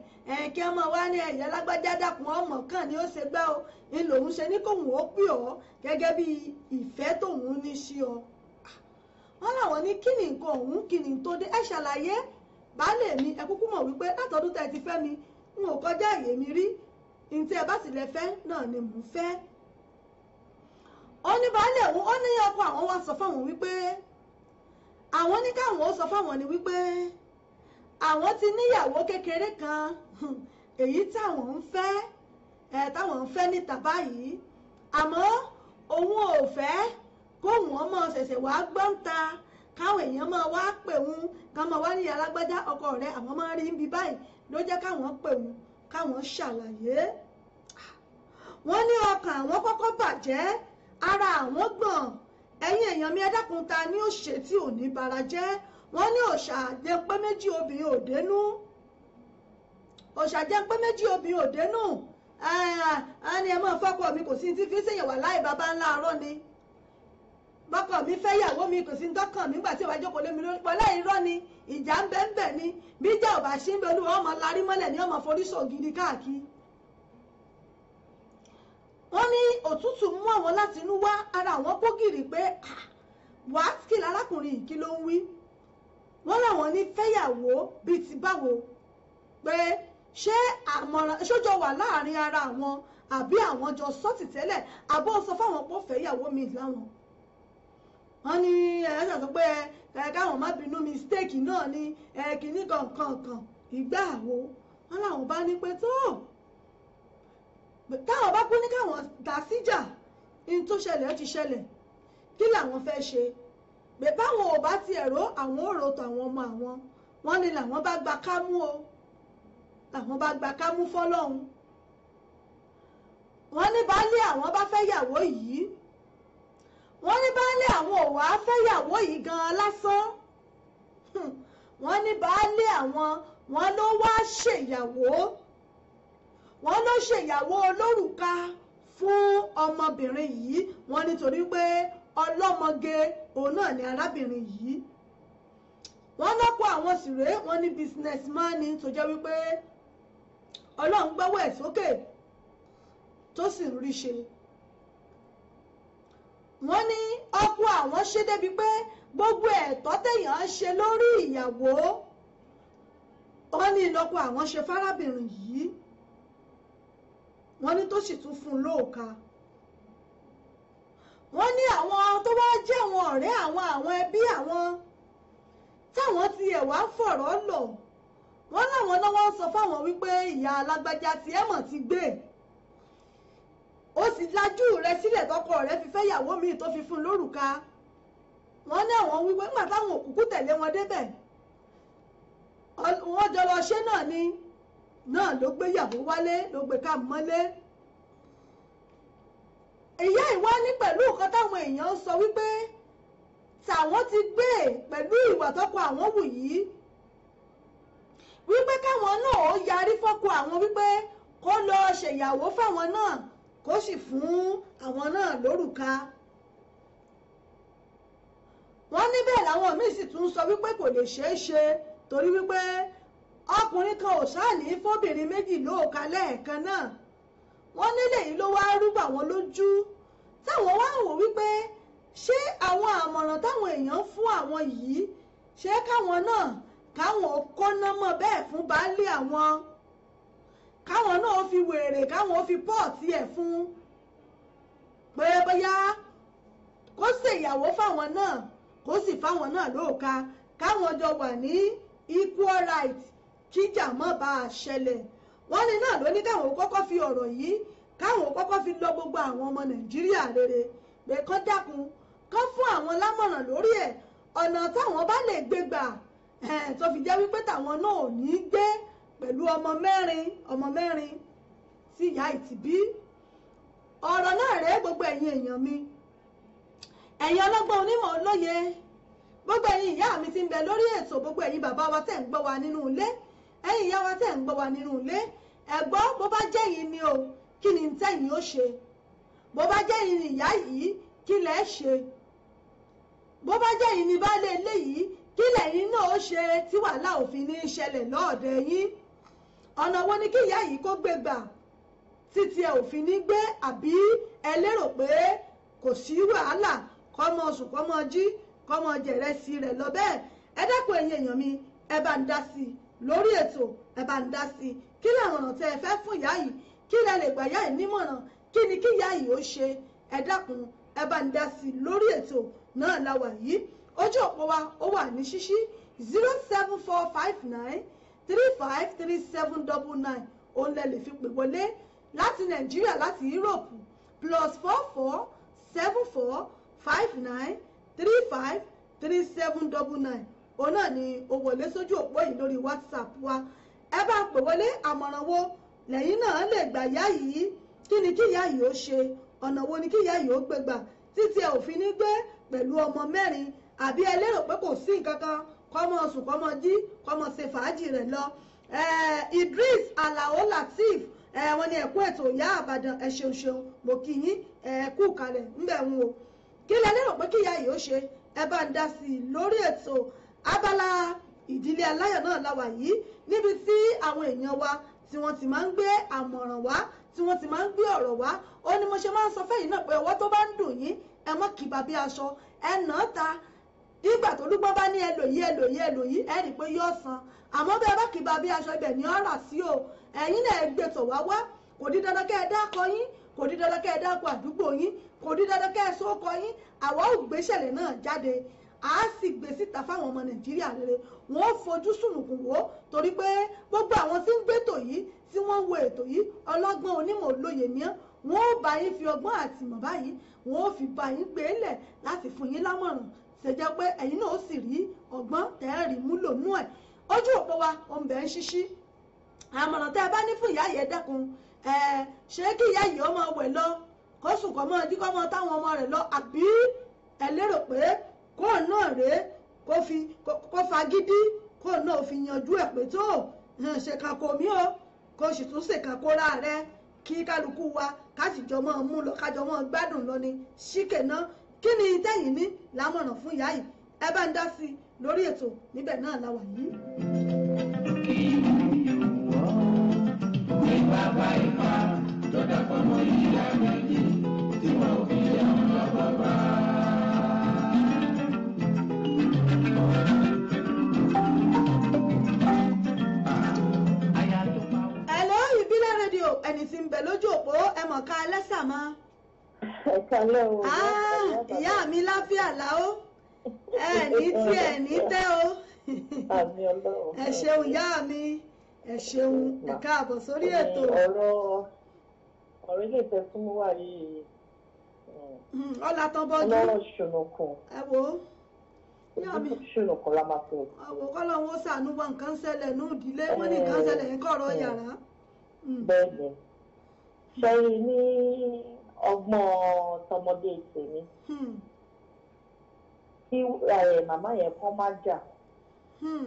kí wọ́n máa wá ní ẹ̀yẹ lágbájá dàkún ọmọ kan ni ó ṣe gbá o ń lòun ṣe ní kóun ó pè ọ́ gẹ́gẹ́ bí ìfẹ́ tóun ní sí ọ. wọ́n láwọn ní kí ni nǹkan òun kí ni tó dé ẹ ṣàlàyé baálé mi ẹ kúkú mọ̀ wípé látọdún tẹ́ ti fẹ́ mi n ò kọjá àyè mi rí ní tí ẹ bá sì lè fẹ́ náà ni mò ń fẹ́ ó ní baálé òun ó ní ọkọ àwọn wá sọ fáwọn wípé àwọn ní káwọn ó sọ fáwọn ni wípé àwọn ti níyàwó kékeré kan èyí táwọn ń fẹ́ ẹ̀ táwọn ń fẹ́ níta báyìí àmọ́ òun ò fẹ́ kóun ọmọ ṣẹ̀ṣẹ̀ wá gbọ́ǹta káwọn èèyàn máa wá pè wọn ká máa wá ní alágbájá ọkọ rẹ àwọn máa rí níbi báyìí ló jẹ́ káwọn pè wọn káwọn ṣàlàyé wọ́n ní ọkàn àwọn kọ́kọ́ bàjẹ́ ara àwọn gbọ̀n ẹ̀yin èèyàn mi ẹ dákun ta ni òṣè tí ò ní bara jẹ́ wọ́n ní òṣà jẹ́ pé méjì obìnrin ò dénú òṣà jẹ́ pé méjì obìnrin ò dénú a ní ẹ máa fọ́pọ̀ mi kò sí ti fi ṣèyàn wà láì bàbá ńlá arọ́ ni bọ́kọ mi fẹ́ yàwó mi kò sí ń dọ́kàn mi gbà tí ìwà ìjókòó lé mi lórí pọ̀ láì rọ́ ni ìjà ń bẹ ń bẹ ni bíjà ò bá ṣí ń bẹ olúwa ọmọ larí mọ́lẹ̀ ni ọmọ forí sọ káàkiri wọ́n ní òtútù mú àwọn láti inú wá ara àwọn bógìrì pé wàásìkì lárákùnrin yìí kí ló ń wí wọ́n láwọn ní fẹ́yàwó bíi ti báwo pé ṣé àmọ̀ràn ṣójọ wà láàrin ara àwọn àbí àwọn jọ sọ́ọ̀tì tẹ́lẹ̀ àbọ̀ sọ fáwọn pọ̀ fẹ́yàwó mi láwọn wọ́n ní ẹ̀ẹ́dà sọ pé káwọn má bínú mistake náà ní ẹ̀ẹ́kìnní kankan kan ìgbà wo wọ́n láwọn bá ní pé tó táwọn bá pín ní káwọn dá síjà ní tó ṣẹlẹ̀ ó ti ṣẹlẹ̀ kí làwọn fẹ́ ṣe pé báwọn ò bá ti ẹ̀rọ àwọn òrò tàwọn ọmọ àwọn wọn ni làwọn bá gba kámú o làwọn bá gba kámú fọlọ́hún wọ́n ní baálé àwọn bá fẹ́ yàwó yìí wọ́n ní baálé àwọn ò wá fẹ́ yàwó yìí gan-an lásán wọ́n ní baálé àwọn wọn ló wá ṣèyàwó wọ́n ló ṣèyàwó olórùka fún ọmọbìnrin yìí wọ́n nítorí pé ọlọ́mọge òun náà ni arábìnrin yìí wọ́n lọ́pọ̀ àwọn sì rèé wọ́n ní businessman ni tó jẹ́ wípé ọlọ́run gbọ́wọ́ ẹ̀ sókè tó sì ń rí ṣe wọ́n ní ọkọ àwọn ṣe débi pé gbogbo ẹ̀tọ́ téèyàn ń ṣe lórí ìyàwó wọ́n ní ìlọ́kọ àwọn ṣe fárábìnrin yìí wọ́n ní tó sì tún fún un lóòka wọ́n ní àwọn tó wá jẹ́ àwọn ọ̀rẹ́ àwọn àwọn ẹbí àwọn táwọn ti ẹ̀wá fọ̀rọ̀ lọ wọ́n láwọn náà wọ́n sọ fáwọn wípé ìyá alágbájá tí ẹ mọ̀ ti gbé ó sì lajú rẹ sílẹ̀ tọkọ rẹ fi fẹ́ yàwó mi tó fi fún un lórùka wọ́n ní àwọn wípé nígbà táwọn òkùnkùn tẹ̀lé wọn débẹ̀ wọ́n jọ lọ ṣe náà ni náà ló gbé yàwó wálé ló gbé ká mọ́lé ìyá ìwá ní pẹ̀lú nǹkan táwọn èèyàn sọ wípé tàwọn ti gbé e pẹ̀lú ìwà tọ́kọ àwọn wù yìí wípé káwọn náà ó yarí fọ́kọ àwọn wípé kó lọ ṣèyàwó fáwọn náà kó sì fún àwọn náà lórùka wọ́n níbẹ̀ làwọn míì sì tún sọ wípé kò lè ṣeé ṣe torí wípé ọkùnrin kan ò ṣáàlì fóbìnrin méjì lóòka lẹ́ẹ̀kan náà wọ́n nílé yìí ló wá rúgbà wọn lójú táwọn wá wò wípé ṣé àwọn àmọ̀ràn táwọn èèyàn fún àwọn yìí ṣé káwọn náà káwọn kọ́ná mọ́ bẹ́ẹ̀ fún baálé àwọn káwọn náà fi wèrè káwọn fi pọ́ọ̀tì ẹ̀ fún pé bóyá kó ṣèyàwó fáwọn náà kó sì fáwọn náà lóòka káwọn jọ wà ní equal right kíjà mọ́ bá a ṣẹlẹ̀ wọ́n ní náà ló ní káwọn kọ́kọ́ fi ọ̀rọ̀ yìí káwọn kọ́kọ́ fi lọ gbogbo àwọn ọmọ nàìjíríà rere pé kán dákun kán fún àwọn lámọ̀ràn lórí ẹ̀ ọ̀nà táwọn bá lè gbé gbà tó fi jẹ́ wípé táwọn náà ò ní gbé pẹ̀lú ọmọ mẹ́rin ọmọ mẹ́rin tí ìyá ìtì bí ọ̀rọ̀ náà rèé gbogbo ẹ̀yin èèyàn mi ẹ̀yin ọlọ́gbọ́n onímọ̀ olóye gbogbo ẹ̀yin ìyá mi ti ń bẹ lórí ètò gbogbo ẹ̀yin bàbá wa tẹ̀ ń gbọ́ wa nínú ilé ẹ̀yin ìyá wa tẹ̀ ń gbọ́ wa nínú ilé ẹ̀gbọ́n bó bá jẹ́ yìí ni o kí ni tẹ̀yin ó ṣe bó bá jẹ́ yìí ni ìyá yìí kí lẹ̀ ṣe bó bá jẹ́ yìí ni baálé ilé yìí kí lẹ̀yin náà ó ṣe tí wàhálà òfin ní í ṣẹlẹ̀ lọ́ọ̀dẹ̀ yín ọ̀nà wo ni kí ìyá yìí kó gbé gbà títí ẹ òfin ní gbé àbí ẹ lérò pé kò sí wàhálà kọ́mọ sùn kọ́mọ jí kọ́mọ jẹ̀rẹ̀ sí rẹ̀ lọ bẹ́ẹ̀ ẹ dẹ́kun ẹ̀yin èèyàn mi ẹ bá ń dá sí i lórí ètò ẹ bá ń dá sí i kí làwọn ọ̀nà tẹ ẹ fẹ́ fún ìyá yìí kí lẹ lè gbà ìyá yìí nímọ̀ràn kí ni kí ìyá yìí ó ṣe ẹ dákun ẹ bá ń dá sí i lórí ètò náà la wà yìí ojú òpó wa ó wà ní ṣíṣí zero seven four five nine three five three seven double nine òun lẹ lè fi pè wọlé láti nàìjíríà láti yúròpù plus four four seven four five nine three five three seven double nine òun náà ni ó wọlé sójú òpó yìí lórí WhatsApp wa ẹ bá pè wọlé àmọ̀ràn wo lẹ́yìn náà lè gbà yá yìí kí ni kí yá yìí ó ṣe ọ̀nà wo ni kí yá yìí ó gbé gbà títí ẹ ò fi ní gbé pẹ̀lú ọmọ mẹ́rin àbí ẹ lérò pé kò sí nǹkan kan kọ́mọ sùn kọ́mọ jí kọ́mọ ṣe fàájì rẹ̀ lọ Idris Alao Lateef wọ́n ní ẹ̀kú ètò ìyá àbàdàn ẹ ṣeun ṣeun mo kí yín ẹ kú kalẹ̀ ńbẹ̀ ń o kí lẹ lérò pé kí yá yìí ó ṣe ẹ bá ń dá sí i lórí ètò abala ìdílé aláyọ̀ náà la wà yìí níbi tí àwọn èèyàn wa tí wọ́n ti máa ń gbé àmọ̀ràn wá tí wọ́n ti máa ń gbé ọ̀rọ̀ wá ó ní mo ṣe máa ń sọ fẹ́yìn náà pé ọwọ́ tó bá ń dùn yín ẹ mọ́ kì bá bí aṣọ ẹ nà á ta nígbà tó lúgbọ́n bá ní ẹlòyí ẹlòyí ẹlòyí ẹ rí i pé yóò san àmọ́ bí ẹ bá kì bá bí aṣọ ibẹ̀ ni ọ̀rà sí o ẹ̀yin náà ẹ gbé tọ̀ wá wá kò di dandan kẹ́ ẹ dákọ yín kò di dandan kẹ́ ẹ dákọ àdúgbò yín kò di dandan kẹ́ ẹ sókọ yín àwa ò gbéṣẹ̀lẹ̀ náà jáde a sì gbé síta fáwọn ọmọ nàìjíríà rere wọn ò fojú sùnùkùn wò ó torí pé gbogbo àwọn tí ń gbétò yìí tí wọ́n ń wo ètò yìí ọlọ́gbọ́n onímọ̀ olóye ni án wọn ò bá yín fi ọgbọ́n àtìmọ̀ báyìí wọn ò fi bá yín gbé lẹ̀ láti fún yín lámọ̀ràn ṣèjẹ́ pé ẹ̀yin náà ó sì rí ọgbọ́n tẹ́ẹ̀rì múlò nú ẹ̀ ojú òpó wa òun bẹ̀ ń ṣíṣí àmọ̀ràn tẹ́ ẹ bá ní fún ìyá yẹn dẹ́kun ẹ̀ ṣé kí ìyá yìí ó máa lọ kó sùn kọ́ mọ́ ẹdí kọ́ mọ́ táwọn ọmọ rẹ̀ lọ àbí ẹ lérò pé kóun náà rèé kó fi kó fagídí kóun náà fi yanjú ẹ̀ pé tó ṣèkàkò mi o kó sì tún ṣèkàkò ra rẹ kí kálukú wa kájìjọ máa mú lọ kájọ máa gbádùn lọ ni ṣíkè náà kí ni tẹ́yìn ní lámọ̀ràn fún ìyá yìí ẹ bá ń dá sí i lórí ètò níbẹ̀ náà la wà yìí. bàbá ìfà tó dàpọ̀ mọ́ ìyá méjì tí wọ́n ẹ̀kálẹ́ o. Ah, ìyá mi láfíà láó ẹ ní tí ẹ ní tẹ́ o. ẹ ṣeun ìyá mi ẹ ṣeun ẹ káàbọ̀ sórí ètò. ọ̀rọ̀ ọ̀rọ̀ ilé ìfẹ́ fún mi wà yìí. Hmm, ọ̀là tán bọ́jú. ọlọ́run ṣùnùkùn. ẹ wo ìyá mi. ṣùnùkùn la máa fún. àwọn kọ́lọ́hún ó ṣàánú wọn nǹkan ṣẹlẹ̀ ní ìdílé wọn ní nǹkan eh, ṣẹlẹ̀ ń kọ̀rọ̀ eh. yàrá. Hmm. bẹ́ẹ̀ ni sẹ́yìn ní ọgbọ́n tọmọdé tèmi hmm. kí màmá yẹn kọ́ má jà hmm.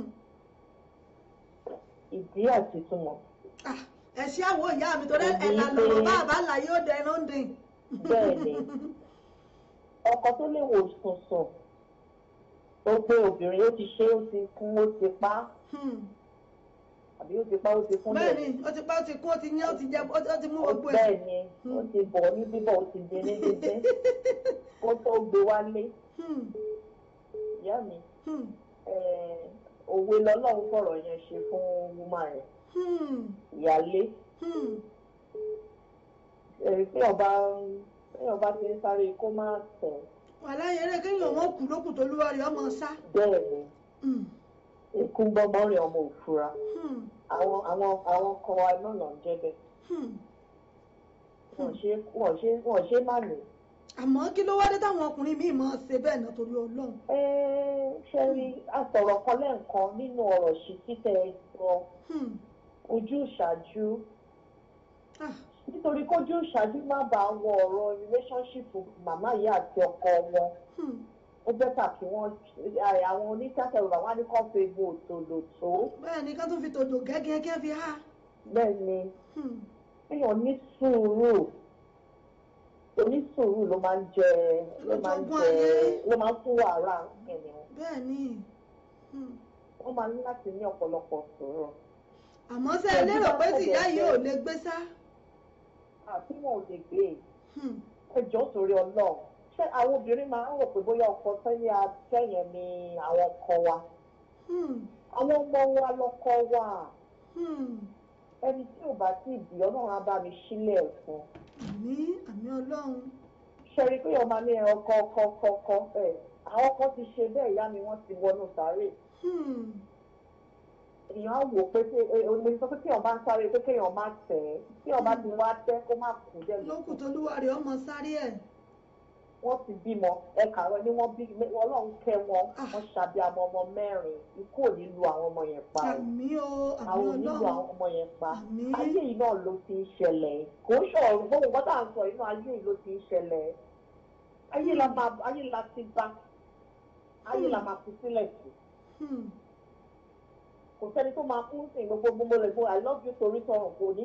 ìdí àti túmọ̀. Ah, ẹ ṣe àwọ ìyá mi torí ẹ̀là lọ́wọ́ bá a bá là yóò dẹ ẹran dín. bẹ́ẹ̀ni ọkọ tó lè wò sùn sùn ó gbé obìnrin ó ti ṣe ó ti kú ó ti pa. Hmm àbí ó ti pa ó ti kún lẹ̀. bẹ́ẹ̀ni ó ti pa ó ti kún ó ti yán ó ti jẹ ó ti mú gbogbo ẹ̀. bẹ́ẹ̀ni ó hmm. ti bọ̀ ní bíbọ̀ ó ti di ní dídín kó tó gbé wálé. Hmm. ìyá mi hmm. òwe lọ́lọ́run fọ̀rọ̀ yẹn ṣe fún wúmà yẹn ìyálé pé ọba pé ọba ti ń sáré kó má tẹ̀. wàhálà yẹn rẹ kéèyàn wọn kù lókùn tó lúwa rẹ ọmọ sá. bẹ́ẹ̀ni ikú gbọgbọrin ọmọ òfura àwọn àwọn àwọn kan wa náà lọ ń jẹ́ bẹ́ẹ̀. Hmm. wọ́n hmm. ṣe wọ́n ṣe wọ́n ṣe má lò. àmọ́ kí ló wá dé táwọn ọkùnrin míì máa ṣe bẹ́ẹ̀ náà torí ọlọ́run. ẹ ṣe rí àsọ̀rọ̀ hmm. kan lẹ́ǹkan nínú ọ̀rọ̀ sí títẹ ẹ̀rọ ojú ìṣáájú ah. nítorí kójú ìṣáájú má bàa wọ ọ̀rọ̀ relationship màmá yìí àti ọkọ wọn. Hmm ó bẹ́tà kí wọ́n eh, àwọn onítàkẹ́rọ̀bà wọn á ní kán fi bo òtòlò tó. bẹ́ẹ̀ ni ká tó fi tòdò gẹ́gẹ́ kẹ́ fi há. bẹ́ẹ̀ ni hmm. èèyàn ní sùúrù onísùúrù ló máa ń jẹ ló máa ń jẹ ló máa ń fún wàhálà ènìyàn. bẹ́ẹ̀ ni. Hmm. wọ́n máa ní láti ní ọ̀pọ̀lọpọ̀ sùúrù. àmọ́ ṣé ẹ lérò pé tìyá yìí ò lè gbé sá. àti ò lè gbé hmm. ẹjọ́ torí Ọlọ́run ṣé àwọn obìnrin máa ń rò pé bóyá ọkọ tẹ́lẹ̀ afẹ́ yẹn ni àwọn ọkọ wa hmm. àwọn ọmọ wa lọkọ wa hmm. ẹni tí ò bá tí ì bí ọlọ́run á bá mi sílẹ̀ fún. àmín àmín ọlọ́run. ṣẹ̀rí pé ọmọ mi ẹ̀ ọkọ ọkọ ọkọ ọkọ ẹ̀ àwọn ọkọ ti ṣe bẹ́ẹ̀ ìyá mi wọ́n ti wọnú sáré. Hmm. èèyàn á wò pé omi sọ pé kéèyàn bá ń sáré pé kéèyàn má tẹ̀ ẹ́ kéèyàn bá ti wá tẹ́ kó má kú dẹ́. lókùtọ́lúwa rẹ̀ ọmọ sáré ẹ̀ wọ́n ti bímọ ẹ̀ka àwọn ni wọ́n bí ọlọ́run kẹ́ wọn ah. wọ́n ṣàbí àwọn ọmọ mẹ́rin ikú ò ní lu àwọn ọmọ yẹn pa o àwọn ò ní lu àwọn ọmọ yẹn pa ayé yìí náà ló ti ń ṣẹlẹ̀ kò ń ṣọ̀rọ̀ gbogbo nǹkan tá à ń sọ yìí náà ayé yìí ló ti ń ṣẹlẹ̀ ayé la máa ayé la ti bá ayé la máa fi sílẹ̀ sí hmm. kò sẹ́ni tó máa kú sí gbogbo gbogbo lẹ́gbọ́n i love you torí sọ̀rọ̀ kò ní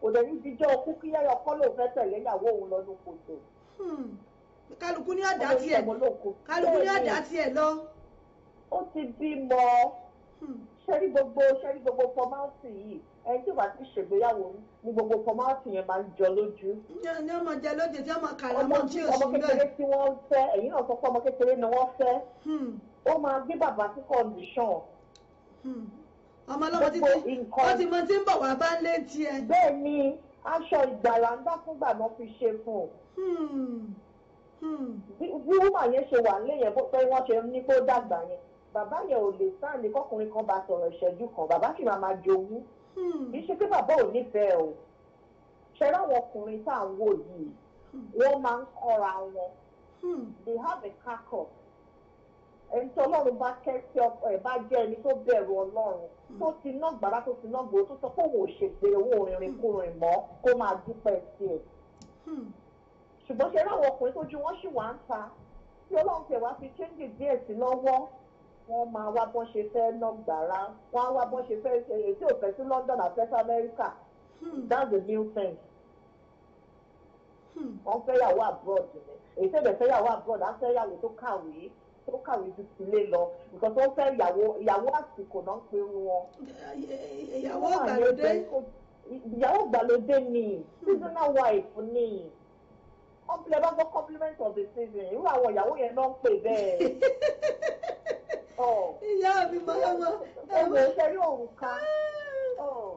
kò dẹ̀ ní jíjọ́ okú kí yẹ́yọ kọ́ lòun fẹ́ tẹ̀lé ìyàwó òun lọ́dún kòtò. Hmm. kálukú ní ọ̀dà tiẹ̀ kálukú ní ọ̀dà tiẹ̀ lọ. ó ti bímọ hmm. ṣẹ́rí gbogbo ṣẹ́rí gbogbo fọmáàtì yìí ẹni tí wàá ti ṣègbéyàwó ni gbogbo fọmáàtì yẹn máa ń jọ lójú. ní ọmọ jẹ lójú tí ọmọ kàrà mọ tí òsì bẹ́ẹ̀. ọmọ kékeré tí wọ́n fẹ́ ẹ̀yìn náà sọ pé ọmọ ọmọ ọlọ́mọ títí wọ́n ti mọ tí ń bọ̀ wá bá ń lé tiẹ̀. bẹ́ẹ̀ ni aṣọ ìgbàlà ń bá fúngbà náà fi ṣe fún un hmm, hmm. bí wúmà yẹn ṣe wà nílé yẹn pé wọ́n ṣe ní kó dàgbà yẹn bàbá yẹn ò lè sáàni kọkùnrin kan bá sọ̀rọ̀ ìṣẹ́jú kan bàbá sì máa máa jowú hmm. kì í ṣe pé bàbá ò nífẹ̀ẹ́ o ṣe ráwọn ọkùnrin tá à ń wò yìí wọ́n máa ń kọ́ra wọn they have a cackle ẹni bá kẹ́ ọkọ ẹ̀ bá jẹ́ ẹni tó bẹ̀rù ọlọ́run hmm. tó ti ná gbàrà tó ti ná gbòó tó sọ pé òun ò ṣègbè owó rìnrìn kò rìn mọ́ kó máa dúpẹ́ sí ẹ̀. Hmm. ṣùgbọ́n ṣe ráwọ̀ ọkùnrin tójú wọn sì wá ń ta tí ọlọ́run tẹ̀ wá fi chéńdì díẹ̀ sí lọ́wọ́ wọ́n máa wá bọ́n ṣe fẹ́ ná gbàrà wọ́n á wá bọ́n ṣe fẹ́ èdè òfẹ́ sí London àfẹ́sẹ́ Amẹ́ríkà hmm. that's the new thing. wọ́n fẹ́ yàwó abroad ni èyí tẹ̀lé tó kàwé ju tilé lọ nǹkan tó ń fẹ́ ìyàwó ìyàwó àsìkò náà ń pe wọn. ìyàwó ìgbàlódé. ìyàwó ìgbàlódé ni seasonal wife ni compliment bá gbọ́ of the season irú àwọn ìyàwó yẹn náà ń pè bẹ́ẹ̀. Oh. ìyá mi máa ń wọ. ẹ̀rọ ìṣẹ́rí òrùka. Ah. Oh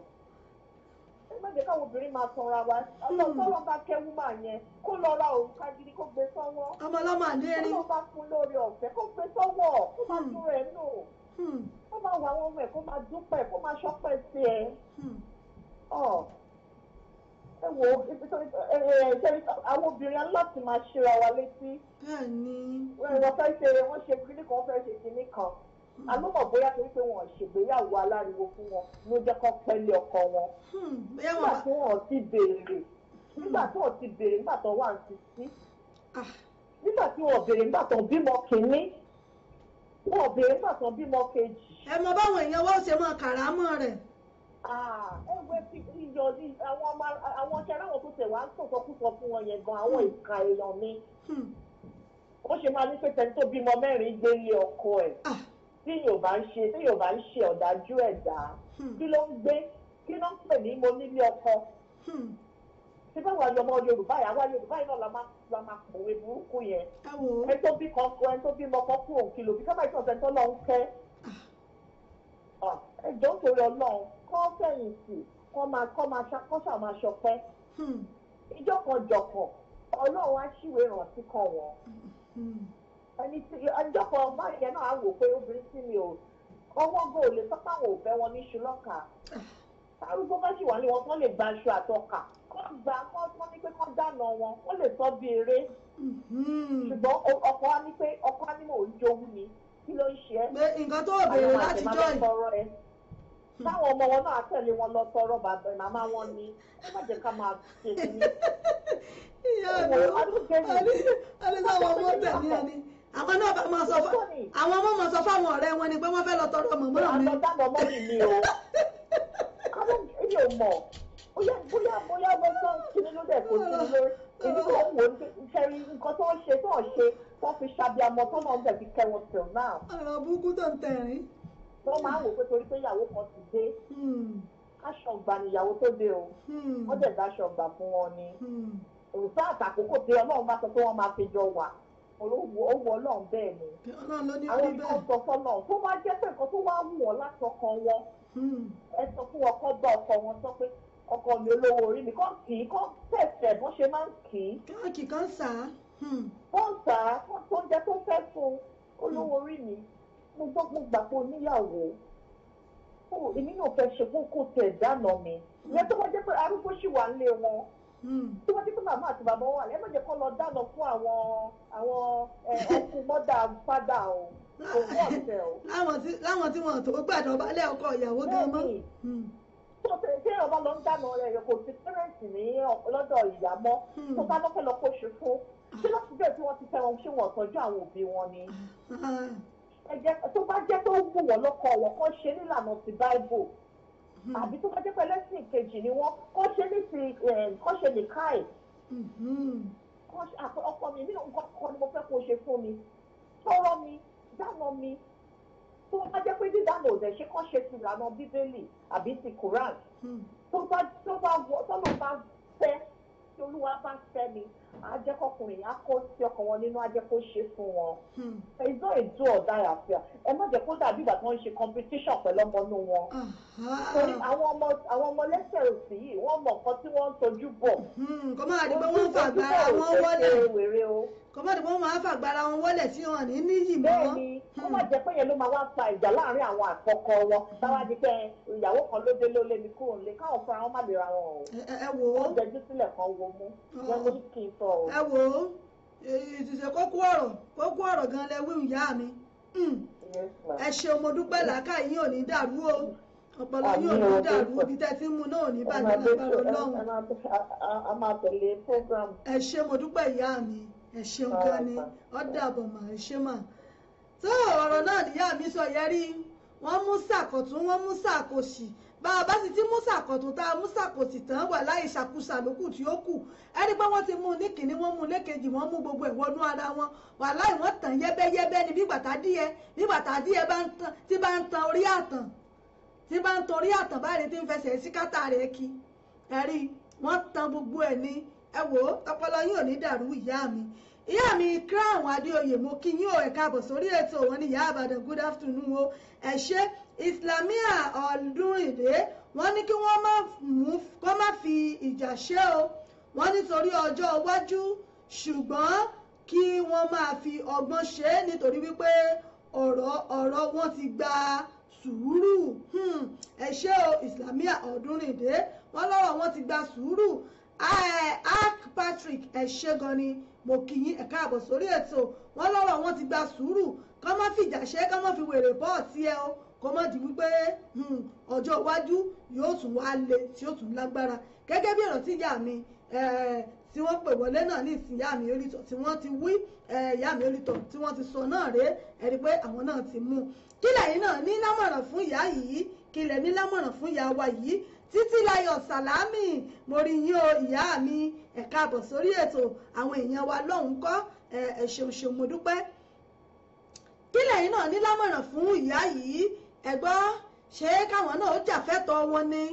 má jẹ́ káwọn obìnrin máa tanra wa ọ̀sán tọ́lọ́ hmm. bá kẹ́wú mà yẹn kó lọ ra òrùka gidi kó gbé sọ́wọ́ ọmọ ọlọ́mọ àlérí kó lọ bá fún lórí ọ̀fẹ́ kó gbé sọ́wọ́ kó má dún hmm. rẹ̀ nù hmm. kó má wà àwọn ọmọ ẹ̀ kó má dúpẹ́ kó má ṣọ́pẹ́ sí ẹ ẹ wo àwọn obìnrin aláti máa ṣe ra wa létí. bẹ́ẹ̀ ni. wọ́n fẹ́ ṣe wọ́n ṣe kíní kan fẹ́ ṣe kíní kan. Hmm. a bóyá torí pé wọn ṣègbéyàwó aláriwo fún wọn ló jẹ́ kó pẹ́lẹ́ ọkọ wọn hmm. hmm. nígbà tí wọn ti béèrè nígbà tí wọn ti béèrè nígbà tó wà ní títí ah. nígbà tí wọn béèrè nígbà tó bímọ kínní wọn béèrè nígbà tó bímọ kejì. ẹ mọ báwọn èèyàn wọn ṣe mọ kàrámọ rẹ. Ah, ẹ wẹ fi iyọ ní àwọn ọṣẹ aláwọ tó tẹ wá ń sọsọkúsọ fún wọn yẹn gan àwọn ìka èèyàn ni wọn ṣe máa ní pé tẹni tó bímọ mẹ́rin gbé ọkọ ẹ tí yóò bá ń ṣe tí yóò bá ń ṣe ọ̀dájú ẹ̀dá hmm. kí ló ń gbé kí ló ń pè ní mo nílé ọkọ tí bá wà lọmọ yorùbá yà wá yorùbá yìí náà la máa la máa pòwe burúkú yẹn ẹ tó bí kan ẹ tó bí mọkọ kú òun kìlò bí kábàáyé ọ̀sẹ̀ tó lọ́n kẹ́ ah. ẹ jọ ń torí ọlọ́run kọ́ fẹ̀yìntì kọ́ máa kọ́ máa ṣá kọ́ ṣá máa ṣọpẹ́ hmm. ìjọkànjọkàn ọlọ́run á ṣìwé ìrántí kan wọn. Hmm ẹni tí ọjọ́ kan ọgbọ́n ìyẹn náà á wò pé obìnrin sí mi ò ọwọ́ gbọ́ ò lè sọ pé àwọn ò fẹ́ wọn ní iṣu lọ́kà arúgbó bá sì wà ní wọn kán lè gba aṣọ àtọkà kán gba kán tán ní pé kán dáná wọn wọn lè sọ bí eré mm-hmm. ṣùgbọ́n ọkọ á ní pé ọkọ á ní mò ń jowú ni kí ló ń ṣe é. nǹkan tó o béèrè láti jọ yìí. táwọn ọmọ wọn náà tẹ̀lé wọn lọ tọrọ bàbá màmá wọn ni ó má jẹ́ ká máa ṣe sí ìyá mi alẹ́ sáwọn ọmọ tẹ̀lé ẹni àwọn náà bá máa sọ fún àwọn ọmọ máa sọ fún àwọn ọ̀rẹ́ wọn ni pé wọ́n fẹ́ lọ tọrọ mọ̀mọ́ mi. àlọ́ dá mọ̀mọ́ mi ni o àwọn èmi ò mọ̀ bóyá bóyá bóyá wọ́n tó ń kiri ló dẹ̀ kó sí lórí èmi kò wò ó kẹrin nǹkan tó ń ṣe tó ń ṣe tó fi ṣàbíamọ tó náà ń bẹ̀ fi kẹwọn till now. ọ̀rọ̀ burúkú tó ń tẹ̀rín. wọ́n máa ń wò pé torí pé ìyàwó kan ti dé hmm. aṣọ ọgbà nìyàwó tó dé o hmm. wọ́n dẹ̀ dáṣọ ọgbà fún wọn ni hmm. òǹtá àtàkókò tí ọlọ́run bá sọ pé wọ́n máa fi jọ wà nǹkan ló wọ ó wọ ọlọ́run bẹ́ẹ̀ ni àwọn nǹkan sọ fọ́nà tó wá jẹ́ pé nǹkan tó wá wù ọ́ láti ọkàn wọn hmm. ẹ sọ fún ọkọ bá ọkọ wọn sọ pé ọkọ mi olówó orí mi kàn kì í kàn tẹ̀sẹ̀ bó ṣe máa ń kì í. káàkì kan sà á. wọ́n sà á hmm. tó ń jẹ́ tó fẹ́ fún olówó orí mi mo gbọ́ mo gbà pé oníyàwó èmi náà fẹ́ ṣe kó kó tẹ̀ dáná mi hmm. ìyẹn tó wá jẹ́ pé arúgbó ṣì wà ń lé wọn tí wọ́n ti pé màmá àti bàbá wọn wà lẹ́mọ̀ kọ́ lọ dáná fún àwọn àwọn ọkùn mọ́dà fádà o òkú ọ̀sẹ̀ o. láwọn tí wọn tó gbàdọ̀ balẹ̀ ọkọ ìyàwó gan mọ́. tó tẹ̀ ṣé ọba lọ ń dáná rẹ̀ kò ti pẹ́rẹ́ǹtì ní lọ́dọ̀ ìyá mọ́ hmm. tó bá lọ́kẹ́ lọ́kọ́ ṣe fún ṣé láti bẹ́ẹ̀ tí wọ́n ti fẹ́ wọn ṣé wọ́n tọ́jú àwọn òbí wọn ni ah. tó bá jẹ́ tó wù wọ́n lọ́kọ wọn kọ́ ṣe nílànà ti báíbù Mm-hmm. àbí tó bá jẹ́ pé lẹ́sìn kejì ni wọ́n kọ́ ṣe ní ti kọ́ ṣe lè ká ẹ̀ ọkọ mi mi nǹkan kan ni mo fẹ́ kó ṣe fún mi tọrọ mi dáná mi tó bá jẹ́ pé dídáná ò dẹ̀ ṣe kọ́ ṣe ti ìlànà bíbélì àbí ti koran mm-hmm. tó bá tó bá wọ tọ́lọ́ bá fẹ́ tí olúwa bá fẹ́ mi ajẹ́kọ̀kùnrin yẹn á kó sí ọkàn wọn nínú ajẹ́kọ̀ ṣe fún wọn. Hmm. it's not a do or die affair ẹ má jẹ́ kó dàbí ìgbà tí wọ́n ń ṣe competition pẹ̀lú ọmọ inú wọn. torí àwọn ọmọ àwọn ọmọ lẹ́sẹ̀ òsì yìí wọ́n mọ̀ nǹkan tí wọ́n ń tọ́jú bọ̀. kọ́mọ́ àdìgbò wọn fàgbà àwọn wọlé kọ́mọ́dé wọn máa fàgbára wọn wọlé tí wọn ní níyì mọ́. bẹ́ẹ̀ni wọn máa jẹ pé yẹn ló máa wá fa ìjà láàrin àwọn àkọ́kọ́ wọn báwa di pé ìyàwó kan ló dé lólé mi kúrò nílé káwọn fúnra wọn má lè ra wọn o. ẹ wò ó wọn jẹjú sílẹ̀ kan wo mú wọn ní kí n sọ o. ẹ wò ó ìṣiṣẹ́ kókó ọ̀rọ̀ kókó ọ̀rọ̀ gan lẹ wí ìyá mi hmm. ẹ ṣeun mo dúpẹ́ làákà yín ò ní dàrú o ọpọlọ yóò ní dàrú ibi tẹ́ ti ń mu náà ní bàjẹ́ lágbára Ọlọ́run. ẹ ṣe mo dúpẹ́ ìyá mi ẹ ṣeun gan ni ó dàbọ̀ mà ẹ ṣe mà tó ọ̀rọ̀ náà níyà mi sọ yẹ rí wọ́n mú sàkọ̀tún wọ́n mú sàkòsì bá a bá sì ti mú sàkọ̀tún tá a mú sàkòsì tán wà láì ṣàkóso àlòkù tí ó kù ẹni pé wọ́n ti mú ní kìnní wọ́n mú lékejì wọ́n mú gbogbo ìwọ́nú ara wọn wà láì wọ́n tàn yẹ́bẹ́yẹ́bẹ́ ni bí bàtà díẹ̀ bí bàtà díẹ̀ tí bá ń tan orí àtàn tí bá ń tan orí àtàn báyìí tí ń fẹsẹ̀ síkátà rẹ̀ kí ẹ̀rí wọ́n tan gbogbo ẹ̀ ní ẹ wò ó ọpọlọ yín ò ní dàrú ìyá mi ìyá mi Crown Adéoyè mo kí yín o ẹ káàbọ̀ sórí ètò wọn ní ìyá àbàdàn good afternoon o ẹ ṣe Islamia Ọdúnrìndé wọ́n ní kí wọ́n má fi ìjà ṣe o wọ́n nítorí ọjọ́ iwájú ṣùgbọ́n kí wọ́n máa fi ọgbọ́n ṣe é nítorí wípé ọ̀rọ̀ ọ̀rọ̀ wọn ti gba sùúrù hmm, ẹ ṣé o Islamia Ọdúnrìndé wọ́n lọ́rọ̀ wọn ti gba sùúrù ak Patrick ẹ ṣé gan ni mo kí yín ẹ káàbọ̀ sórí ètò wọn lọ́rọ̀ wọn ti gba sùúrù kọ́ mọ́ fìjà ṣe kọ́ mọ́ fi wèrè bọ́ọ̀tì ẹ o kó má di wípé hmm, ọjọ́ iwájú yóò tún wá le tí yóò tún lágbára gẹ́gẹ́ bí ọ̀rọ̀ tí ìyá mi tí wọ́n pè wọlé náà ní ìsìn ìyá mi orítọ̀ tí wọ́n ti wí ìyá mi orítọ̀ tí wọ́n ti sọ náà rèé ẹni pé àwọn náà ti mú un kí lẹ́yìn náà ní lámọ̀ràn fún ìyá yìí kí lẹ́ ní lámọ̀ràn fún ìyá wa yìí títílayọ̀ sàlámì mo rí yín o ìyá mi ẹ káàbọ̀ sórí ètò àwọn èèyàn wa lọ́hùn kọ́ ẹ ṣeun ṣeun mo dúpẹ́ kí lẹ́yìn náà ní lámọ̀ràn fún ìyá yìí ẹ ṣé káwọn náà ó jàfẹ́tọ̀ wọn ni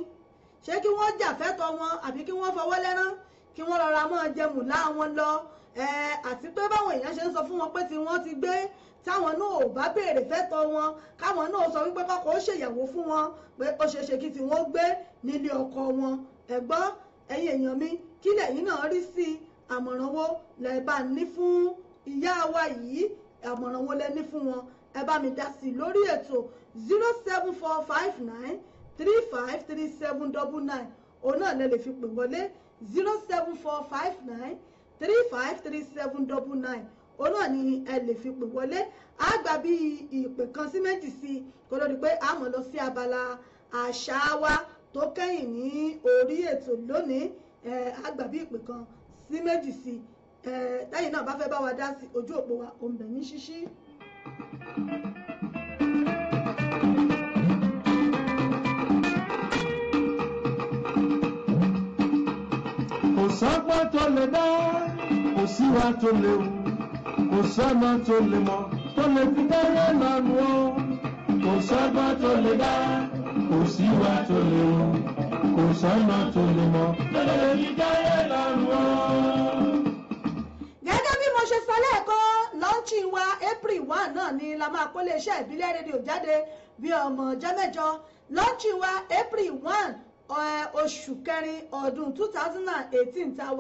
ṣé kí wọ́n jàfẹ́tọ̀ wọn àbí kí wọ́n fọwọ́ lẹ́rán kí wọ́n rọra máa jẹun láwọn lọ àti pé báwọn èèyàn ṣe ń sọ fún wọn pé tí wọ́n ti gbé táwọn náà ò bá béèrè fẹ́tọ́ wọn káwọn náà sọ wípé kọ́kọ́ ó ṣèyàwó fún wọn pé ó ṣe ṣe kí tí wọ́n gbé nílé ọkọ wọn ẹ̀gbọ́n ẹ̀yin èèyàn mi kí lẹ̀yin náà rí sí àmọ̀ràn wo lẹ bá ní fún ìyá wa yìí àmọ̀ràn wo ní fún wọn ẹ bá mi dá sí i lórí ètò zero seven four five nine three five three seven double nine òun náà lẹ lè fi pè wọlé zero seven four five nine three five three seven double nine òun náà ni ẹ lè fi pè wọlé á gbà bí ìpè kan sí sí i kó lórí pé a mọ̀ lọ sí abala àṣà wa tó kẹ́yìn ní orí ètò lónìí á gbà bí ìpè kan sí méjì sí i lẹ́yìn náà bá fẹ́ bá wa dá sí ojú òpó wa òun bẹ̀ ní ṣíṣí. kò sọ́gbọ́n tó lè dá kò síwá tó léwu kò sẹ́gbà tó lè mọ̀ tó lè fi tẹ́lẹ̀ lánàá o kò sẹ́gbà tó lè dá kò síwá tó lè o kò sẹ́gbà tó lè mọ̀ tó lè fi tẹ́lẹ̀ lánàá o. gẹ́gẹ́ bí mo ṣe sọ lẹ́ẹ̀kan lọ́ńchì wa April one náà ni la máa kó iléeṣẹ́ ìbílẹ̀ rédíò jáde bí ọmọ ọjọ́ mẹ́jọ lọ́ńchì wa April one eh, oṣù kẹrin ọdún two thousand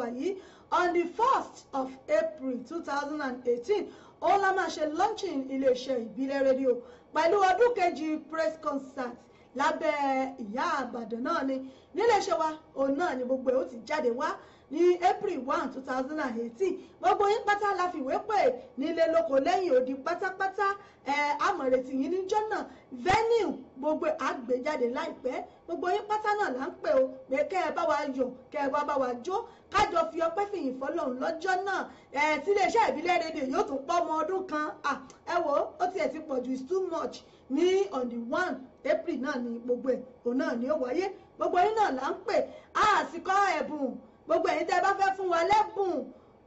wà yìí on the first of April two thousand and eighteen òun la máa ṣe launching iléeṣẹ́ ìbílẹ̀ rédíò pẹ̀lú ọdún kejì press concert lábẹ́ ìyá àbàdàn náà ni níléeṣẹ́ wa òun náà ni gbogbo ẹ̀ ó ti jáde wá ní April one two thousand and eighteen gbogbo yín pátá la fìwé pè nílé lóko lẹ́yìn odi pátápátá amọ̀rètì yín níjọ́ náà venue gbogbo àgbéjáde láìpẹ́ gbogbo yín pátá náà là ń pè ó pé kẹ́ ẹ bá wa yọ̀ kẹ́ ẹ wá bá wa jó kájọ fi ọpẹ́ fìyìn fọlọ́run lọ́jọ́ náà ẹ̀ tí iléeṣẹ́ ìbílẹ̀ rédíò yóò tún pọ́ ọmọ ọdún kan ẹ wò ó tiẹ̀ ti pọ̀ ju is too much ní on the one April náà ni gbogbo ẹ̀ òun náà ni ó wáyé gbogbo yín náà là ń pè á àsìkò ẹ̀bùn gbogbo ẹ̀yin tẹ́ bá fẹ́ fún wa lẹ́bùn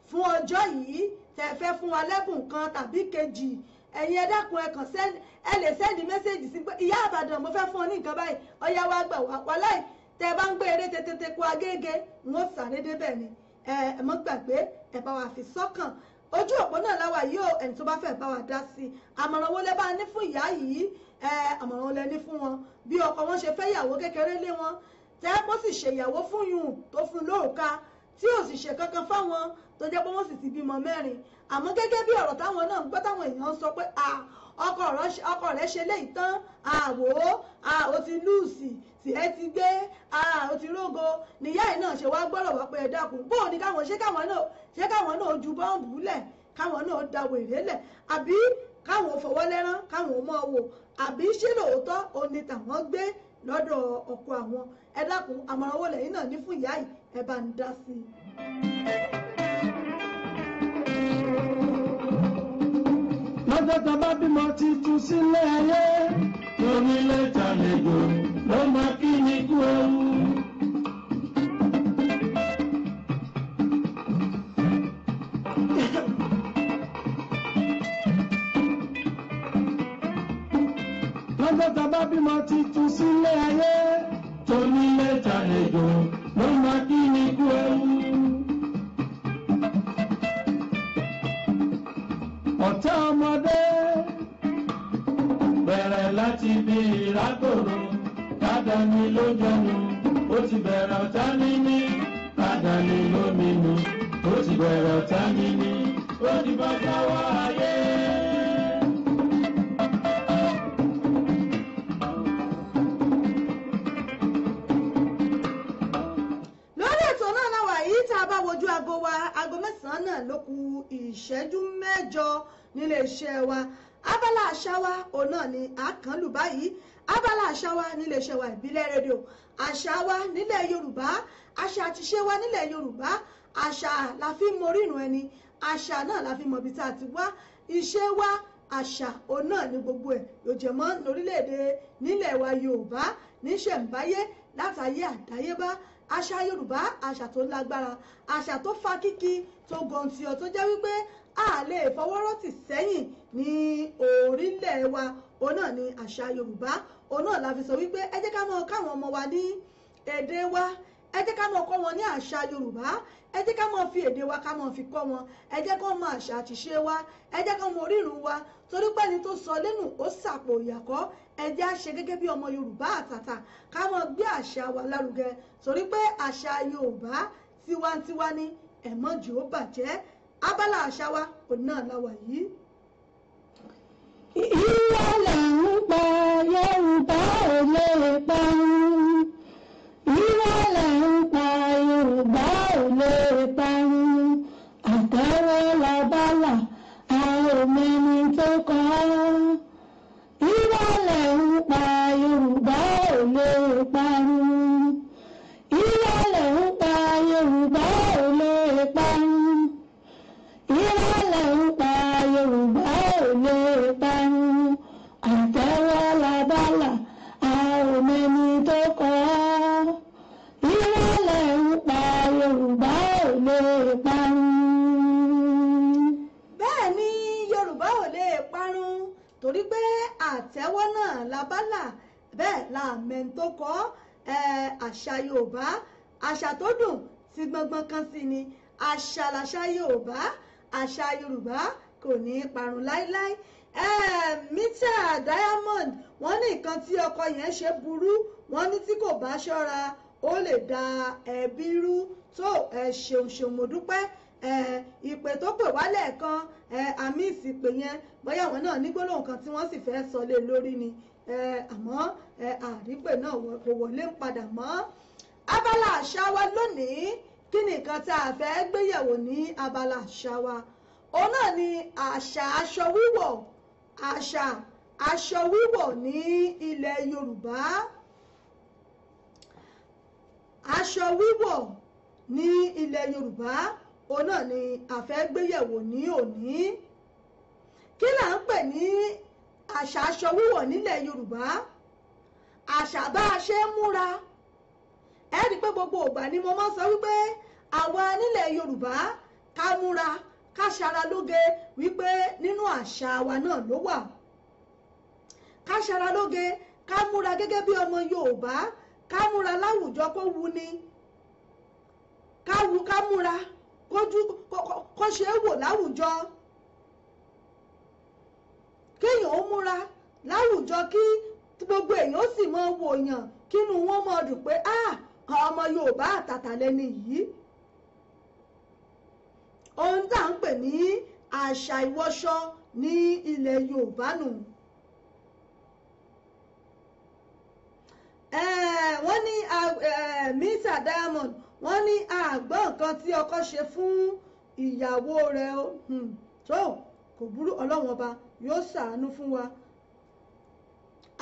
fún ọjọ́ yìí tẹ́ fẹ́ fún wa lẹ́bùn kan tàbí kejì ẹ̀yin ẹ dákun ẹ kàn sẹ́ni ẹ lè sẹ́ni mẹ́sẹ̀gì sí pé ìyá àbàdàn mo fẹ́ fún ọ ní nǹkan báyìí ọyá wa gbà wá wá láì tẹ́ bá ń gbé eré tètè kó agége ń ó sáré débẹ̀ ni ẹ mọ́ gbàgbé ẹ bá wa fi sọ́kàn ojú òpó náà láwa yìí o ẹni tó bá fẹ́ bá wa dá sí i àmọ̀ràn wo lẹ bá ní fún ìyá yìí àmọ̀ràn wo lẹ ní fún wọn bí ọkọ wọn ṣe fẹ́ yàwó kékeré lé wọn tẹ́ bó sì ṣèyàwó fún yùn tó fún lóòka tí ò sì ṣe kankan fáwọn tó jẹ́ pé wọ́n sì ti bímọ mẹ́rin àmọ́ gẹ́gẹ́ bí ọ̀rọ̀ táwọn náà ń gbọ́ táwọn èèyàn sọ pé à ọkọ rẹ̀ ṣe léyìí tán àwò à ó ti lùsì sì ẹ ti gbé ó ti rógo níyà yìí náà ṣe wá gbọ́rọ̀ wá pé ẹ dákun bóò ni káwọn ṣé káwọn náà ṣé káwọn náà ju bọ́ǹbù lẹ̀ káwọn náà dawò ìrẹ́lẹ̀ àbí káwọn fọwọ́ lẹ́rán káwọn mọ́ wò àbí ṣé lóòótọ́ òní tàwọn gbé lọ́dọ̀ ọkọ àwọn ẹ dákun àmọ̀ràn owó lẹ́yìn náà ní fún ìyá yìí ẹ bá ń dá sí i. lọ́jọ́ tá a bá bímọ ti tu sílé ayé lónílé jàlejò ló máa kí ni kú ewu. lọ́jọ́ tá a bá bímọ ti tu sílé ayé. tóní mẹ́ta lẹ́jọ́ ló máa kí ni kú ẹrú. ọ̀tá ọmọdé bẹ̀rẹ̀ láti bí ìrágòrò kádàní ló jẹnu ó ti bẹ̀rẹ̀ ọ̀tá níní kádàní ló mímu ó ti bẹ̀rẹ̀ ọ̀tá níní ó ti bọ́ sáwọ́ ayé. ìṣẹ́jú mẹ́jọ nílé iṣẹ́ wa abala àṣà wa òun náà ni àkànlù báyìí abala àṣà wa nílé iṣẹ́ wa ìbílẹ̀ rédíò àṣà wa nílẹ̀ Yorùbá àṣà àtiṣe wa nílẹ̀ Yorùbá àṣà la fi mọ orírun ẹni àṣà náà la fi mọ ibi tá a ti wá iṣẹ́ wa àṣà òun náà ni gbogbo ẹ̀ yóò jẹ mọ́ lórílẹ̀‐èdè nílẹ̀ wa Yorùbá níṣẹ̀ǹbáyé látàyé àdáyébá àṣà yorùbá àṣà tó lágbára àṣà tó fa kíkí tó gọ̀ǹtìọ̀ tó jẹ́ wípé a lè fọwọ́rọ́ tì sẹ́yìn ní orílẹ̀ wa òun náà ni àṣà yorùbá òun náà la fi sọ wípé ẹ jẹ́ ká mọ̀ káwọn ọmọ wa ní èdè wa ẹ jẹ́ ká máa kọ́ wọn ní àṣà yorùbá ẹ jẹ́ ká máa fi èdè wa ká máa fi kọ́ wọn ẹ jẹ́ ká mọ àṣà àtìṣe wa ẹ jẹ́ ká mọ orírun wa torí pé ẹni tó sọ lẹ́nu ó sàpò ìyàkọ́ ẹ jẹ́ á ṣe gẹ́gẹ́ bí ọmọ yorùbá àtàtà ká máa gbé àṣà wa lárugẹ torí pé àṣà yorùbá tiwantiwa ni ẹ̀mọ́jì ó bàjẹ́ abala àṣà wa òun náà la wà yìí. ìwà là pa yorùbá ò lè pa. ọwọ́ náà la bá bẹ́ẹ̀ la mẹ́ni tó kọ́ àṣà Yorùbá àṣà tó dùn fi gbọ̀ngbọ̀n kan sí ni àṣà làṣà Yorùbá àṣà Yorùbá kò ní í parun láíláí mítà Diamond wọ́n ní nǹkan tí ọkọ yẹn ṣe burú wọ́n ní tí kò bá ṣọ́ra ó lè da ẹbí rú tó ẹ ṣeun ṣeun mo dúpẹ́ Eh, ìpè tó pè wá lẹ́ẹ̀kan àmì eh, ìsìpè yẹn bóyá àwọn náà ní gbólóhùn kan tí wọ́n sì fẹ́ sọ lé lórí ni eh, àmọ́ àrípè náà kò wọlé ń padà mọ́ abala àṣà wa lónìí kí ni nǹkan tá a fẹ́ gbéyẹ̀wò ní abala àṣà wa òun náà ni àṣà aṣọ wíwọ̀ àṣà aṣọ wíwọ̀ ní ilẹ̀ Yorùbá aṣọ wíwọ̀ ní ilẹ̀ Yorùbá o náà ni àfẹ́gbéyẹ̀wò ní òní kí là ń pè ní àṣà aṣọ wíwọ̀ nílẹ̀ Yorùbá àṣà bá a ṣe ń múra ẹ rí i pé gbogbo ìgbà ni mo máa ń sọ wípé àwa nílẹ̀ Yorùbá ká múra ká ṣara lóge wípé nínú àṣà wa náà ló wà ká ṣara lóge ká múra gẹ́gẹ́ bí ọmọ Yorùbá ká múra láwùjọ kó wuni ká wu ká múra kójú kó ṣe é wò láwùjọ kéèyàn ó múra láwùjọ kí gbogbo èèyàn ó sì máa wò yàn kínú wọn máa dùn pé ah ọmọ Yorùbá àtàtà lẹni yìí ohun tá à ń pè ní àṣà ìwọṣọ ní ilẹ̀ Yorùbá nù. wọ́n ní Mr Diamond wọ́n ní àgbọ̀ nǹkan tí ọkọ ṣe fún ìyàwó rẹ̀ o tó hmm. kò burú ọlọ́run ọba yóò ṣàánú fún wa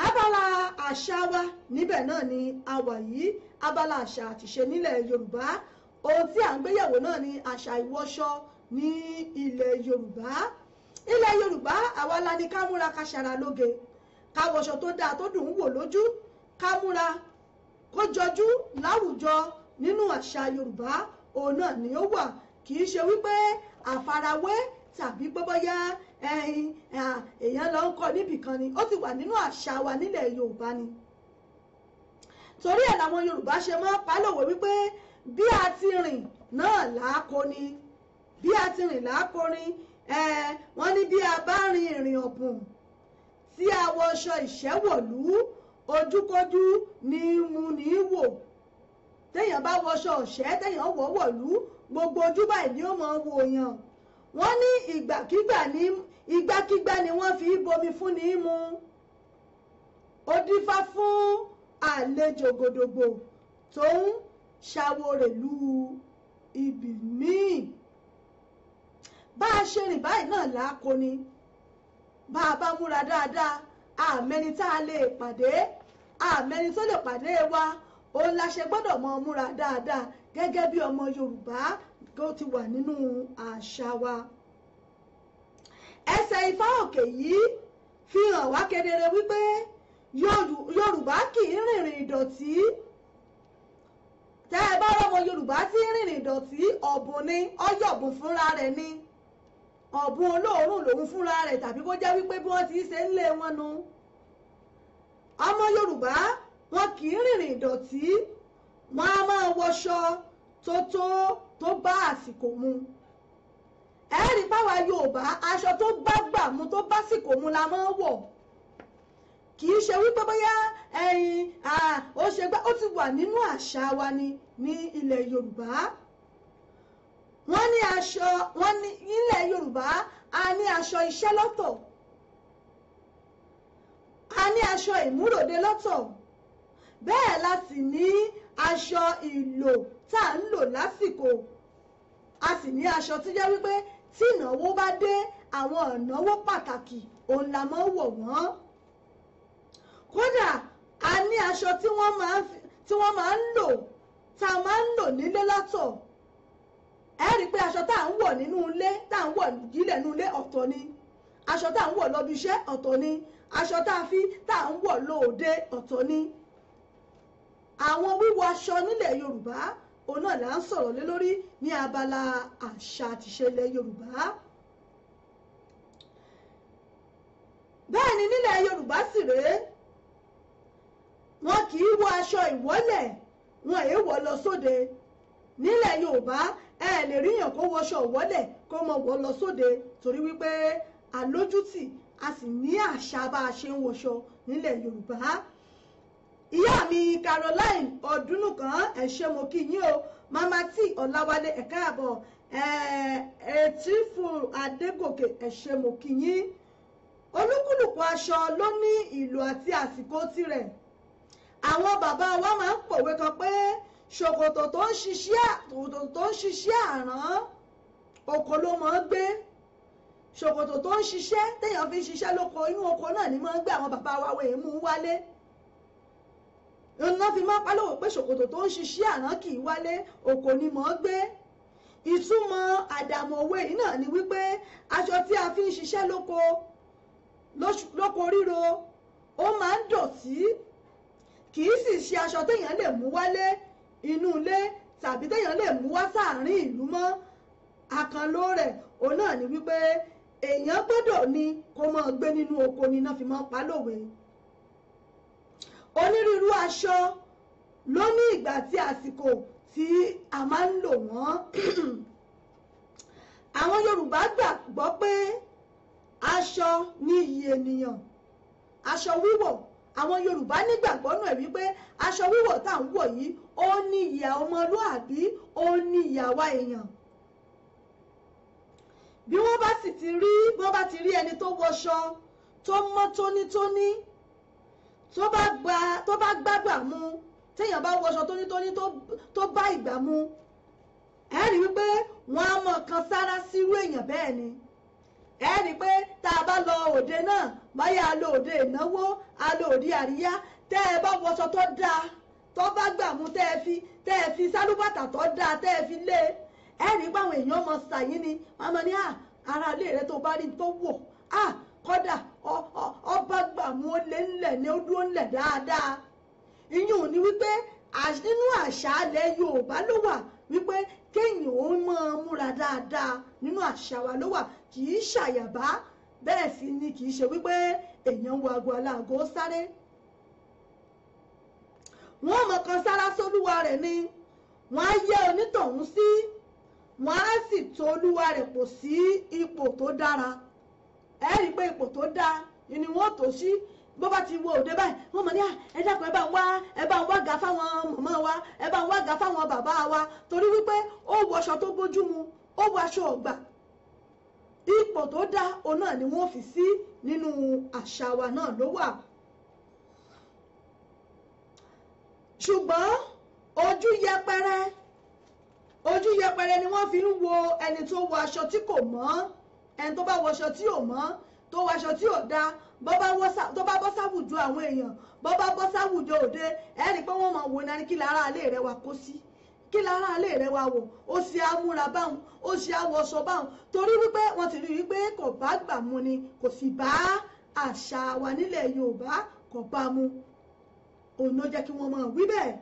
abala àṣà wa níbẹ̀ náà ni a wà yìí abala àṣà àtìṣe nílẹ̀ yorùbá ohun tí à ń gbéyẹ̀wò náà ni àṣà ìwọṣọ ní ilẹ̀ yorùbá ilẹ̀ yorùbá àwa la ní ká múra ká ṣara lóge ká wọṣọ tó dáa tó dùn ún wò lójú ká múra kó jọjú láwùjọ nínú àṣà Yorùbá òun náà ni ó wà kì í ṣe wípé àfarawé tàbí gbọ́bọ́yá ẹyin èèyàn lọ ń kọ́ níbìkan ni ó ti wà nínú àṣà wa nílẹ̀ Yorùbá ni torí ẹ̀ làwọn Yorùbá ṣe máa ń wípé bí a ti rìn náà làákò ni bí a ti rìn làákò ni wọ́n ní bí a bá rin ìrìn ọ̀bùn tí a wọṣọ ìṣẹ́wọ̀lú ojúkójú ni mu ní wò téèyàn bá wọṣọ ọ̀ṣẹ́ téèyàn wọ̀ wọ̀lú gbogbo ojú báyìí ni ó mọ̀ wò yàn wọ́n ní ìgbàkígbà ní ìgbàkígbà ni wọ́n fi bomi fún ní mu ó dífá fún àlejò gòdògbò tó ń ṣàwòrèlú ibì míì bá a ṣe rìn báyìí náà láko ni bá a bá múra dáadáa àmẹni tá a lè pàdé àmẹni tó lè pàdé wa òun la ṣe gbọ́dọ̀ mọ múra dáadáa gẹ́gẹ́ bí ọmọ Yorùbá tó ti wà nínú àṣà wa ẹsẹ̀ Ifá òkè yìí fi hàn wá kedere wípé Yorùbá kì í rìnrìn ìdọ̀tí tẹ́ ẹ bá rọ́mọ Yorùbá tí ń rìnrìn ìdọ̀tí ọ̀bùn ni ọ̀yọ̀bùn fúnra rẹ̀ ni ọ̀bùn olóòórùn lòun fúnra rẹ̀ tàbí kó jẹ́ wípé bí wọ́n ti ṣe ń lé wọn nu ọmọ Yorùbá wọn kì í rìnrìn ìdọ̀tí wọn á máa wọṣọ tó tó tó bá àsìkò mu ẹ rí páwa Yorùbá aṣọ tó bá gbà tó bá sìkò mu la máa ń wọ̀ kì í ṣe wípé bóyá ẹyin ó ṣe gbá ó ti wà nínú àṣà wa ni ní ilẹ̀ Yorùbá wọ́n ní aṣọ wọ́n ní ilẹ̀ Yorùbá a ní aṣọ iṣẹ́ lọ́tọ̀ a ní aṣọ ìmúròde lọ́tọ̀ bẹ́ẹ̀ la sì ní aṣọ ìlò tá à ń lò lásìkò a sì ní aṣọ tó jẹ́ wípé tí ìnáwó bá dé àwọn ìnáwó pàtàkì òun la máa ń wọ̀ wọ́n kódà a ní aṣọ tí wọ́n máa ń lò tá a máa ń lò nílé lọ́tọ̀ ẹ rí i pé aṣọ tá à ń wọ̀ nínú ilé tá à ń wọ̀ jílẹ̀ nínú ilé ọ̀tọ̀ ni aṣọ tá à ń wọ̀ lọ́bi iṣẹ́ ọ̀tọ̀ ni aṣọ tá a fi tá à ń wọ̀ lóde ọ̀tọ̀ ni àwọn wíwọ aṣọ nílẹ̀ Yorùbá òun náà là ń sọ̀rọ̀ lé lórí ní abala àṣà àtìṣe ilẹ̀ Yorùbá bẹ́ẹ̀ ni nílẹ̀ Yorùbá sì rèé wọn kì í wọ aṣọ ìwọ́lẹ̀ wọn èé wọ̀ lọ sóde nílẹ̀ Yorùbá ẹ lè ríyàn kó wọṣọ ìwọ́lẹ̀ kó mọ wọ̀ lọ sóde torí wípé àlójútì a sì ní àṣà bá a ṣe ń wọṣọ nílẹ̀ Yorùbá ìyá mi Caroline ọdúnnùkan ẹ ṣé mo kí yín o mama tí ọláwálé ẹ káàbọ̀ ẹtìfù adégòkè ẹ ṣé mo kí yín olúkúlùkù aṣọ ló ní ìlú àti àsìkò tirẹ̀ àwọn bàbá wa máa ń pòwe kan pé ṣòkòtò tó ń ṣiṣẹ́ àrán oko ló máa ń gbé ṣòkòtò tó ń ṣiṣẹ́ téèyàn fi ń ṣiṣẹ́ lóko inú oko náà ni máa ń gbé àwọn bàbá wa wẹ̀ mú wálé iná fi máa pa lóhùn pé ṣòkòtò tó ń ṣiṣẹ́ àná kì í wálé òkò ni mò ń gbé ìtumọ̀ àdàmọ̀wé yìí náà ni wípé aṣọ tí a fi ń ṣiṣẹ́ lóko lóko ríro ó máa ń dọ̀tí kì í sì ṣe aṣọ téèyàn lè mú wálé inú ilé tàbí téèyàn lè mú wá sáàrin ìlú mọ́ àkànlò rẹ̀ òun náà ni wípé èèyàn gbọ́dọ̀ ni kó máa gbé nínú oko ni iná fi máa pa lówe onírúurú aṣọ ló ní ìgbà tí àsìkò tí a máa ń lò wọ́n àwọn Yorùbá gbàgbọ́ pé aṣọ ní iyì ènìyàn aṣọ wíwọ̀ àwọn Yorùbá nígbàgbọ́ náà wípé aṣọ wíwọ̀ tá à ń wọ̀ yìí ó ní ìyà ọmọlúàbí ó ní ìyà wa èèyàn bí wọ́n bá sì ti rí bí wọ́n bá ti rí ẹni tó wọṣọ tó mọ́ tónítóní. Tó tó bá gba tó bá gbàgbà mu téèyàn bá wọṣọ tónítóní tó bá ìgbà mu ẹ rí wípé wọn á mọ kan sára sírú èèyàn bẹ́ẹ̀ ni ẹ rí pé tá a bá lọ òde náà báyà a lọ òde ìnáwó a lọ òde àríyá tẹ́ ẹ bá wọṣọ tó dáa tó bá gbà mu tẹ́ ẹ fi tẹ́ ẹ fi sálúbàtà tó dáa tẹ́ ẹ fi lé ẹ rí pé àwọn èèyàn mọ sàyín ni wọn mọ ní à ara ilé rẹ tó bá rí tó wọ̀ à kódà ọba gbàmú ó lé ńlẹ̀ ni ó dúró ńlẹ̀ dáadáa ìyẹn ò ní wípé nínú àṣà alẹ́ Yorùbá ló wà wípé kéèyàn ó máa múra dáadáa nínú àṣà wa ló wà kì í ṣàyàbá bẹ́ẹ̀ sì ni kì í ṣe wípé èèyàn wo aago aláàgó sáré wọ́n mọ̀ kan sára sólúwa rẹ̀ ni wọ́n á yẹ onítọ̀hún sí wọ́n á sì tó olúwa rẹ̀ pò sí ipò tó dára ẹ rí i pé ipò tó dáa ni wọ́n tó sí bó bá ti wo òde báyìí wọ́n mọ̀ ní ẹ dákun ẹ bá wá ẹ bá wá ga fáwọn màmá wa ẹ bá wá ga fáwọn bàbá wa torí wípé ó wọṣọ tó bójú mu ó wọṣọ ọ̀gbà ipò tó dáa òun náà ni wọ́n fi sí nínú àṣà wa náà ló wà ṣùgbọ́n ojú yẹpẹrẹ ojú yẹpẹrẹ ni wọ́n fi ń wo ẹni tó wọ aṣọ tí kò mọ́ ẹni tó bá wọṣọ tí ò mọ́ tó wọṣọ tí ò dáa tó bá bọ́ sáwùjọ àwọn èèyàn bọ́ bá bọ́ sáwùjọ òde ẹ rí i pé wọ́n máa wò náà ní kí lára alẹ́ rẹ wa kó sí kí lára alẹ́ rẹ wa wò ó ṣe amúra báwọn ó ṣe awọṣọ báwọn torí wípé wọ́n ti rí i wípé kò bá gbà mu ni kò sì bá àṣà wa nílẹ̀ Yorùbá kò bá mu òun ló jẹ́ kí wọ́n máa wí bẹ́ẹ̀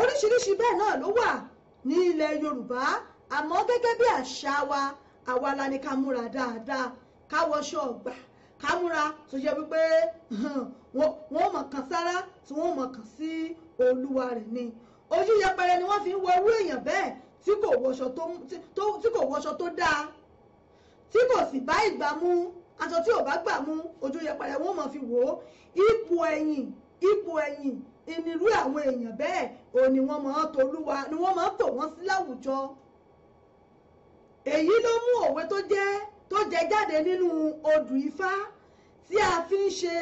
oríṣiríṣi bẹ́ẹ̀ náà ló wà ní ilẹ̀ Yorùbá àmọ́ gẹ́gẹ́ bí àṣà wa àwa la ni ká múra dáadáa ká wọṣọ ọgbà ká múra tó yẹ wípé wọn mọ̀ kàn sára tí wọ́n mọ̀ kàn sí olúwa rẹ̀ ni ojú yẹpẹrẹ ni wọ́n fi ń wọ irú èèyàn bẹ́ẹ̀ tí kò wọṣọ tó dáa tí kò sì bá ìgbà mu aṣọ tí ò bá gbà mu ojú yẹpẹrẹ wọ́n mọ̀ fi wò ó ipò ẹ̀yìn ipò ẹ̀yìn ìnirú àwọn èèyàn bẹ́ẹ̀ ò ní wọ́n mọ̀ ọ́n ni wọ́n mọ̀ ọ́n tò sí láwùjọ èyí ló mú òwe tó jẹ́ tó jẹ jáde nínú odù ifá tí a fi ń ṣe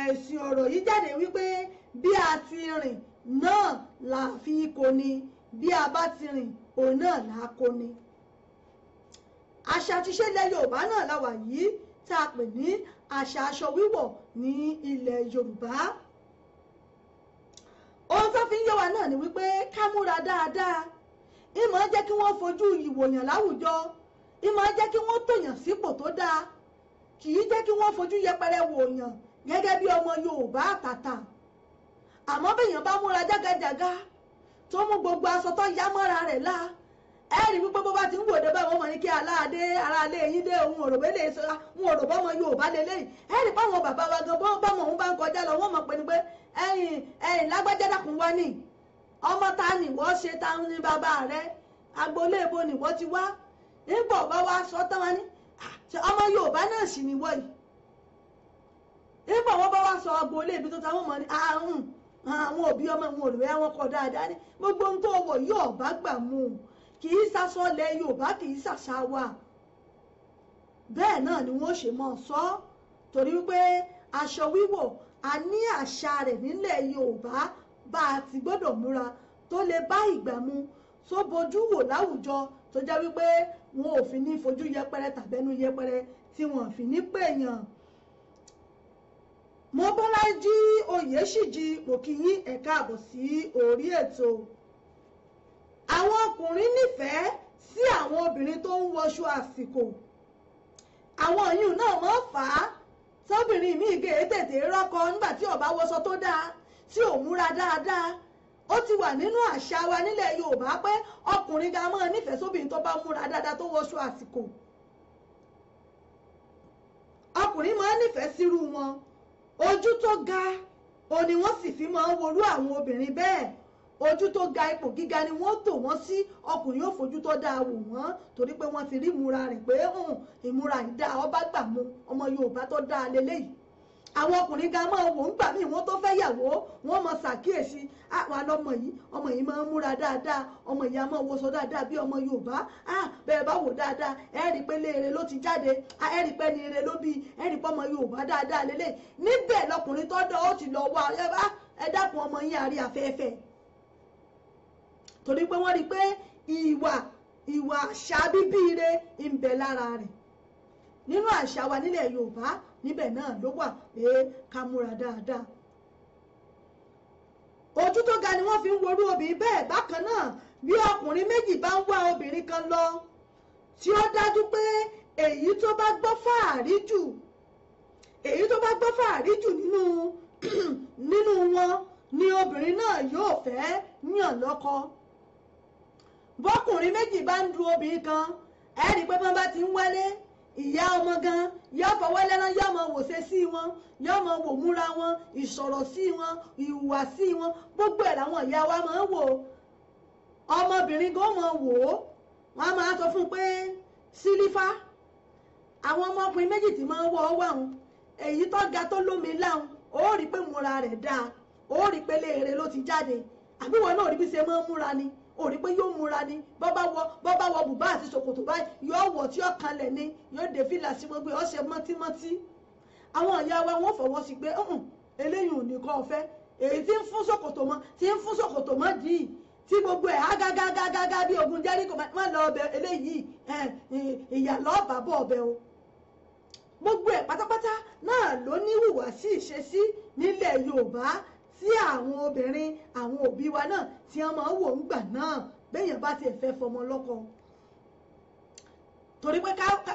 ẹ̀sìn ọ̀rọ̀ yìí jáde wípé bí a ti rìn náà là fi kó ni bí a bá ti rìn òun náà là á kó ni àṣà àtiṣe ilẹ̀ yorùbá náà la wà yìí tá a pè ní àṣà aṣọ wíwọ̀ ní ilẹ̀ yorùbá ohun tó fi ń yé wa náà ni wípé ká múra dáadáa ìmọ̀ jẹ́ kí wọ́n fojú ìwòyàn láwùjọ ìmọ̀ jẹ́ kí wọ́n tòyàn sípò tó dáa kì í jẹ́ kí wọ́n fojú yẹpẹrẹ wòyàn gẹ́gẹ́ bí ọmọ Yorùbá àtàtà àmọ́ bẹ́yàn bá múra jágajàga tó mú gbogbo aṣọ tó yá mọ́ra rẹ̀ la ẹ̀rí wípé bó bá ti ń wò dé ní kí aláàdé aráalé yín dé òun òròbó lè sọ òun ọmọ ta ni wọ́n ṣe ta ni bàbá rẹ agboolé ibo ni wọ́n ti wá nígbà ọba wa sọ tán wọn ni ọmọ Yorùbá náà sì ni wọ́n yìí nígbà wọ́n bá wá sọ agboolé ibi tó ta wọ́n mọ̀ ní àrùn àwọn òbí ọmọ àwọn olùwẹ́ wọn kọ dáadáa ní gbogbo ohun tó wọ̀ yóò bá gbà mú un kì í sasọ́lẹ̀ Yorùbá kì í sàṣà wa bẹ́ẹ̀ náà ni wọ́n ṣe máa sọ torí wípé aṣọ wíwọ̀ a ní àṣà rẹ̀ nílẹ̀ Yorùbá bá a ti gbọ́dọ̀ múra tó lè bá ìgbà mu tó bojú wò láwùjọ tó jẹ́ wípé wọn ò fi ní fojú yẹpẹrẹ tàbẹ́nu yẹpẹrẹ tí wọn fi ní pèèyàn. Mọ́bọ́lájí Oyèṣíjì mo kí yín ẹ káàbọ̀ sí orí ètò. Àwọn ọkùnrin nífẹ̀ẹ́ sí àwọn obìnrin tó ń wọṣọ àsìkò. Àwọn yìí náà máa fà á tọ́bìnrin míì gèé tètè rọ́kọ nígbà tí ó bá wọṣọ tó dáa tí ò múra dáadáa ó ti wà nínú àṣà wa nílẹ̀ Yorùbá pé ọkùnrin ga máa nífẹ̀ẹ́ sóbìnrin tó bá múra dáadáa tó wọṣọ àsìkò ọkùnrin máa nífẹ̀ẹ́ sírú wọn ojú tó ga òun ni wọ́n sì fi máa ń àwọn obìnrin bẹ́ẹ̀ ojú tó ga ipò gíga ni wọ́n tò wọ́n sí ọkùnrin yóò fojú tó dáa wò wọ́n torí pé wọ́n ti rí ìmúra rẹ̀ pé ìmúra yìí dáa ọba gbà mu ọmọ Yorùbá tó dáa lélẹ́yìí àwọn ọkùnrin gan máa wò ń gbà mí wọn tó fẹ́ yàwó wọn máa ṣàkíyèsí àwa lọmọ yìí ọmọ yìí máa ń múra dáadáa ọmọ yìí a máa wọṣọ dáadáa bí ọmọ Yorùbá bẹ́ẹ̀ bá wò dáadáa ẹ rí i pé léèrè ló ti jáde ẹ rí i pé ní ire ló bí ẹ rí i pé ọmọ Yorùbá dáadáa lélẹ̀ níbẹ̀ lọkùnrin tọ́dọ̀ ó ti lọ wá ẹ dákun ọmọ yín àrí afẹ́fẹ́ torí pé wọ́n rí i pé ìwà ìwà àṣà bíbí ire ń bẹ lára rẹ̀ nínú àṣà wa nílẹ̀ Yorùbá níbẹ̀ náà ló wà pé ká múra dáadáa ojú tó ga ni wọ́n fi ń worú obìnrin bẹ́ẹ̀ bákan náà bí ọkùnrin méjì bá ń wá obìnrin kan lọ tí ó dájú pé èyí tó bá gbọ́ fàárí jù èyí tó bá gbọ́ fàárí jù nínú nínú wọn ni obìnrin náà yóò fẹ́ yàn lọ́kọ bọ́kùnrin méjì bá ń du obìnrin kan ẹ̀rí pé bọ́n bá ti ń wálé ìyá ọmọ gan yóò fọwọ́ lẹ́rán yóò mọ wòṣe sí wọn yóò mọ wò múra wọn ìsọ̀rọ̀ sí wọn ìhùwà sí wọn gbogbo ẹ̀ làwọn ìyá wa máa ń wò ọmọbìnrin gan mọ wò ó wọn máa sọ fún un pé sílífà àwọn ọmọkùnrin méjì tí máa ń wọ ọwọ́ àwọn èyí tó ga tó lómi láwọn ó rí i pé múra rẹ̀ dáa ó rí i pé léèrè ló ti jáde àbí wọn náà rí bí ṣe máa ń múra ni ò rí pé yóò múra ni bọ́bá wọ bọ́bá wọ bùbá àti ṣòkòtò báyìí yóò wọ̀ tí yóò kanlẹ̀ ni yóò dé fìlà sí gbogbo ọ̀ṣẹ mọ́tímọ́tí àwọn ìyá wa wọ́n fọwọ́ sí pé eléyìí ò ní kọ́ ọ fẹ́ èyí tí ń fún ṣòkòtò mọ́ tí ń fún ṣòkòtò mọ́ dìí tí gbogbo ẹ̀ ágágágágá bí ogun jẹ́ríkò má lọ ọbẹ̀ eléyìí ìyà lọ́ọ̀bà bọ̀ ọbẹ̀ o gbogbo ẹ̀ pátápátá náà ló ní ìhùwàsí ìṣesí nílẹ̀ Yorùbá tí àwọn obìnrin àwọn òbí wa náà tí wọ́n máa ń wò ń gbà náà béèyàn bá tiẹ̀ fẹ́ fọmọ lọ́kọ torí pé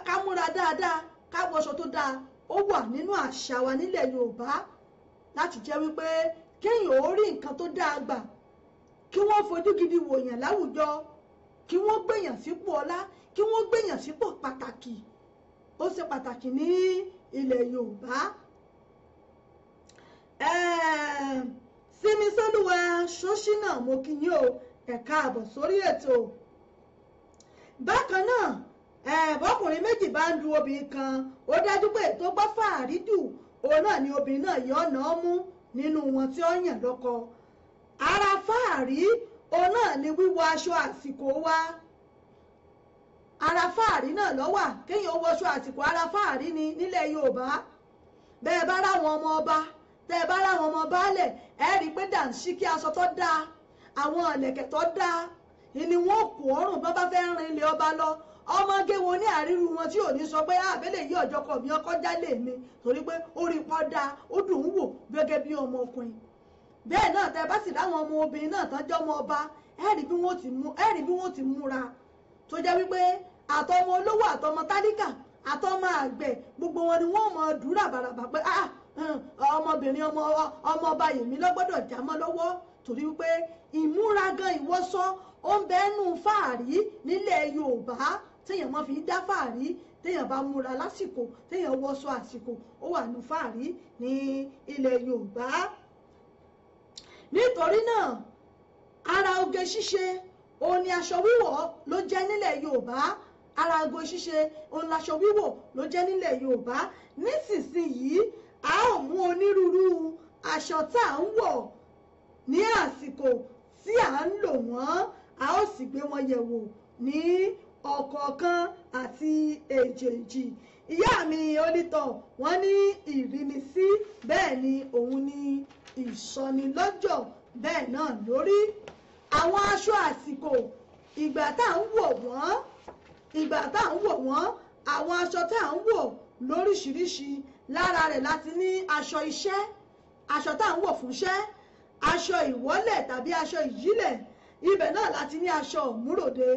ká múra dáadáa ká wọṣọ tó dáa ó wà nínú àṣà wa nílẹ̀ Yorùbá láti jẹ́ wípé kéèyàn ó rí nǹkan tó dáa gbà kí wọ́n fojú gidi wòyàn láwùjọ kí wọ́n gbèyàn sípò ọlá kí wọ́n gbèyàn sípò pàtàkì ó ṣe pàtàkì ní ilẹ̀ Yorùbá Ṣóṣínà mo kí yín o ẹ káàbọ̀ sórí ètò bákan náà ẹ̀ẹ́dọ́kùnrin méjì bá ń du obìnrin kan ó dájú pé tó gbọ́ fàárí dù òun náà ni obìnrin náà yọ ọ̀nà mú nínú wọn tí ó yàn lọ́kọ ara fàárí òun náà ni wíwọ aṣọ àsìkò wa ara fàárí náà lọ́wà kéèyàn wọṣọ àsìkò ara fàárí ni nílẹ̀ Yorùbá bẹ́ẹ̀ bá ráwọn ọmọ ọba tẹ́ ẹ bá ráwọn ọmọ baálẹ̀ ẹ rí i pé dànsíkí aṣọ tó dáa àwọn ọ̀lẹ̀kẹ̀ tó dáa ìní wọn kò ọrùn bá bá fẹ́ rin ilé ọba lọ ọmọge wo ní àríwú wọn tí ò ní sọ pé àbẹ́lẹ̀ ah, yí ọjọ́ kan mi ọkọ jálè mi torí pé orí pọ́ dáa ó dùn ún wò gẹ́gẹ́ bí ọmọkùnrin bẹ́ẹ̀ náà tẹ́ bá sì láwọn ọmọ obìnrin náà tán jọ́mọ ọba ẹ̀rí bí wọ́n ti múra tó jẹ́ wípé àtọmọ olówó àtọmọ tálíkà àtọmọ àgbẹ̀ gbogbo wọn ni wọ́n mọ̀ dúrà bàràbà pé ah ọmọbìnrin ọmọ ọmọ ọba yèmí lọ́gbọ́dọ̀ já mọ́ lọ́wọ́ torí wípé ìmúragan ìwọ́sọ ó ń bẹ́ẹ̀nù fàárí nílẹ̀ Yorùbá téèyàn mọ́ fi dá fàárí téèyàn bá múra lásìkò téèyàn wọṣọ àsìkò ó wà nù fàárí ní ilẹ̀ Yorùbá nítorí náà ara oge ṣíṣe òun ni aṣọ wíwọ̀ ló jẹ́ nílẹ̀ Yorùbá ara oge ṣíṣe òun laṣọ wíwọ̀ ló jẹ́ nílẹ̀ Yorùbá nísinsìnyí a ó mú onírúurú aṣọ tá à ń wọ̀ ní àsìkò tí à ń lò wọ́n a ó sì gbé wọn yẹ̀ wò ní ọ̀kọ̀ọ̀kan àti èjèèjì ìyá mi onítàn wọ́n ní ìrínisí bẹ́ẹ̀ ni òun ni ìsọnilọ́jọ̀ bẹ́ẹ̀ náà lórí àwọn aṣọ àsìkò ìgbà tá à ń wọ̀ wọ́n ìgbà tá à ń wọ̀ wọ́n àwọn aṣọ tá à ń wọ̀ lóríṣiríṣi lára rẹ̀ láti ní aṣọ iṣẹ́ aṣọ tá à ń wọ̀ fún iṣẹ́ aṣọ ìwọ́lẹ̀ tàbí aṣọ ìyílẹ̀ ibẹ̀ náà láti ní aṣọ òmúròde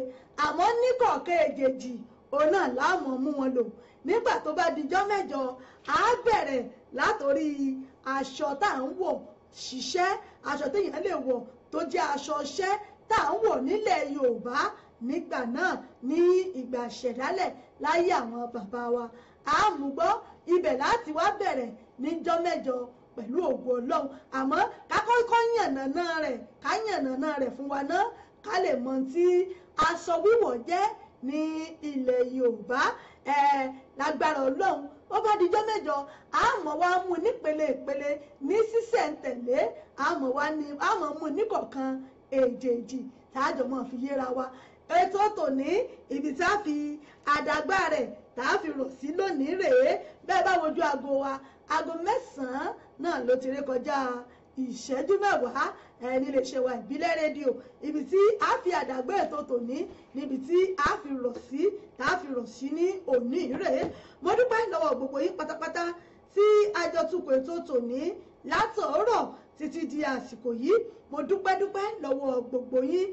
àmọ́ ní kọ̀ọ̀kan èjèèjì òun náà láàmú mú wọn lò nígbà tó bá dijọ́ mẹ́jọ á bẹ̀rẹ̀ látòrí aṣọ tá à ń wọ̀ ṣiṣẹ́ aṣọ téèyàn lè wọ̀ tó jẹ́ aṣọ iṣẹ́ tá à ń wọ̀ nílẹ̀ Yorùbá nígbà náà ní ìgbà ṣẹ̀dálẹ̀ láyé àwọn bàbá wa àmúgbọ́ ibẹ̀ láti wá bẹ̀rẹ̀ níjọ́ mẹ́jọ pẹ̀lú ògo ọlọ́run àmọ́ kákọ́kọ́ yànnàná rẹ̀ ká yànnàná rẹ̀ fún wa náà ká lè mọ tí aṣọ wíwọ̀ jẹ́ ní ilẹ̀ yorùbá ẹ̀ lágbára ọlọ́run ó bá dijọ́ mẹ́jọ àmọ́ wa mú nípele ìpele ní sísẹ̀ǹtẹ̀lé àmọ́ wa ní àmọ́ mú níkọ̀ọ̀kan èjèèjì táàjọ mọ̀ fi yéra wa ètò tòní ibi tá a fi àdàgbà rẹ̀ tá a fi rò sí lónìí rèé bẹ́ẹ̀ bá wojú aago wa aago mẹ́sàn-án náà ló ti ré kọjá ìṣẹ́jú mẹ́wàá ẹni lè ṣe wa ìbílẹ̀ rédíò ibi tí a fi àdàgbé ètò tòní níbi tí a fi rọ̀ sí tá a fi rọ̀ sí ní òní rèé mo dúpẹ́ lọ́wọ́ gbogbo yín pátápátá tí a jọ tukọ̀ ètò tòní látọ̀ọ́rọ̀ títí di àsìkò yìí mo dúpẹ́ dúpẹ́ lọ́wọ́ gbogbo yín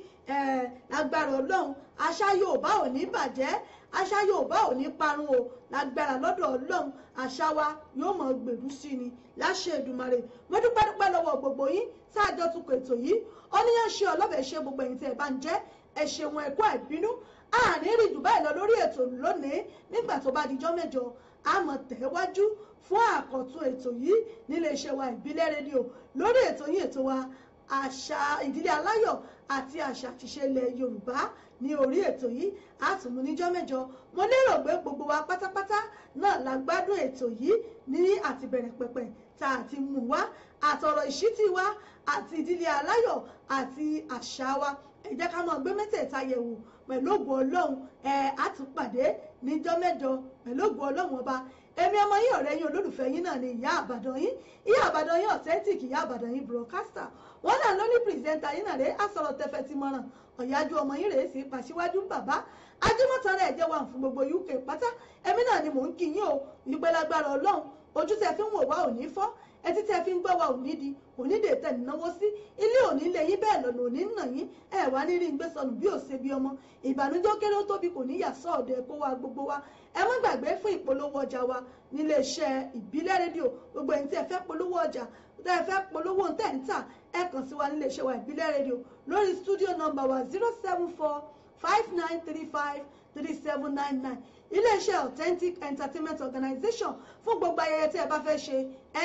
lágbára ọlọ́run àṣà Yorùbá ò ní bàjẹ́ àṣà yorùbá ò ní parun o lágbára lọ́dọ̀ ọlọ́run àṣà wa yóò mọ̀ gbèrú sí ni láṣẹ Èdùmàrè mo dúpẹ́ dúpẹ́ lọ́wọ́ gbogbo yín tá a jọ tukọ̀ ètò yìí oníyàn ṣe ọlọ́bẹ̀ ṣe gbogbo ẹ̀yin tẹ́ ẹ bá ń jẹ́ ẹ ṣeun ẹ̀kọ́ àìbínú àárín rí jù báyìí lọ lórí ètò lónìí nígbà tó bá dijọ́ mẹ́jọ a máa fún àkọ́tún ètò yìí nílé iṣẹ́ wa ìbílẹ̀ rédíò lórí ètò yìí ètò wa àṣà ìdílé aláyọ̀ àti àṣà àtìṣe ilẹ̀ Yorùbá ní orí ètò yìí a tún mú níjọ́ mẹ́jọ mo lérò pé gbogbo wa pátápátá náà la gbádùn ètò yìí ní àtìbẹ̀rẹ̀ pẹ̀pẹ̀ tá a ti mú wá àtọ̀rọ̀ ìṣítí wa àti ìdílé aláyọ̀ àti àṣà wa ẹ jẹ́ ká máa gbé mẹ́tẹ̀ẹ̀ta yẹ̀wò pẹ̀lú ògo Ọlọ́run ẹ̀ á tún pàdé níjọ́ mẹ́jọ pẹ̀lú ògo Ọlọ́run ọba èmi ọmọ yín ọ̀rẹ́ yín olólùfẹ́ yín náà ni ìyá àbàdàn yín ìyá àbàdàn yín authentic ìyá àbàdàn yín broadcaster wọn náà lóní pìrìsẹ́ńtà yìí náà rèé àsọ̀rọ̀ tẹ̀fẹ̀ ti mọ̀ràn ọ̀yájú ọmọ yìí rèé sí pàṣíwájú bàbá ajímọ̀tàn rẹ̀ jẹ́ wà fún gbogbo UK pátá èmi náà ni mò ń kí yín o ìpè lágbára ọlọ́run ojú tẹ fi ń wò wá òní fọ́ etí tẹ fi ń gbọ́ wá òní di òní dè tẹ̀ náwó sí ilé òní lè yín bẹ́ẹ̀ lọ́nà òní nà yín ẹ̀ wá ní rí gbé sọnù bí òsè bí ọmọ ìbànújẹ́ kéré ó tóbi kò ní yà sọ́ọ̀dọ̀ ẹ̀kọ́ wa gbogbo wa ẹ má gbàgbé fún ìpolówó ọjà wa níléeṣẹ́ ìbílẹ̀ rédíò gbogbo ẹ̀yin tí ẹ fẹ́ polówó ọjà tẹ́ ẹ fẹ́ polówó tẹ́ ń tà ẹ kàn sí wa nílé iṣẹ́ wa ìbílẹ̀ rédíò lórí studio number wa zero seven four five nine three five three seven nine nine iléeṣẹ́ authentic entertainment organization fún gbogbo ayẹyẹ tí ẹ bá fẹ́ ṣe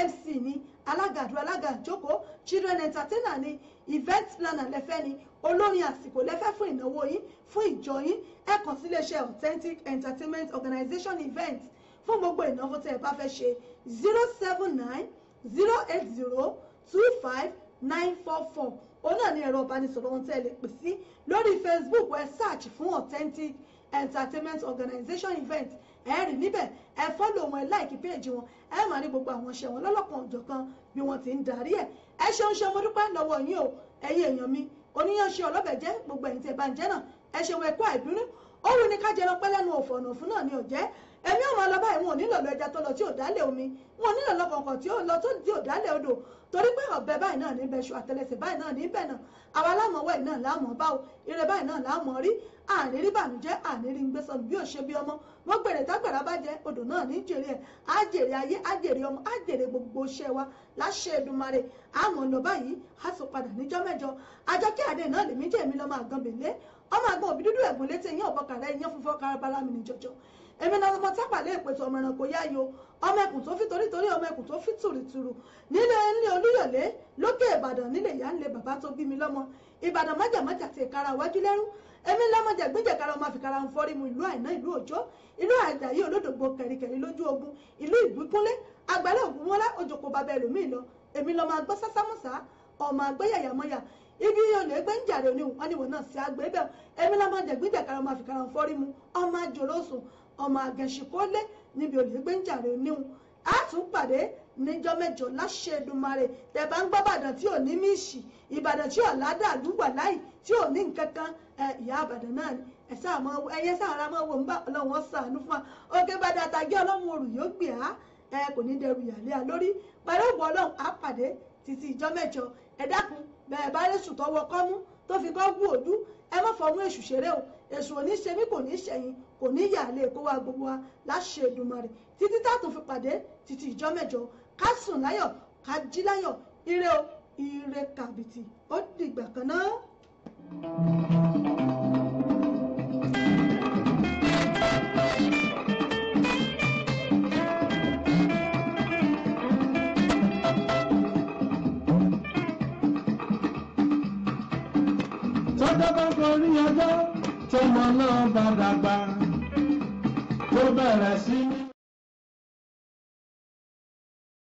mc ni alágàdú alágàjókòó children entertainer ni event planner lẹ́fẹ́ ni olórin àsìkò lẹ́fẹ́ fún ìnáwó yín fún ìjọ yín ẹ kàn sí iléeṣẹ́ authentic entertainment organization event fún gbogbo ìnáwó tí ẹ bá fẹ́ ṣe zero seven nine zero eight zero two five nine four four òun náà ni ẹ̀rọ ìbánisọ̀rọ̀ ohun tẹ́ ẹ lè pè sí lórí Facebook ẹ search fún authentic entertainment organization event ẹ rí níbẹ̀ ẹ fọ́lọ̀ wọn ẹ láìkí péèjì wọn ẹ máa rí gbogbo àwọn iṣẹ́ wọn lọ́lọ́kan òjọ̀kan bí wọ́n ti ń darí ẹ̀ ẹ ṣeun ṣe mo dúpẹ́ lọ́wọ́ yín o ẹ̀yin èèyàn mi oníyanṣẹ́ ọlọ́bẹ̀jẹ́ gbogbo ẹ̀yin tẹ̀ bá ń jẹ́ náà ẹ ṣeun ẹ̀kọ́ àìbínú ó wù ní ká jẹran pẹ́ lẹ́nu òfò ọ̀nà fún náà ni ò ẹ̀mí ọ̀rọ̀ lọ báyìí wọn ò nílò lọ ẹja tó lọ tí ò dálẹ̀ omi wọn ò nílò lọ kọ̀ọ̀kan tí ò lọ tó tí ò dálẹ̀ odò torí pé ọ̀bẹ báyìí náà níbẹ̀ ṣù àtẹlẹsẹ̀ báyìí náà níbẹ̀ náà àwa lámọ̀wọ́ yìí náà lámọ̀ báwo ire báyìí náà lámọ̀ rí àníri bànújẹ́ àníri gbẹ́sọ̀nù bí ò ṣe bí ọmọ wọn gbèrè tágbàrá bá jẹ odò náà ní jèrè ẹ̀ á jèrè ayé á jèrè ọmọ á jèrè gbogbo iṣẹ́ wa láṣẹ Èdùmàrè àmọ̀ lọ báyìí á sì padà níjọ́ mẹ́jọ Àjọkẹ́ Adé náà lèmi jẹ́ èmi lọ́mọ àgànbèlé ọmọ àgbọn òbí dúdú ẹ̀gbọ́n létí ẹ̀yìn ọ̀bọ̀kàrà ẹ̀yìn funfun karabara mi ní jọjọ èmi náà ọmọ tápàlẹ́ ìpètò ọmọ ẹranko yáyo ọmọ ẹkùn tó fi torítorí ọmọ ẹkùn tó fi tùrìtùrù nílé ilé olúyọ̀lé lókè ìbàdàn nílé ìyá nílé bàbá tó bí mi lọ́mọ ìbàdàn májàmájà ti ìkara wájú lẹ́rú èmi lámọ̀jà gbíjẹ̀kara ọmọ àfikara ń fọ́rí mu ìlú àìná ìlú òjó ìlú àjàyí olódògbò kẹ̀ríkẹ̀rí lójú ogun ìlú ìgbìkúnlé àgbàlẹ̀ ògùn wọn lá òjòkó bàbá ẹlòmíì ọmọ agẹṣinkólé níbi olùgbé ń jàre oníhun a tún pàdé níjọ́ mẹ́jọ láṣẹ Èdùmàrè tẹ́ bá ń gbọ́ bàdàn tí ò ní míìsì ìbàdàn tí ò ládàlú wà láì tí ò ní nǹkan kan ìyá àbàdàn náà ni ẹyẹ sáàrà máa wò ń bá ọlọ́wọ́n sàánú fún wa oge bàdàn àtàgé ọlọ́run òrùn yóò gbé á ẹ kò ní dẹrù yàlẹ́ àlórí pẹ̀lú ògbọ́n ọlọ́run á pàdé títí ìjọ́ mẹ́jọ ẹ dákun bẹ́ẹ̀ bá lè sùn tọwọ́ kọ́mú tó fi kọ́ gún òdú ẹ má fọwọ́n èṣù ṣeré o èṣù ò ní ṣe mí kò ní ṣẹ̀yìn kò ní yà lè kó wa gbogbo wa láṣẹ Èdùmàrè títí táàtún fi pàdé títí ìjọ mẹ́jọ ká sùn láyọ̀ ká jí láyọ̀ ire o ire kàbìtì ó dìgbà kan náà. bá gorí ọjọ́ tó mọ náà bá dàgbà tó bẹ̀rẹ̀ sí ní.